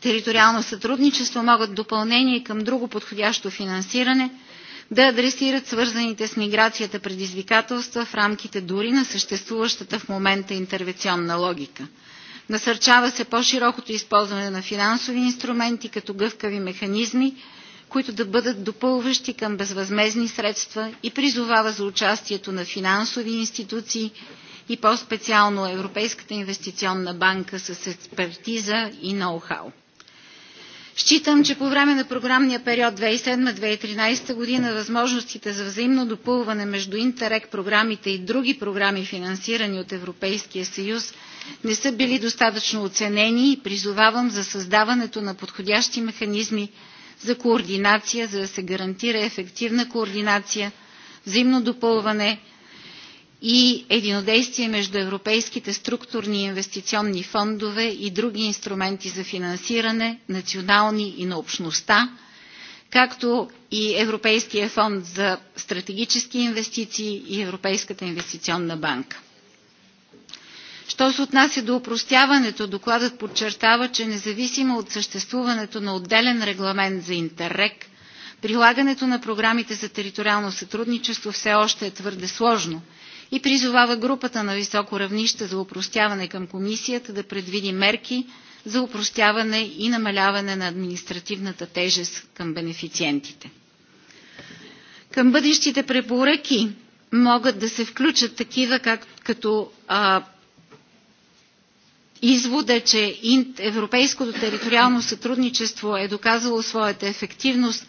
териториално сътрудничество могат допълнение към друго подходящо финансиране – да адресират свързаните с миграцията предизвикателства в рамките дори на съществуващата в момента интервенционна логика. Насърчава се по-широкото използване на финансови инструменти като гъвкави механизми, които да бъдат допълващи към безвъзмезни средства и призовава за участието на финансови институции и по-специално Европейската инвестиционна банка с експертиза и ноу-хау. Считам, че по време на програмния период 2007-2013 година възможностите за взаимно допълване между Интерек програмите и други програми, финансирани от Европейския съюз, не са били достатъчно оценени и призовавам за създаването на подходящи механизми за координация, за да се гарантира ефективна координация, взаимно допълване и единодействие между европейските структурни и инвестиционни фондове и други инструменти за финансиране, национални и на общността, както и Европейския фонд за стратегически инвестиции и Европейската инвестиционна банка. Що се отнася до упростяването, докладът подчертава, че независимо от съществуването на отделен регламент за Интеррек, прилагането на програмите за териториално сътрудничество все още е твърде сложно – и призовава групата на високо равнище за упростяване към комисията да предвиди мерки за упростяване и намаляване на административната тежест към бенефициентите. Към бъдещите препоръки могат да се включат такива как, като а, извода, че европейското териториално сътрудничество е доказало своята ефективност,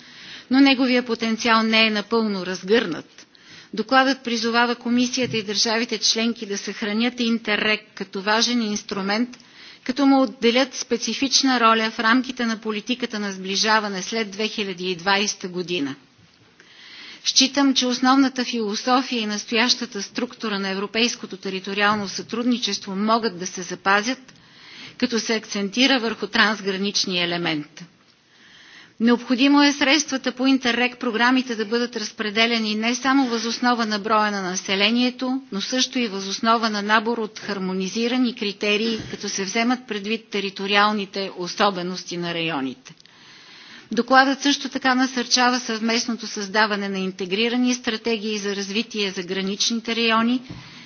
но неговия потенциал не е напълно разгърнат. Докладът призовава комисията и държавите членки да съхранят Интеррек като важен инструмент, като му отделят специфична роля в рамките на политиката на сближаване след 2020 година. Считам, че основната философия и настоящата структура на европейското териториално сътрудничество могат да се запазят, като се акцентира върху трансграничния елемент – Необходимо е средствата по интеррек програмите да бъдат разпределени не само възоснова на броя на населението, но също и възоснова на набор от хармонизирани критерии, като се вземат предвид териториалните особености на районите. Докладът също така насърчава съвместното създаване на интегрирани стратегии за развитие за граничните райони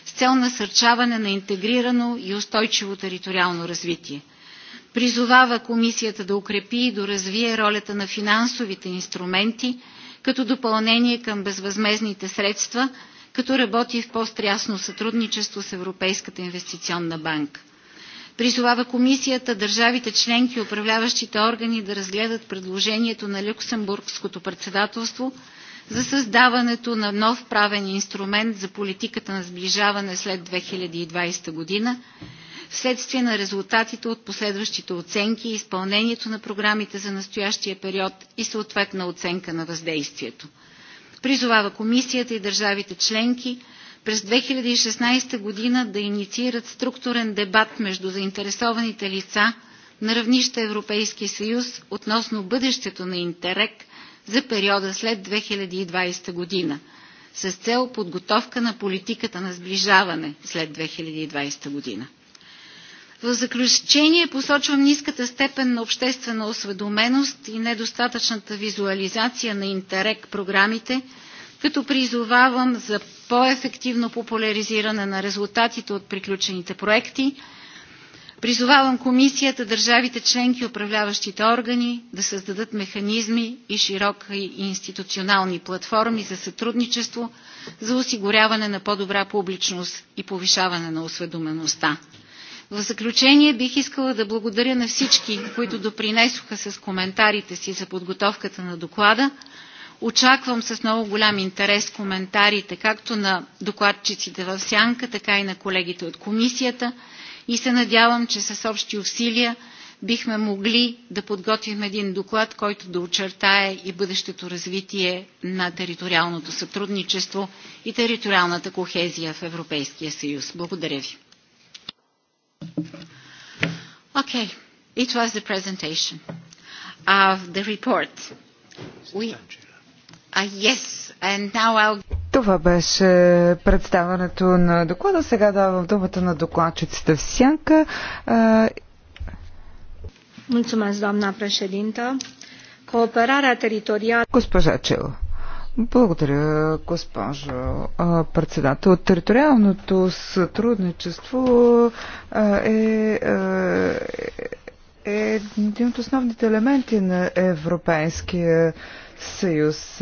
с цел насърчаване на интегрирано и устойчиво териториално развитие – Призовава комисията да укрепи и доразвие ролята на финансовите инструменти като допълнение към безвъзмезните средства, като работи в по-стрясно сътрудничество с Европейската инвестиционна банка. Призовава комисията държавите членки и управляващите органи да разгледат предложението на Люксембургското председателство за създаването на нов правен инструмент за политиката на сближаване след 2020 година, вследствие на резултатите от последващите оценки и изпълнението на програмите за настоящия период и съответна оценка на въздействието. Призовава комисията и държавите членки през 2016 година да инициират структурен дебат между заинтересованите лица на равнище Европейски съюз относно бъдещето на Интерек за периода след 2020 година с цел подготовка на политиката на сближаване след 2020 година. В заключение посочвам ниската степен на обществена осведоменост и недостатъчната визуализация на интерек програмите, като призовавам за по-ефективно популяризиране на резултатите от приключените проекти. Призовавам комисията, държавите членки и управляващите органи да създадат механизми и широки институционални платформи за сътрудничество за осигуряване на по-добра публичност и повишаване на осведомеността. В заключение бих искала да благодаря на всички, които допринесоха с коментарите си за подготовката на доклада. Очаквам с много голям интерес коментарите както на докладчиците в Сянка, така и на колегите от комисията и се надявам, че с общи усилия бихме могли да подготвим един доклад, който да очертае и бъдещето развитие на териториалното сътрудничество и териториалната кохезия в Европейския съюз. Благодаря ви. Okay, it was the presentation of the report. We, uh, yes, and now I'll... Това беше представането на доклада. Сега давам думата на докладчицата в сянка. Mulțumesc, doamna președintă. Cooperarea teritorială... Госпожа Чело. Благодаря, госпожо председател. Териториалното сътрудничество е, е, е един от основните елементи на Европейския съюз.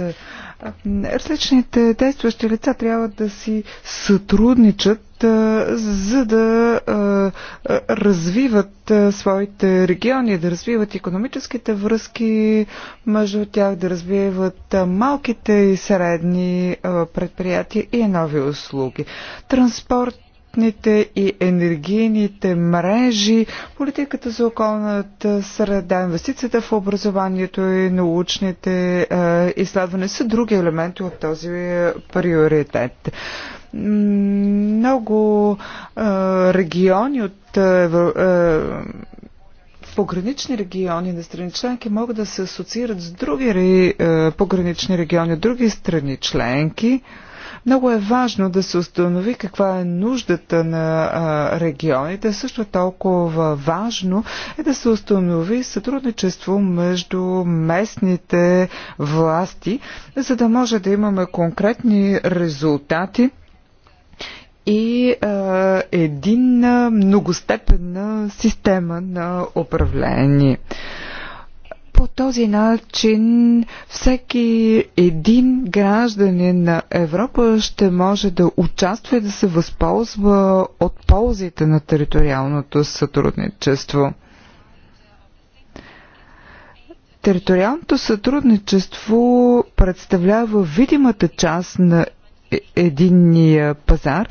Различните действащи лица трябва да си сътрудничат, за да развиват своите региони, да развиват економическите връзки между тях, да развиват малките и средни предприятия и нови услуги. Транспорт пътните и енергийните мрежи, политиката за околната среда, инвестицията в образованието и научните изследвания са други елементи от този приоритет много региони от погранични региони на страни членки могат да се асоциират с други а, погранични региони от други страни членки. Много е важно да се установи каква е нуждата на регионите. Също е толкова важно е да се установи сътрудничество между местните власти, за да може да имаме конкретни резултати и а, единна многостепенна система на управление. По този начин всеки един гражданин на Европа ще може да участва и да се възползва от ползите на териториалното сътрудничество. Териториалното сътрудничество представлява видимата част на е-, единния пазар,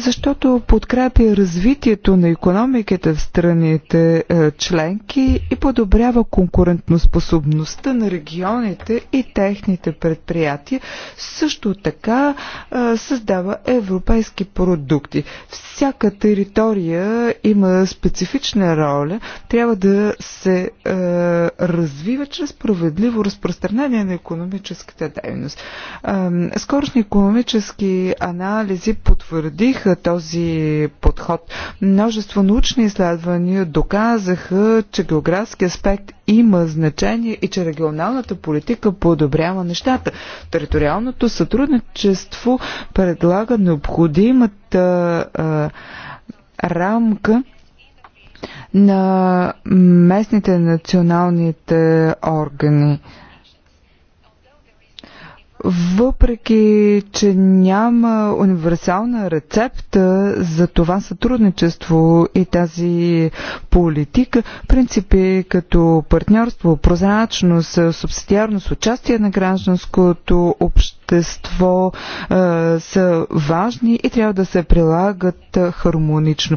защото подкрепя развитието на економиката в страните е, членки и подобрява конкурентноспособността на регионите и техните предприятия. Също така е, създава европейски продукти. Всяка територия има специфична роля. Трябва да се е, развива чрез справедливо разпространение на економическата дейност. Скорошни економически анализи потвърдиха, този подход. Множество научни изследвания доказаха, че географски аспект има значение и че регионалната политика подобрява нещата. Териториалното сътрудничество предлага необходимата а, рамка на местните националните органи. Въпреки, че няма универсална рецепта за това сътрудничество и тази политика, принципи като партньорство, прозрачност, субсидиарност, участие на гражданското общество е, са важни и трябва да се прилагат хармонично.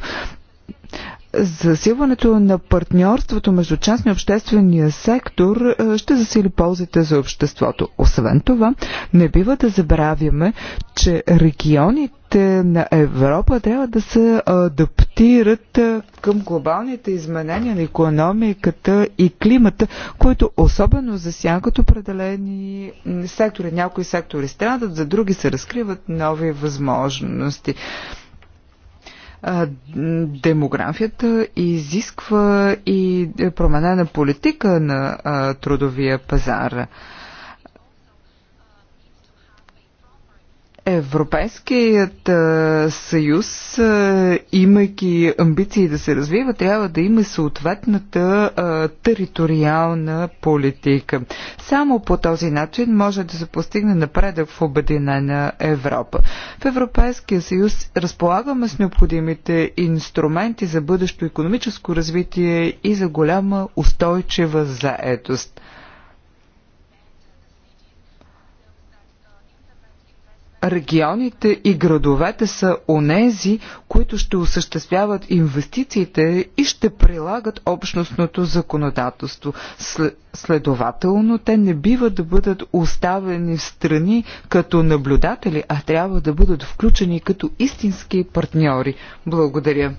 Засилването на партньорството между частния и обществения сектор е, ще засили ползите за обществото. Освен това, не бива да забравяме, че регионите на Европа трябва да се адаптират е, към глобалните изменения на економиката и климата, които особено засягат определени сектори. Някои сектори страдат, за други се разкриват нови възможности. Демографията изисква и променена политика на трудовия пазар. Европейският съюз, имайки амбиции да се развива, трябва да има съответната териториална политика. Само по този начин може да се постигне напредък в обединена Европа. В Европейския съюз разполагаме с необходимите инструменти за бъдещо економическо развитие и за голяма устойчива заетост. регионите и градовете са онези, които ще осъществяват инвестициите и ще прилагат общностното законодателство. Следователно, те не бива да бъдат оставени в страни като наблюдатели, а трябва да бъдат включени като истински партньори. Благодаря.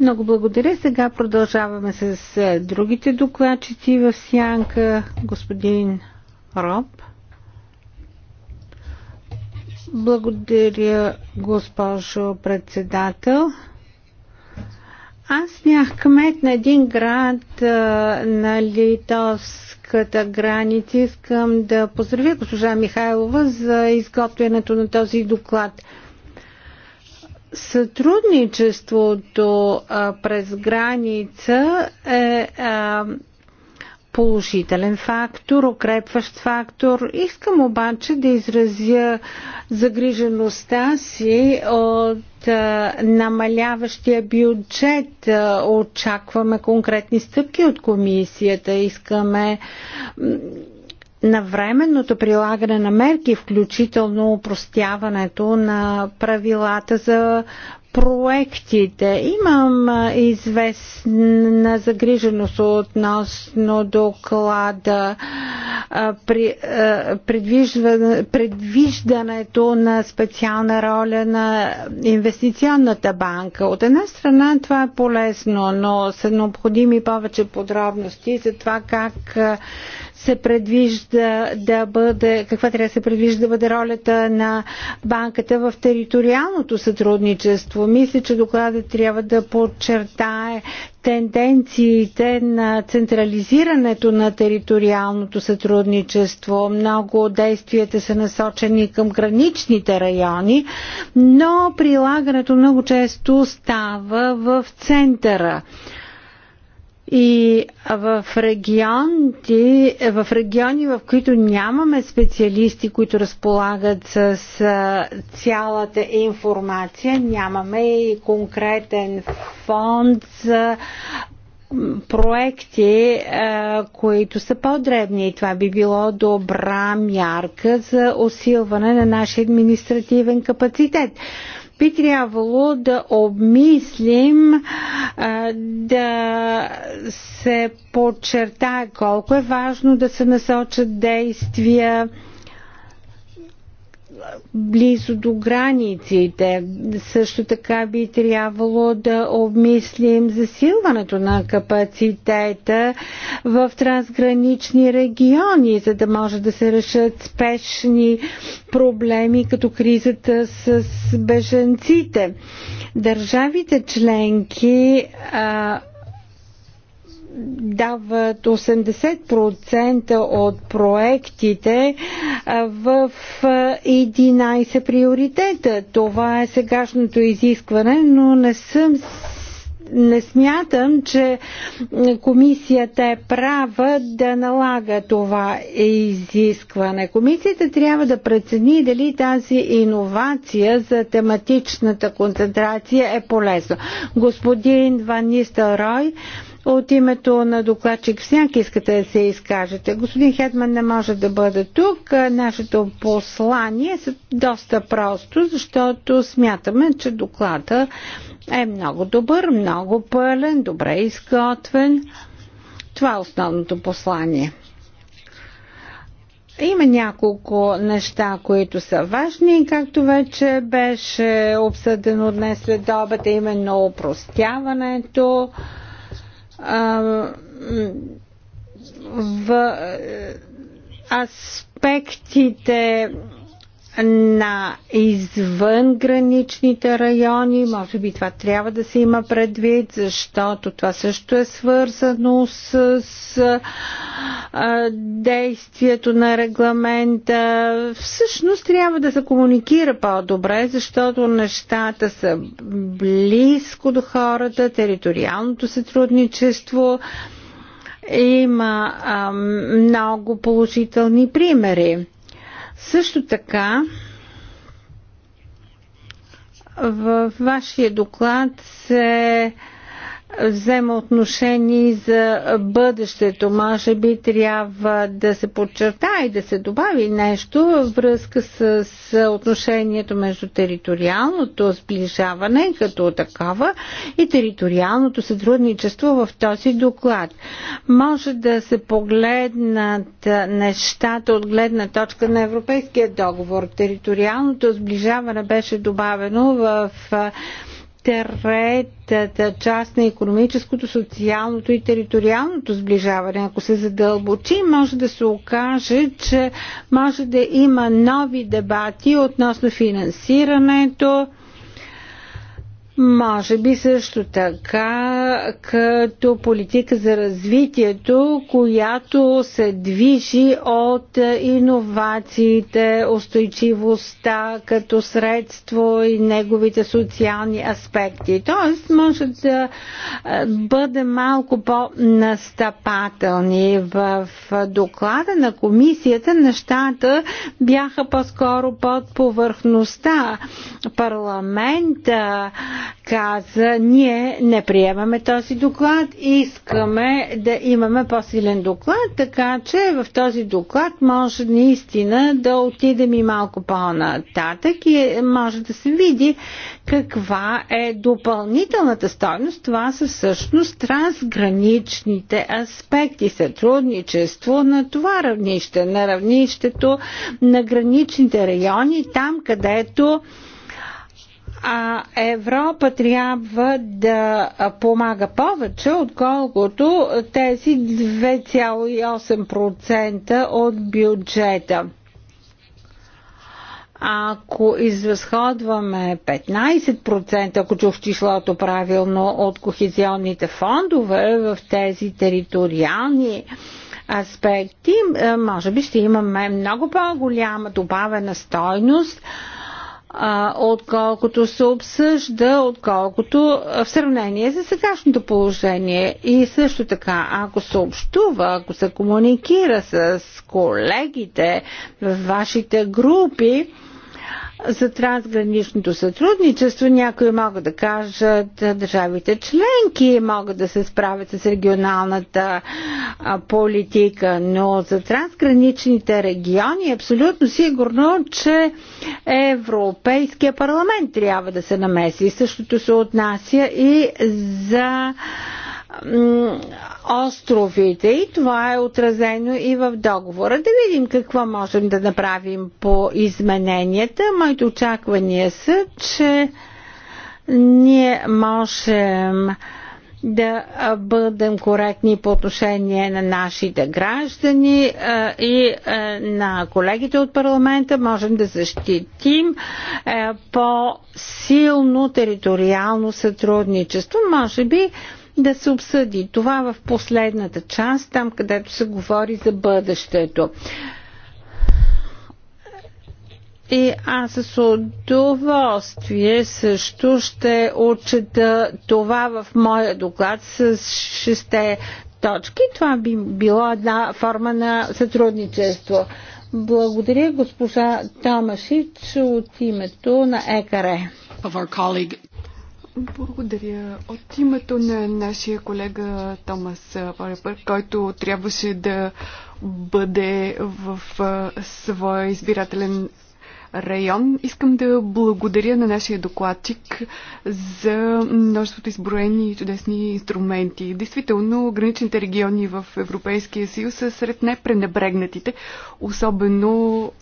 Много благодаря. Сега продължаваме с е, другите докладчици в сянка. Господин Роб. Благодаря, госпожо председател. Аз бях кмет на един град а, на литовската граница. Искам да поздравя госпожа Михайлова за изготвянето на този доклад. Сътрудничеството а, през граница е а, положителен фактор, укрепващ фактор. Искам обаче да изразя загрижеността си от намаляващия бюджет. Очакваме конкретни стъпки от комисията. Искаме на временното прилагане на мерки, включително упростяването на правилата за проектите. Имам известна загриженост относно доклада при, предвиждането на специална роля на инвестиционната банка. От една страна това е полезно, но са необходими повече подробности за това как се предвижда да бъде, каква трябва да се предвижда да бъде ролята на банката в териториалното сътрудничество. Мисля, че докладът трябва да подчертае тенденциите на централизирането на териториалното сътрудничество. Много от действията са насочени към граничните райони, но прилагането много често става в центъра и в региони, в региони, в които нямаме специалисти, които разполагат с цялата информация, нямаме и конкретен фонд за проекти, които са по-дребни. И това би било добра мярка за усилване на нашия административен капацитет би трябвало да обмислим да се подчертае колко е важно да се насочат действия близо до границите. Също така би трябвало да обмислим засилването на капацитета в трансгранични региони, за да може да се решат спешни проблеми, като кризата с беженците. Държавите членки а, дават 80% от проектите в 11 приоритета. Това е сегашното изискване, но не съм не смятам, че комисията е права да налага това изискване. Комисията трябва да прецени дали тази иновация за тематичната концентрация е полезна. Господин Ван Нистелрой от името на докладчик Сянки искате да се изкажете. Господин Хедман не може да бъде тук. Нашето послание е доста просто, защото смятаме, че доклада е много добър, много пълен, добре изготвен. Това е основното послание. Има няколко неща, които са важни, както вече беше обсъдено днес след обед, е именно упростяването, в е, аспектите на извънграничните райони. Може би това трябва да се има предвид, защото това също е свързано с, с а, действието на регламента. Всъщност трябва да се комуникира по-добре, защото нещата са близко до хората, териториалното сътрудничество. Има а, много положителни примери също така, във вашия доклад се взема отношение за бъдещето. Може би трябва да се подчерта и да се добави нещо във връзка с отношението между териториалното сближаване като такова и териториалното сътрудничество в този доклад. Може да се погледнат нещата от гледна точка на Европейския договор. Териториалното сближаване беше добавено в третата част на економическото, социалното и териториалното сближаване. Ако се задълбочи, може да се окаже, че може да има нови дебати относно финансирането, може би също така като политика за развитието, която се движи от иновациите, устойчивостта като средство и неговите социални аспекти. Тоест може да е, бъде малко по-настъпателни. В доклада на комисията нещата бяха по-скоро под повърхността. Парламента каза, ние не приемаме този доклад, искаме да имаме по-силен доклад, така че в този доклад може наистина да отидем и малко по-нататък и може да се види каква е допълнителната стойност. Това са всъщност трансграничните аспекти, сътрудничество на това равнище, на равнището на граничните райони, там където а Европа трябва да помага повече, отколкото тези 2,8% от бюджета. Ако изразходваме 15%, ако чух числото правилно, от кохезионните фондове в тези териториални аспекти, може би ще имаме много по-голяма добавена стойност а, отколкото се обсъжда, отколкото в сравнение с сегашното положение. И също така, ако се общува, ако се комуникира с колегите в вашите групи, за трансграничното сътрудничество. Някои могат да кажат, държавите членки могат да се справят с регионалната политика, но за трансграничните региони е абсолютно сигурно, че Европейския парламент трябва да се намеси. Същото се отнася и за островите и това е отразено и в договора. Да видим какво можем да направим по измененията. Моите очаквания са, че ние можем да бъдем коректни по отношение на нашите граждани е, и е, на колегите от парламента, можем да защитим е, по-силно териториално сътрудничество. Може би да се обсъди. Това в последната част, там където се говори за бъдещето. И аз с удоволствие също ще отчета това в моя доклад с шесте точки. Това би било една форма на сътрудничество. Благодаря госпожа Томашич от името на ЕКАРЕ. Благодаря. От името на нашия колега Томас Порепър, който трябваше да бъде в своя избирателен район. Искам да благодаря на нашия докладчик за множеството изброени и чудесни инструменти. Действително, граничните региони в Европейския съюз са сред непренебрегнатите, пренебрегнатите особено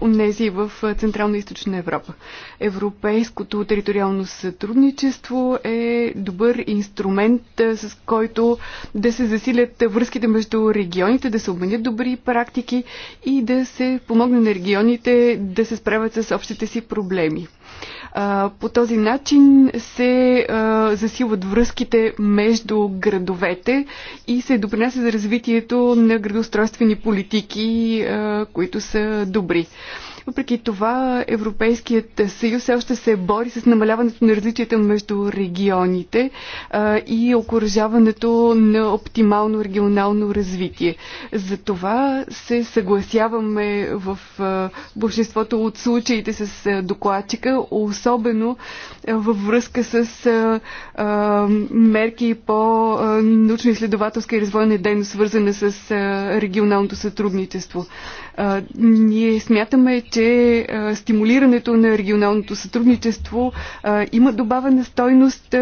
унези е, в Централна и Източна Европа. Европейското териториално сътрудничество е добър инструмент, е, с който да се засилят връзките между регионите, да се обменят добри практики и да се помогне на регионите да се справят с общите си проблеми. По този начин се засилват връзките между градовете и се допринася за развитието на градоустройствени политики, които са добри. Въпреки това, Европейският съюз все още се бори с намаляването на различията между регионите а, и окоръжаването на оптимално регионално развитие. За това се съгласяваме в а, большинството от случаите с а, докладчика, особено а, във връзка с а, а, мерки по научно-изследователска и развойна дейност, свързана с а, регионалното сътрудничество. Ние смятаме, че стимулирането на регионалното сътрудничество има добавена стойност,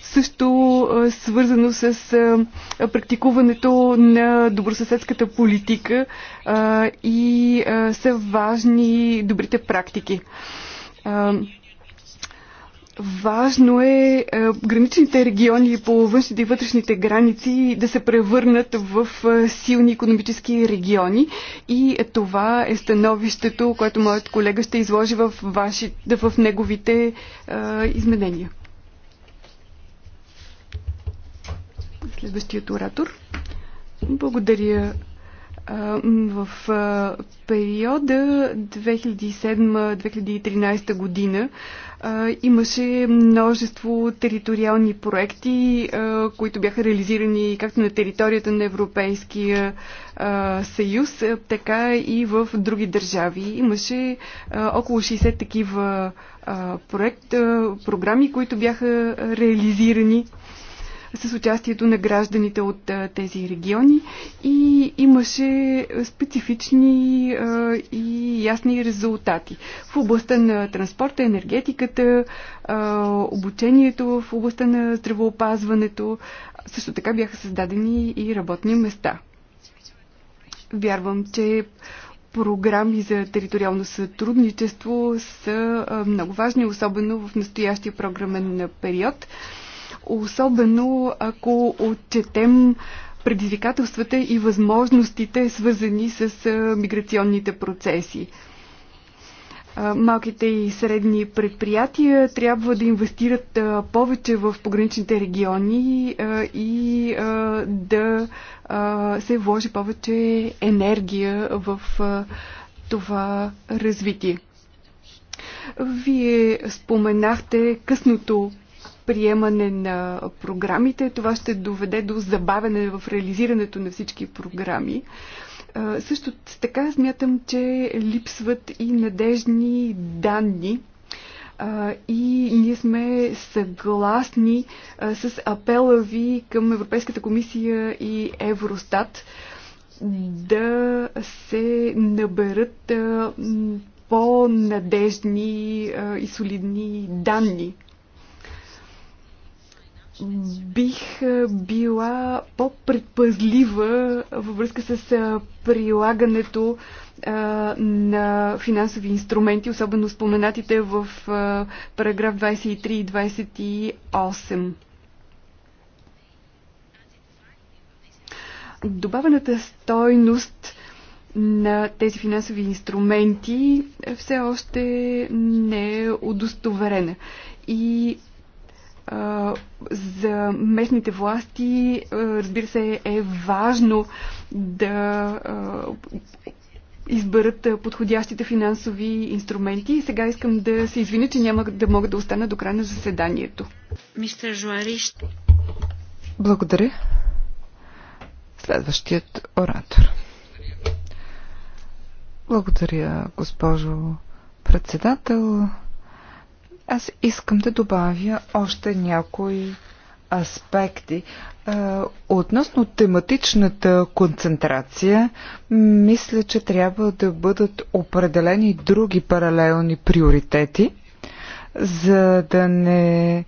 също свързано с практикуването на добросъседската политика и са важни добрите практики. Важно е, е граничните региони по външните и вътрешните граници да се превърнат в е, силни економически региони и е, това е становището, което моят колега ще изложи в, ваши, в неговите изменения. Следващият оратор. Благодаря. В периода 2007-2013 година Имаше множество териториални проекти, които бяха реализирани както на територията на Европейския съюз, така и в други държави. Имаше около 60 такива проект, програми, които бяха реализирани с участието на гражданите от тези региони и имаше специфични и ясни резултати в областта на транспорта, енергетиката, обучението в областта на здравоопазването. Също така бяха създадени и работни места. Вярвам, че програми за териториално сътрудничество са много важни, особено в настоящия програмен период особено ако отчетем предизвикателствата и възможностите, свързани с миграционните процеси. Малките и средни предприятия трябва да инвестират повече в пограничните региони и да се вложи повече енергия в това развитие. Вие споменахте късното приемане на програмите. Това ще доведе до забавяне в реализирането на всички програми. Също така смятам, че липсват и надежни данни и ние сме съгласни с апела ви към Европейската комисия и Евростат да се наберат по-надежни и солидни данни бих е, била по-предпазлива във връзка с е, прилагането е, на финансови инструменти, особено споменатите в параграф 23 и 28. Добавената стойност на тези финансови инструменти все още не е удостоверена. И за местните власти, разбира се, е важно да изберат подходящите финансови инструменти. И сега искам да се извиня, че няма да мога да остана до края на заседанието. Мистер Жуариш. Благодаря. Следващият оратор. Благодаря, госпожо председател. Аз искам да добавя още някои аспекти. Е, относно тематичната концентрация, мисля, че трябва да бъдат определени други паралелни приоритети, за да не е,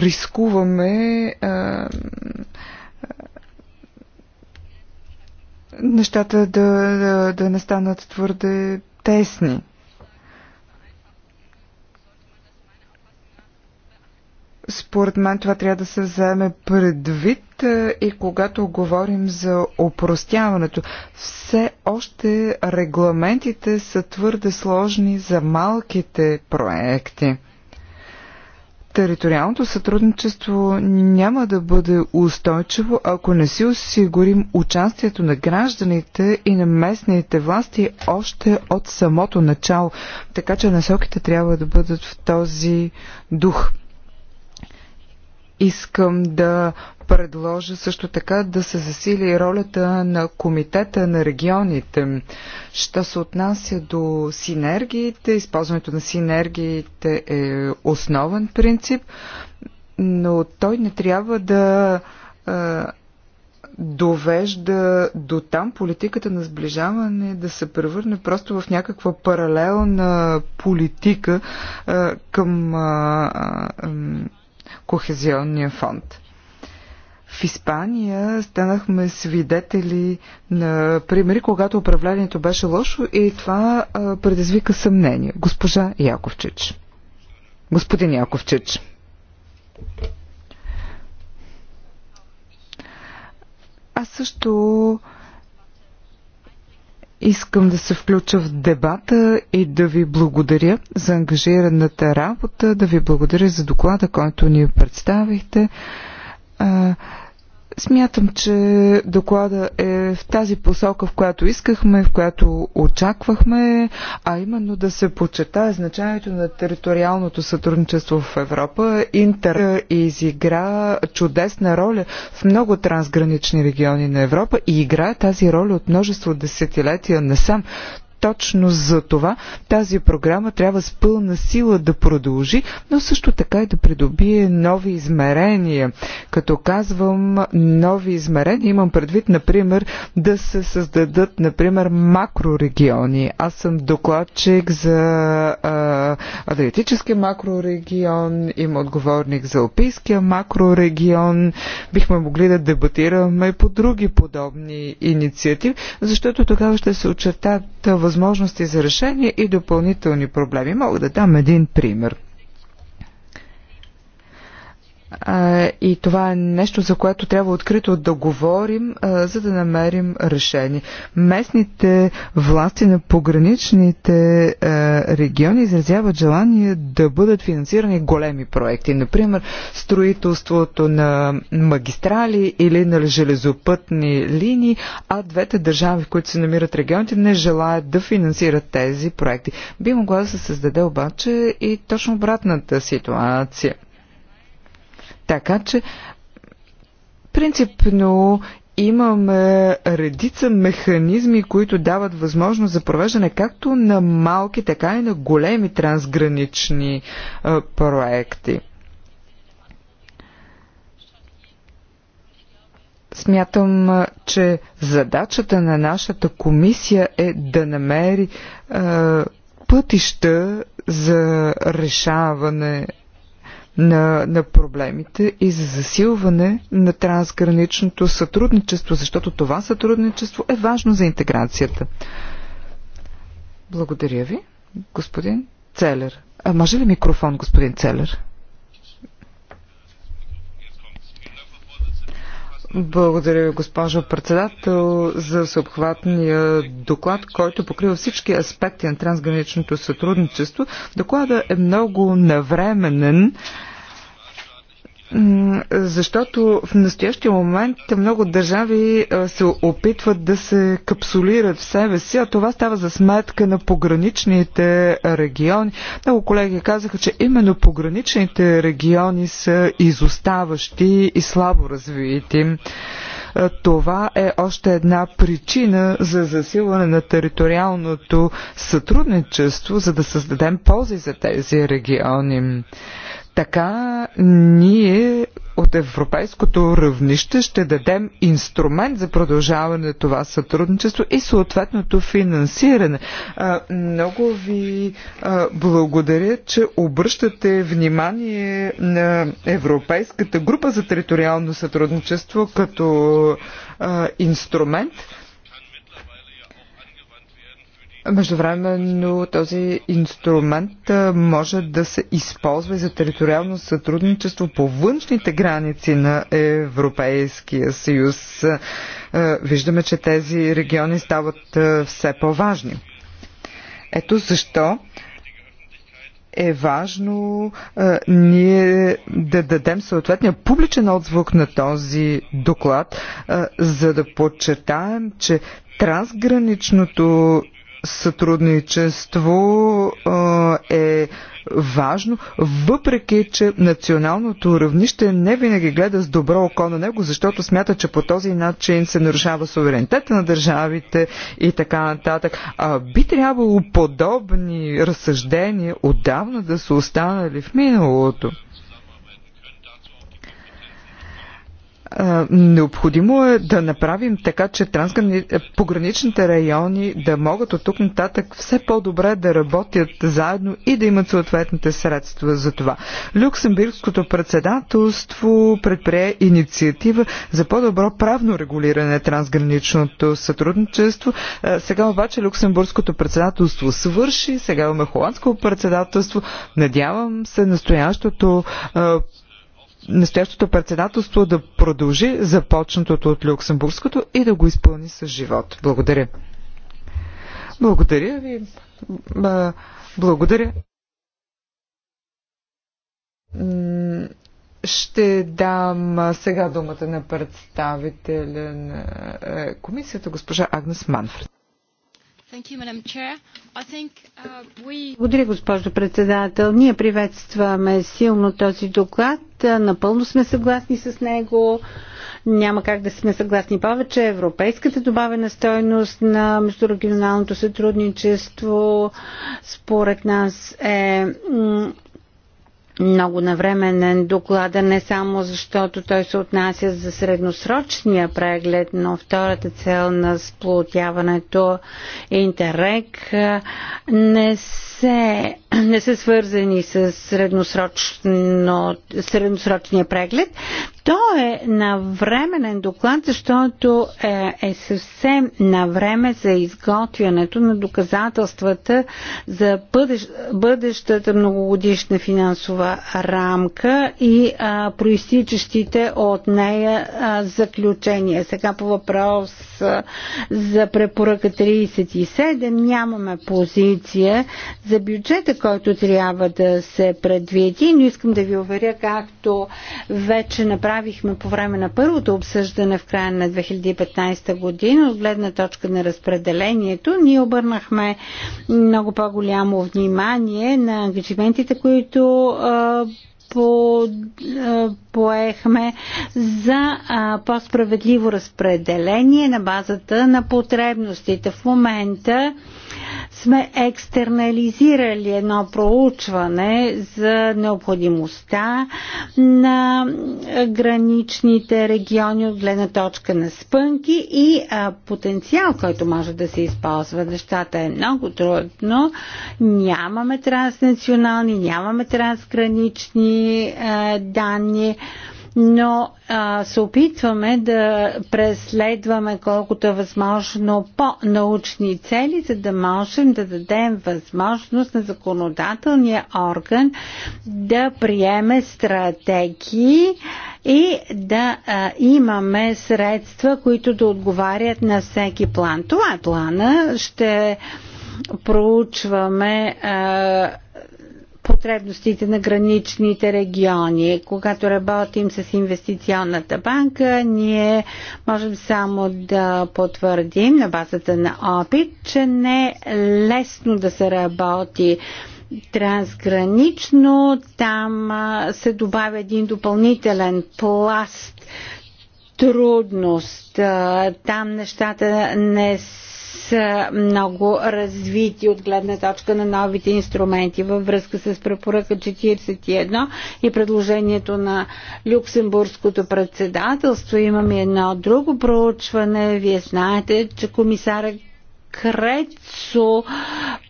рискуваме е, нещата да, да, да не станат твърде тесни. Според мен това трябва да се вземе предвид е, и когато говорим за опростяването. Все още регламентите са твърде сложни за малките проекти. Териториалното сътрудничество няма да бъде устойчиво, ако не си осигурим участието на гражданите и на местните власти още от самото начало. Така че насоките трябва да бъдат в този дух. Искам да предложа също така да се засили ролята на комитета на регионите. Що се отнася до синергиите, използването на синергиите е основен принцип, но той не трябва да довежда до там политиката на сближаване да се превърне просто в някаква паралелна политика а, към а, а, Кохезионния фонд. В Испания станахме свидетели на примери, когато управлението беше лошо и това а, предизвика съмнение. Госпожа Яковчич. Господин Яковчич. Аз също Искам да се включа в дебата и да ви благодаря за ангажираната работа, да ви благодаря за доклада, който ни представихте. Смятам, че доклада е в тази посока, в която искахме, в която очаквахме, а именно да се почетае значението на териториалното сътрудничество в Европа. Интер изигра чудесна роля в много трансгранични региони на Европа и играе тази роля от множество десетилетия насам. Точно за това тази програма трябва с пълна сила да продължи, но също така и да придобие нови измерения. Като казвам нови измерения, имам предвид, например, да се създадат, например, макрорегиони. Аз съм докладчик за а, Адриатическия макрорегион, има отговорник за Алпийския макрорегион. Бихме могли да дебатираме по други подобни инициативи, защото тогава ще се очертат възможности възможности за решение и допълнителни проблеми. Мога да дам един пример и това е нещо, за което трябва открито да говорим, за да намерим решение. Местните власти на пограничните региони изразяват желание да бъдат финансирани големи проекти. Например, строителството на магистрали или на железопътни линии, а двете държави, в които се намират регионите, не желаят да финансират тези проекти. Би могла да се създаде обаче и точно обратната ситуация така че, принципно имаме редица механизми, които дават възможност за провеждане както на малки, така и на големи трансгранични а, проекти. Смятам, че задачата на нашата комисия е да намери а, пътища за решаване на, на проблемите и за засилване на трансграничното сътрудничество, защото това сътрудничество е важно за интеграцията. Благодаря ви, господин Целер. А може ли микрофон, господин Целер? Благодаря ви, госпожо председател, за съобхватния доклад, който покрива всички аспекти на трансграничното сътрудничество. Докладът е много навременен защото в настоящия момент много държави се опитват да се капсулират в себе си, а това става за сметка на пограничните региони. Много колеги казаха, че именно пограничните региони са изоставащи и слабо развити. Това е още една причина за засилване на териториалното сътрудничество, за да създадем ползи за тези региони. Така ние от европейското равнище ще дадем инструмент за продължаване на това сътрудничество и съответното финансиране. Много ви благодаря, че обръщате внимание на Европейската група за териториално сътрудничество като инструмент. Междувременно този инструмент може да се използва и за териториално сътрудничество по външните граници на Европейския съюз. Виждаме, че тези региони стават все по-важни. Ето защо е важно а, ние да дадем съответния публичен отзвук на този доклад, а, за да подчертаем, че трансграничното сътрудничество е важно, въпреки че националното равнище не винаги гледа с добро око на него, защото смята, че по този начин се нарушава суверенитета на държавите и така нататък. А, би трябвало подобни разсъждения отдавна да са останали в миналото. Необходимо е да направим така, че пограничните райони да могат от тук нататък все по-добре да работят заедно и да имат съответните средства за това. Люксембургското председателство предприе инициатива за по-добро правно регулиране на трансграничното сътрудничество. Сега обаче Люксембургското председателство свърши, сега имаме холандско председателство. Надявам се настоящото настоящото председателство да продължи започнатото от Люксембургското и да го изпълни с живот. Благодаря. Благодаря ви. Благодаря. Ще дам сега думата на представителя на е, комисията, госпожа Агнес Манфред. Uh, Благодаря, госпожо председател. Ние приветстваме силно този доклад. Напълно сме съгласни с него. Няма как да сме съгласни повече. Европейската добавена стойност на междурегионалното сътрудничество според нас е много навременен доклада, не само защото той се отнася за средносрочния преглед, но втората цел на сплотяването Интерек не се се, не са свързани с средносрочно, средносрочния преглед. То е навременен доклад, защото е, е съвсем навреме за изготвянето на доказателствата за бъдещ, бъдещата многогодишна финансова рамка и а, проистичащите от нея а, заключения. Сега по въпрос а, за препоръка 37 нямаме позиция за за бюджета, който трябва да се предвиди, но искам да ви уверя, както вече направихме по време на първото обсъждане в края на 2015 година, от гледна точка на разпределението, ние обърнахме много по-голямо внимание на ангажиментите, които по, поехме за по-справедливо разпределение на базата на потребностите. В момента сме екстернализирали едно проучване за необходимостта на граничните региони от гледна точка на спънки и а, потенциал, който може да се използва. Нещата е много трудно. Нямаме транснационални, нямаме трансгранични а, данни но а, се опитваме да преследваме колкото е възможно по-научни цели, за да можем да дадем възможност на законодателния орган да приеме стратегии и да а, имаме средства, които да отговарят на всеки план. Това е плана. Ще проучваме а, потребностите на граничните региони. Когато работим с инвестиционната банка, ние можем само да потвърдим на базата на опит, че не е лесно да се работи трансгранично. Там се добавя един допълнителен пласт трудност. Там нещата не са много развити от гледна точка на новите инструменти във връзка с препоръка 41 и предложението на Люксембургското председателство. Имаме едно друго проучване. Вие знаете, че комисара Крецо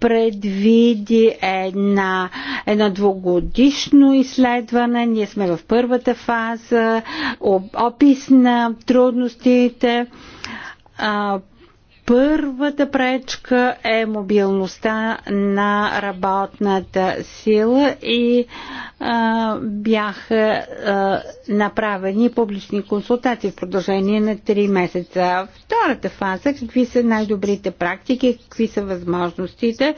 предвиди една, едно двугодишно изследване. Ние сме в първата фаза, опис на трудностите Първата пречка е мобилността на работната сила и а, бяха а, направени публични консултации в продължение на 3 месеца. Втората фаза, е какви са най-добрите практики, какви са възможностите.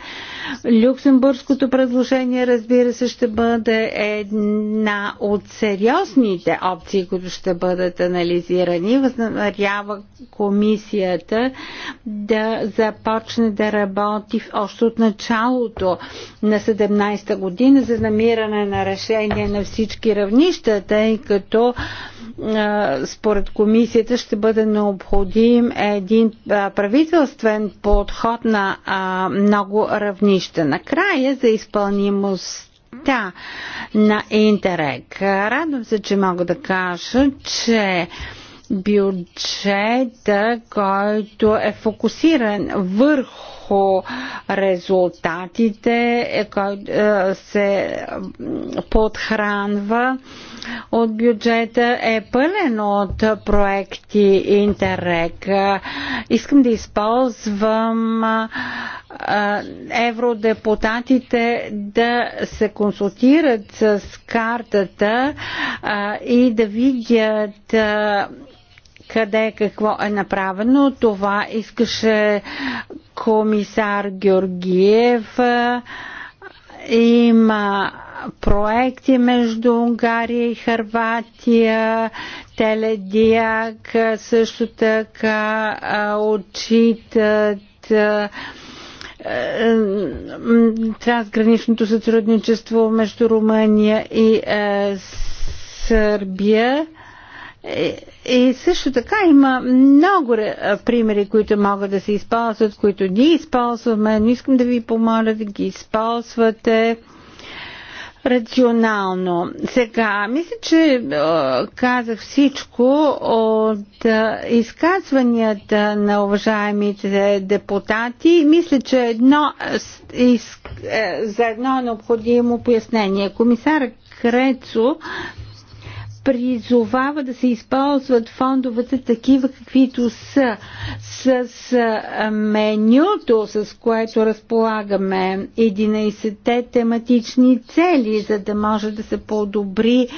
Люксембургското предложение, разбира се, ще бъде една от сериозните опции, които ще бъдат анализирани. Възнамерява комисията да започне да работи още от началото на 17-та година за намиране на решение на всички равнища, тъй като според комисията ще бъде необходим един правителствен подход на много равнища. Накрая за изпълнимост да, на Интерек. Радвам се, че мога да кажа, че бюджета, който е фокусиран върху резултатите, е, който е, се е, подхранва от бюджета, е пълен от проекти Интерек. Искам да използвам евродепутатите да се консултират с картата и да видят къде какво е направено. Това искаше комисар Георгиев. Има проекти между Унгария и Харватия, Теледиак също така отчитат трансграничното сътрудничество между Румъния и е, Сърбия. И е, е, също така има много е, примери, които могат да се използват, които ние използваме, но искам да ви помоля да ги използвате рационално. Сега, мисля, че казах всичко от изказванията на уважаемите депутати. Мисля, че едно, за едно необходимо пояснение. Комисар Крецо призовава да се използват фондовете такива, каквито са. С, с менюто, с което разполагаме 11-те тематични цели, за да може да се подобри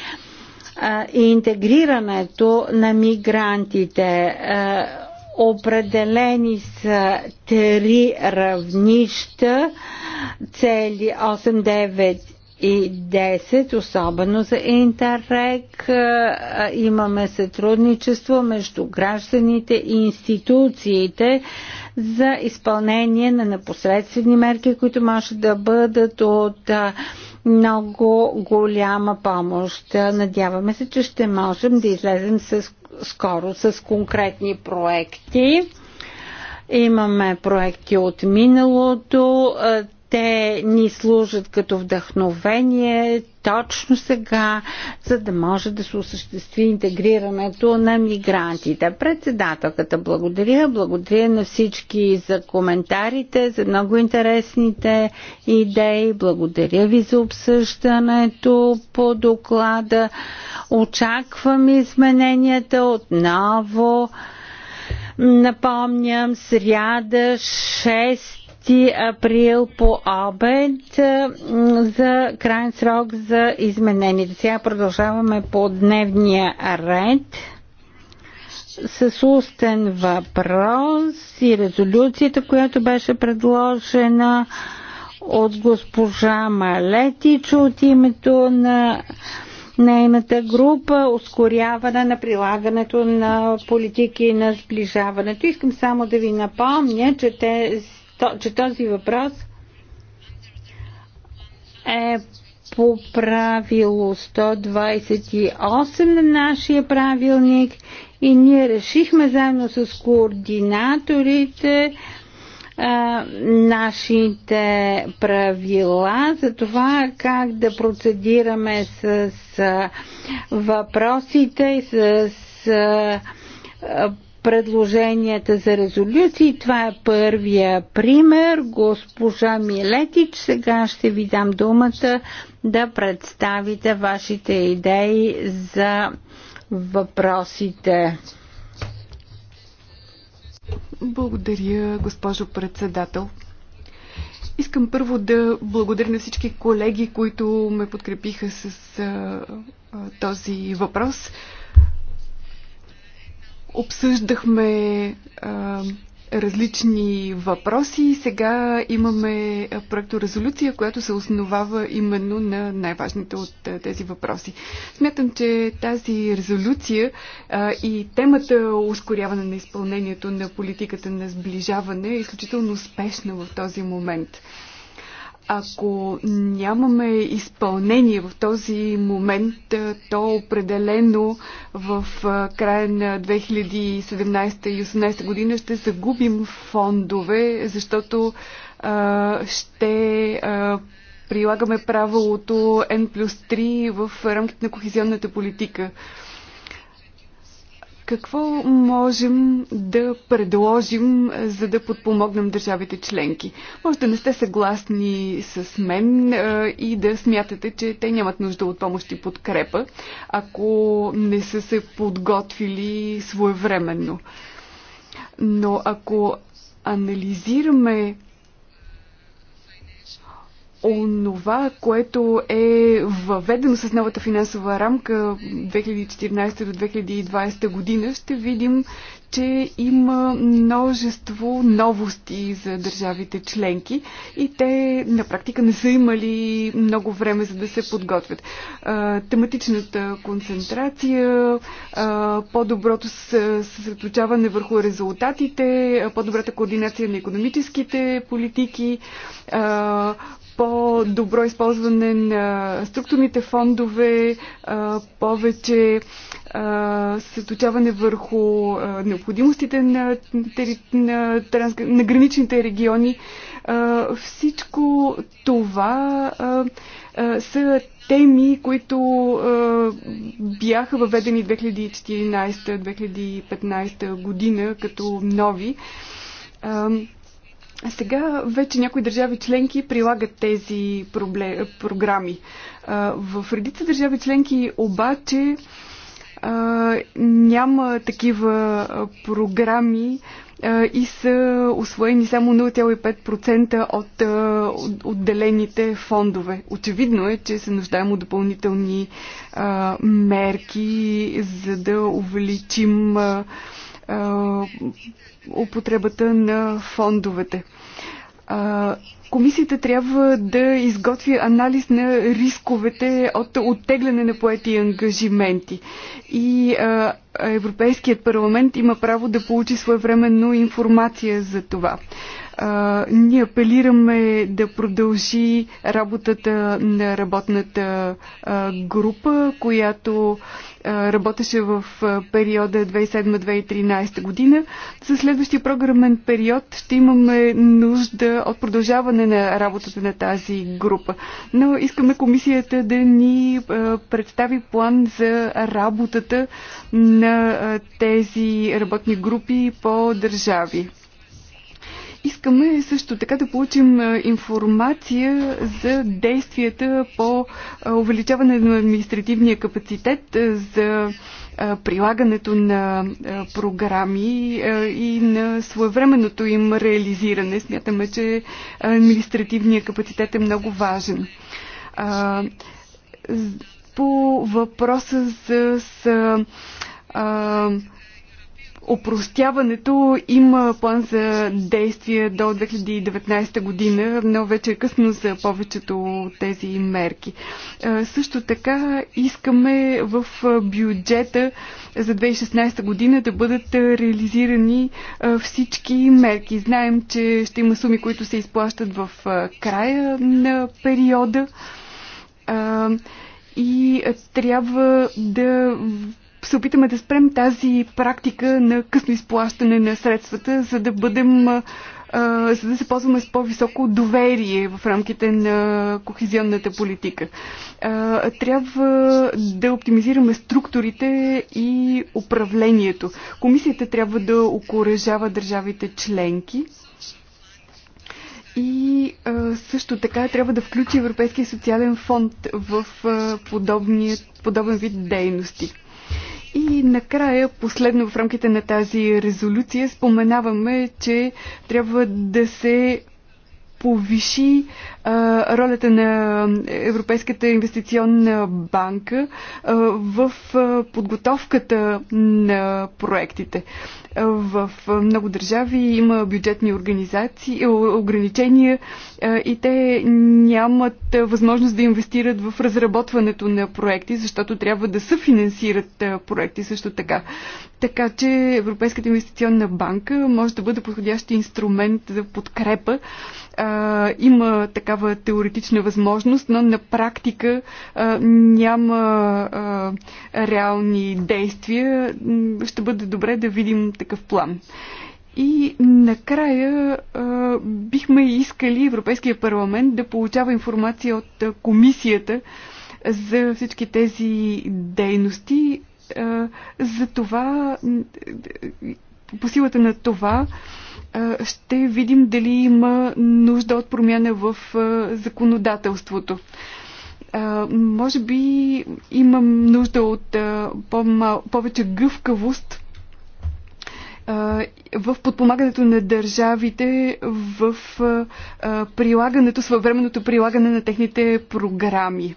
и интегрирането на мигрантите. Определени са три равнища, цели 8, 9 и 10, особено за Интеррек. Е, е, имаме сътрудничество между гражданите и институциите за изпълнение на непосредствени мерки, които може да бъдат от е, много голяма помощ. Надяваме се, че ще можем да излезем с, скоро с конкретни проекти. Имаме проекти от миналото те ни служат като вдъхновение точно сега, за да може да се осъществи интегрирането на мигрантите. Председателката благодаря, благодаря на всички за коментарите, за много интересните идеи, благодаря ви за обсъждането по доклада. Очаквам измененията отново. Напомням, сряда 6 30 април по обед за крайен срок за изменените. Сега продължаваме по дневния ред с устен въпрос и резолюцията, която беше предложена от госпожа Малетич от името на нейната група ускоряване на прилагането на политики на сближаването. Искам само да ви напомня, че тези че този въпрос е по правило 128 на нашия правилник и ние решихме заедно с координаторите а, нашите правила за това как да процедираме с, въпросите и с, с предложенията за резолюции. Това е първия пример. Госпожа Милетич, сега ще ви дам думата да представите вашите идеи за въпросите. Благодаря, госпожо председател. Искам първо да благодаря на всички колеги, които ме подкрепиха с а, а, този въпрос. Обсъждахме а, различни въпроси. Сега имаме проекторезолюция, която се основава именно на най-важните от тези въпроси. Смятам, че тази резолюция а, и темата ускоряване на изпълнението на политиката на сближаване е изключително успешна в този момент. Ако нямаме изпълнение в този момент, то определено в края на 2017 и 2018 година ще загубим фондове, защото а, ще а, прилагаме правилото N плюс 3 в рамките на кохезионната политика. А, какво можем да предложим, за да подпомогнем държавите членки? Може да не сте съгласни с мен и да смятате, че те нямат нужда от помощ и подкрепа, ако не са се подготвили своевременно. Но ако анализираме онова, което е въведено с новата финансова рамка 2014 до 2020 година, ще видим, че има множество новости за държавите членки и те на практика не са имали много време за да се подготвят. Тематичната концентрация, по-доброто съсредоточаване върху резултатите, по-добрата координация на економическите политики, по-добро използване на структурните фондове, повече съточаване върху необходимостите на, на, транс, на граничните региони. Всичко това са теми, които бяха въведени 2014-2015 година като нови. Сега вече някои държави членки прилагат тези проблем, програми. В редица държави членки обаче няма такива програми и са освоени само 0,5% от отделените фондове. Очевидно е, че се нуждаем от допълнителни мерки, за да увеличим употребата на фондовете. Комисията трябва да изготви анализ на рисковете от оттегляне на поети ангажименти. И а, Европейският парламент има право да получи своевременно информация за това. А, ние апелираме да продължи работата на работната а, група, която а, работеше в а, периода 2007-2013 година. За следващия програмен период ще имаме нужда от продължаване на работата на тази група. Но искаме комисията да ни а, представи план за работата на а, тези работни групи по държави. Искаме също така да получим информация за действията по увеличаване на административния капацитет за прилагането на програми и на своевременното им реализиране. Смятаме, че административният капацитет е много важен. По въпроса с Опростяването има план за действие до 2019 година, но вече е късно за повечето от тези мерки. Също така искаме в бюджета за 2016 година да бъдат реализирани всички мерки. Знаем, че ще има суми, които се изплащат в края на периода и трябва да се опитаме да спрем тази практика на късно изплащане на средствата, за да бъдем за да се ползваме с по-високо доверие в рамките на кохезионната политика. трябва да оптимизираме структурите и управлението. Комисията трябва да окоръжава държавите членки и също така трябва да включи Европейския социален фонд в подобния, подобен вид дейности. И накрая, последно в рамките на тази резолюция, споменаваме, че трябва да се повиши ролята на Европейската инвестиционна банка в подготовката на проектите. В много държави има бюджетни организации, ограничения и те нямат възможност да инвестират в разработването на проекти, защото трябва да съфинансират проекти също така. Така че Европейската инвестиционна банка може да бъде подходящ инструмент за подкрепа. Има така такава теоретична възможност, но на практика а, няма а, реални действия. Ще бъде добре да видим такъв план. И накрая а, бихме искали Европейския парламент да получава информация от комисията за всички тези дейности. А, за това, по силата на това, а, ще видим дали има нужда от промяна в законодателството. Може би имам нужда от повече гъвкавост в подпомагането на държавите в прилагането, своевременното прилагане на техните програми.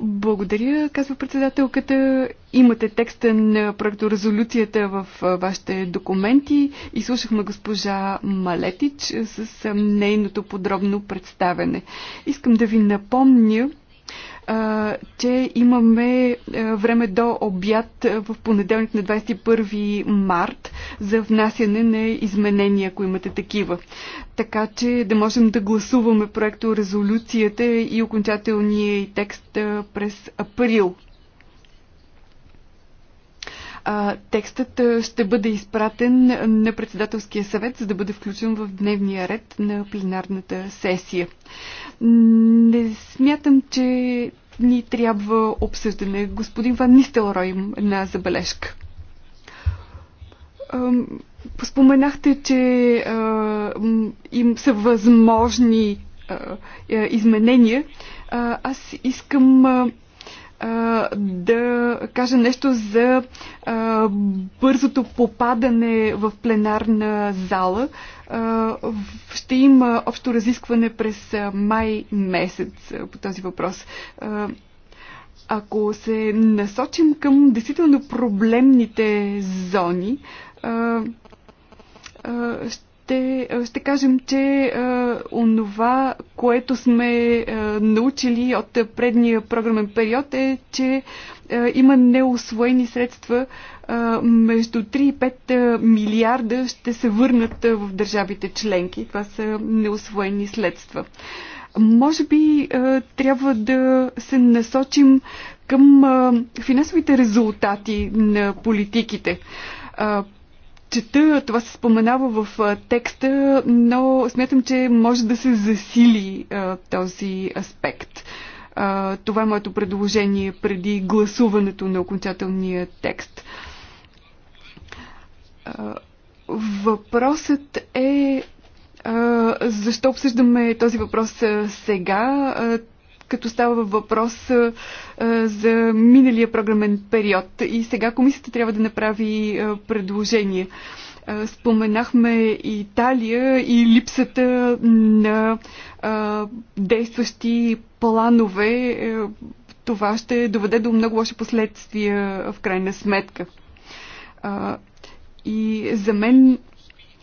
Благодаря, казва председателката. Имате текста на проекторезолюцията в вашите документи. и слушахме госпожа Малетич с нейното подробно представене. Искам да ви напомня, че имаме време до обяд в понеделник на 21 март за внасяне на изменения, ако имате такива. Така че да можем да гласуваме проекто резолюцията и окончателния текст през април. Текстът ще бъде изпратен на председателския съвет, за да бъде включен в дневния ред на пленарната сесия. Не смятам, че ни трябва обсъждане. Господин Ван Нистелрой, една забележка. Споменахте, че им са възможни изменения. Аз искам да кажа нещо за бързото попадане в пленарна зала. Ще има общо разискване през май месец по този въпрос. Ако се насочим към действително проблемните зони, ще ще, ще кажем, че а, онова, което сме а, научили от предния програмен период е, че а, има неосвоени средства а, между 3 и 5 милиарда ще се върнат в държавите членки. Това са неосвоени следства. Може би а, трябва да се насочим към а, финансовите резултати на политиките чета, това се споменава в текста, но смятам, че може да се засили този аспект. Това е моето предложение преди гласуването на окончателния текст. Въпросът е защо обсъждаме този въпрос сега? като става въпрос за миналия програмен период. И сега комисията трябва да направи предложение. Споменахме Италия и липсата на действащи планове. Това ще доведе до много лоши последствия в крайна сметка. И за мен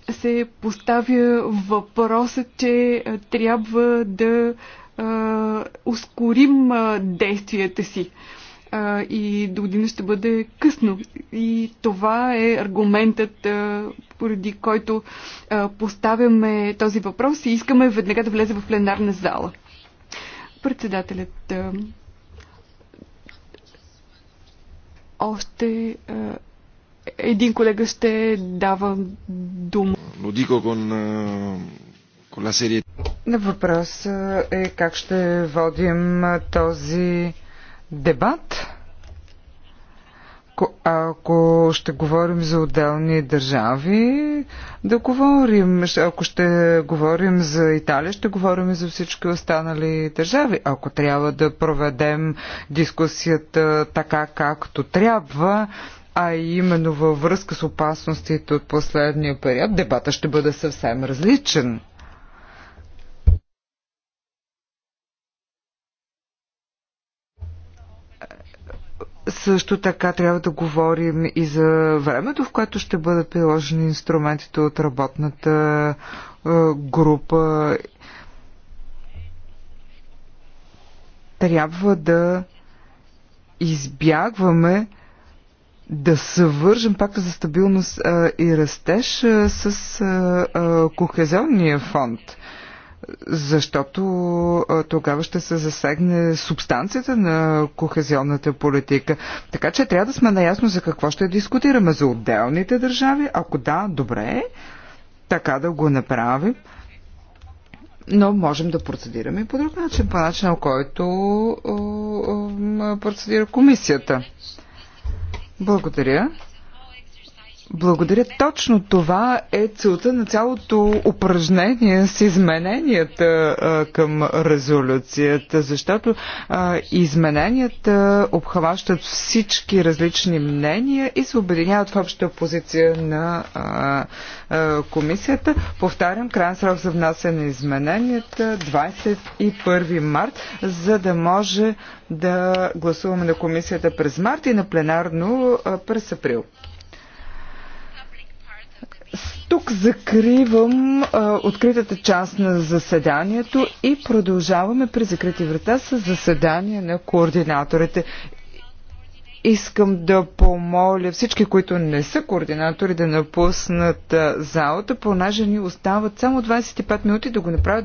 се поставя въпросът, че трябва да а, ускорим а, действията си. А, и до година ще бъде късно. И това е аргументът, а, поради който а, поставяме този въпрос и искаме веднага да влезе в пленарна зала. Председателят. А, още а, един колега ще дава дума. Lo dico Въпрос е как ще водим този дебат. Ако ще говорим за отделни държави, да говорим. Ако ще говорим за Италия, ще говорим за всички останали държави. Ако трябва да проведем дискусията така, както трябва, а именно във връзка с опасностите от последния период, дебата ще бъде съвсем различен. Също така трябва да говорим и за времето, в което ще бъдат приложени инструментите от работната е, група. Трябва да избягваме да съвържем пакта за стабилност е, и растеж е, с а, кохезионния фонд защото тогава ще се засегне субстанцията на кохезионната политика. Така че трябва да сме наясно за какво ще дискутираме. За отделните държави, ако да, добре, така да го направим. Но можем да процедираме и по друг начин, по начина, на който процедира комисията. Благодаря. Благодаря. Точно това е целта на цялото упражнение с измененията а, към резолюцията, защото а, измененията обхващат всички различни мнения и се объединяват в обща позиция на а, а, комисията. Повтарям, крайен срок за внасяне на измененията 21 март, за да може да гласуваме на комисията през март и на пленарно а, през април. Тук закривам а, откритата част на заседанието и продължаваме при закрити врата с заседание на координаторите. Искам да помоля всички, които не са координатори, да напуснат залата, понеже ни остават само 25 минути да го направят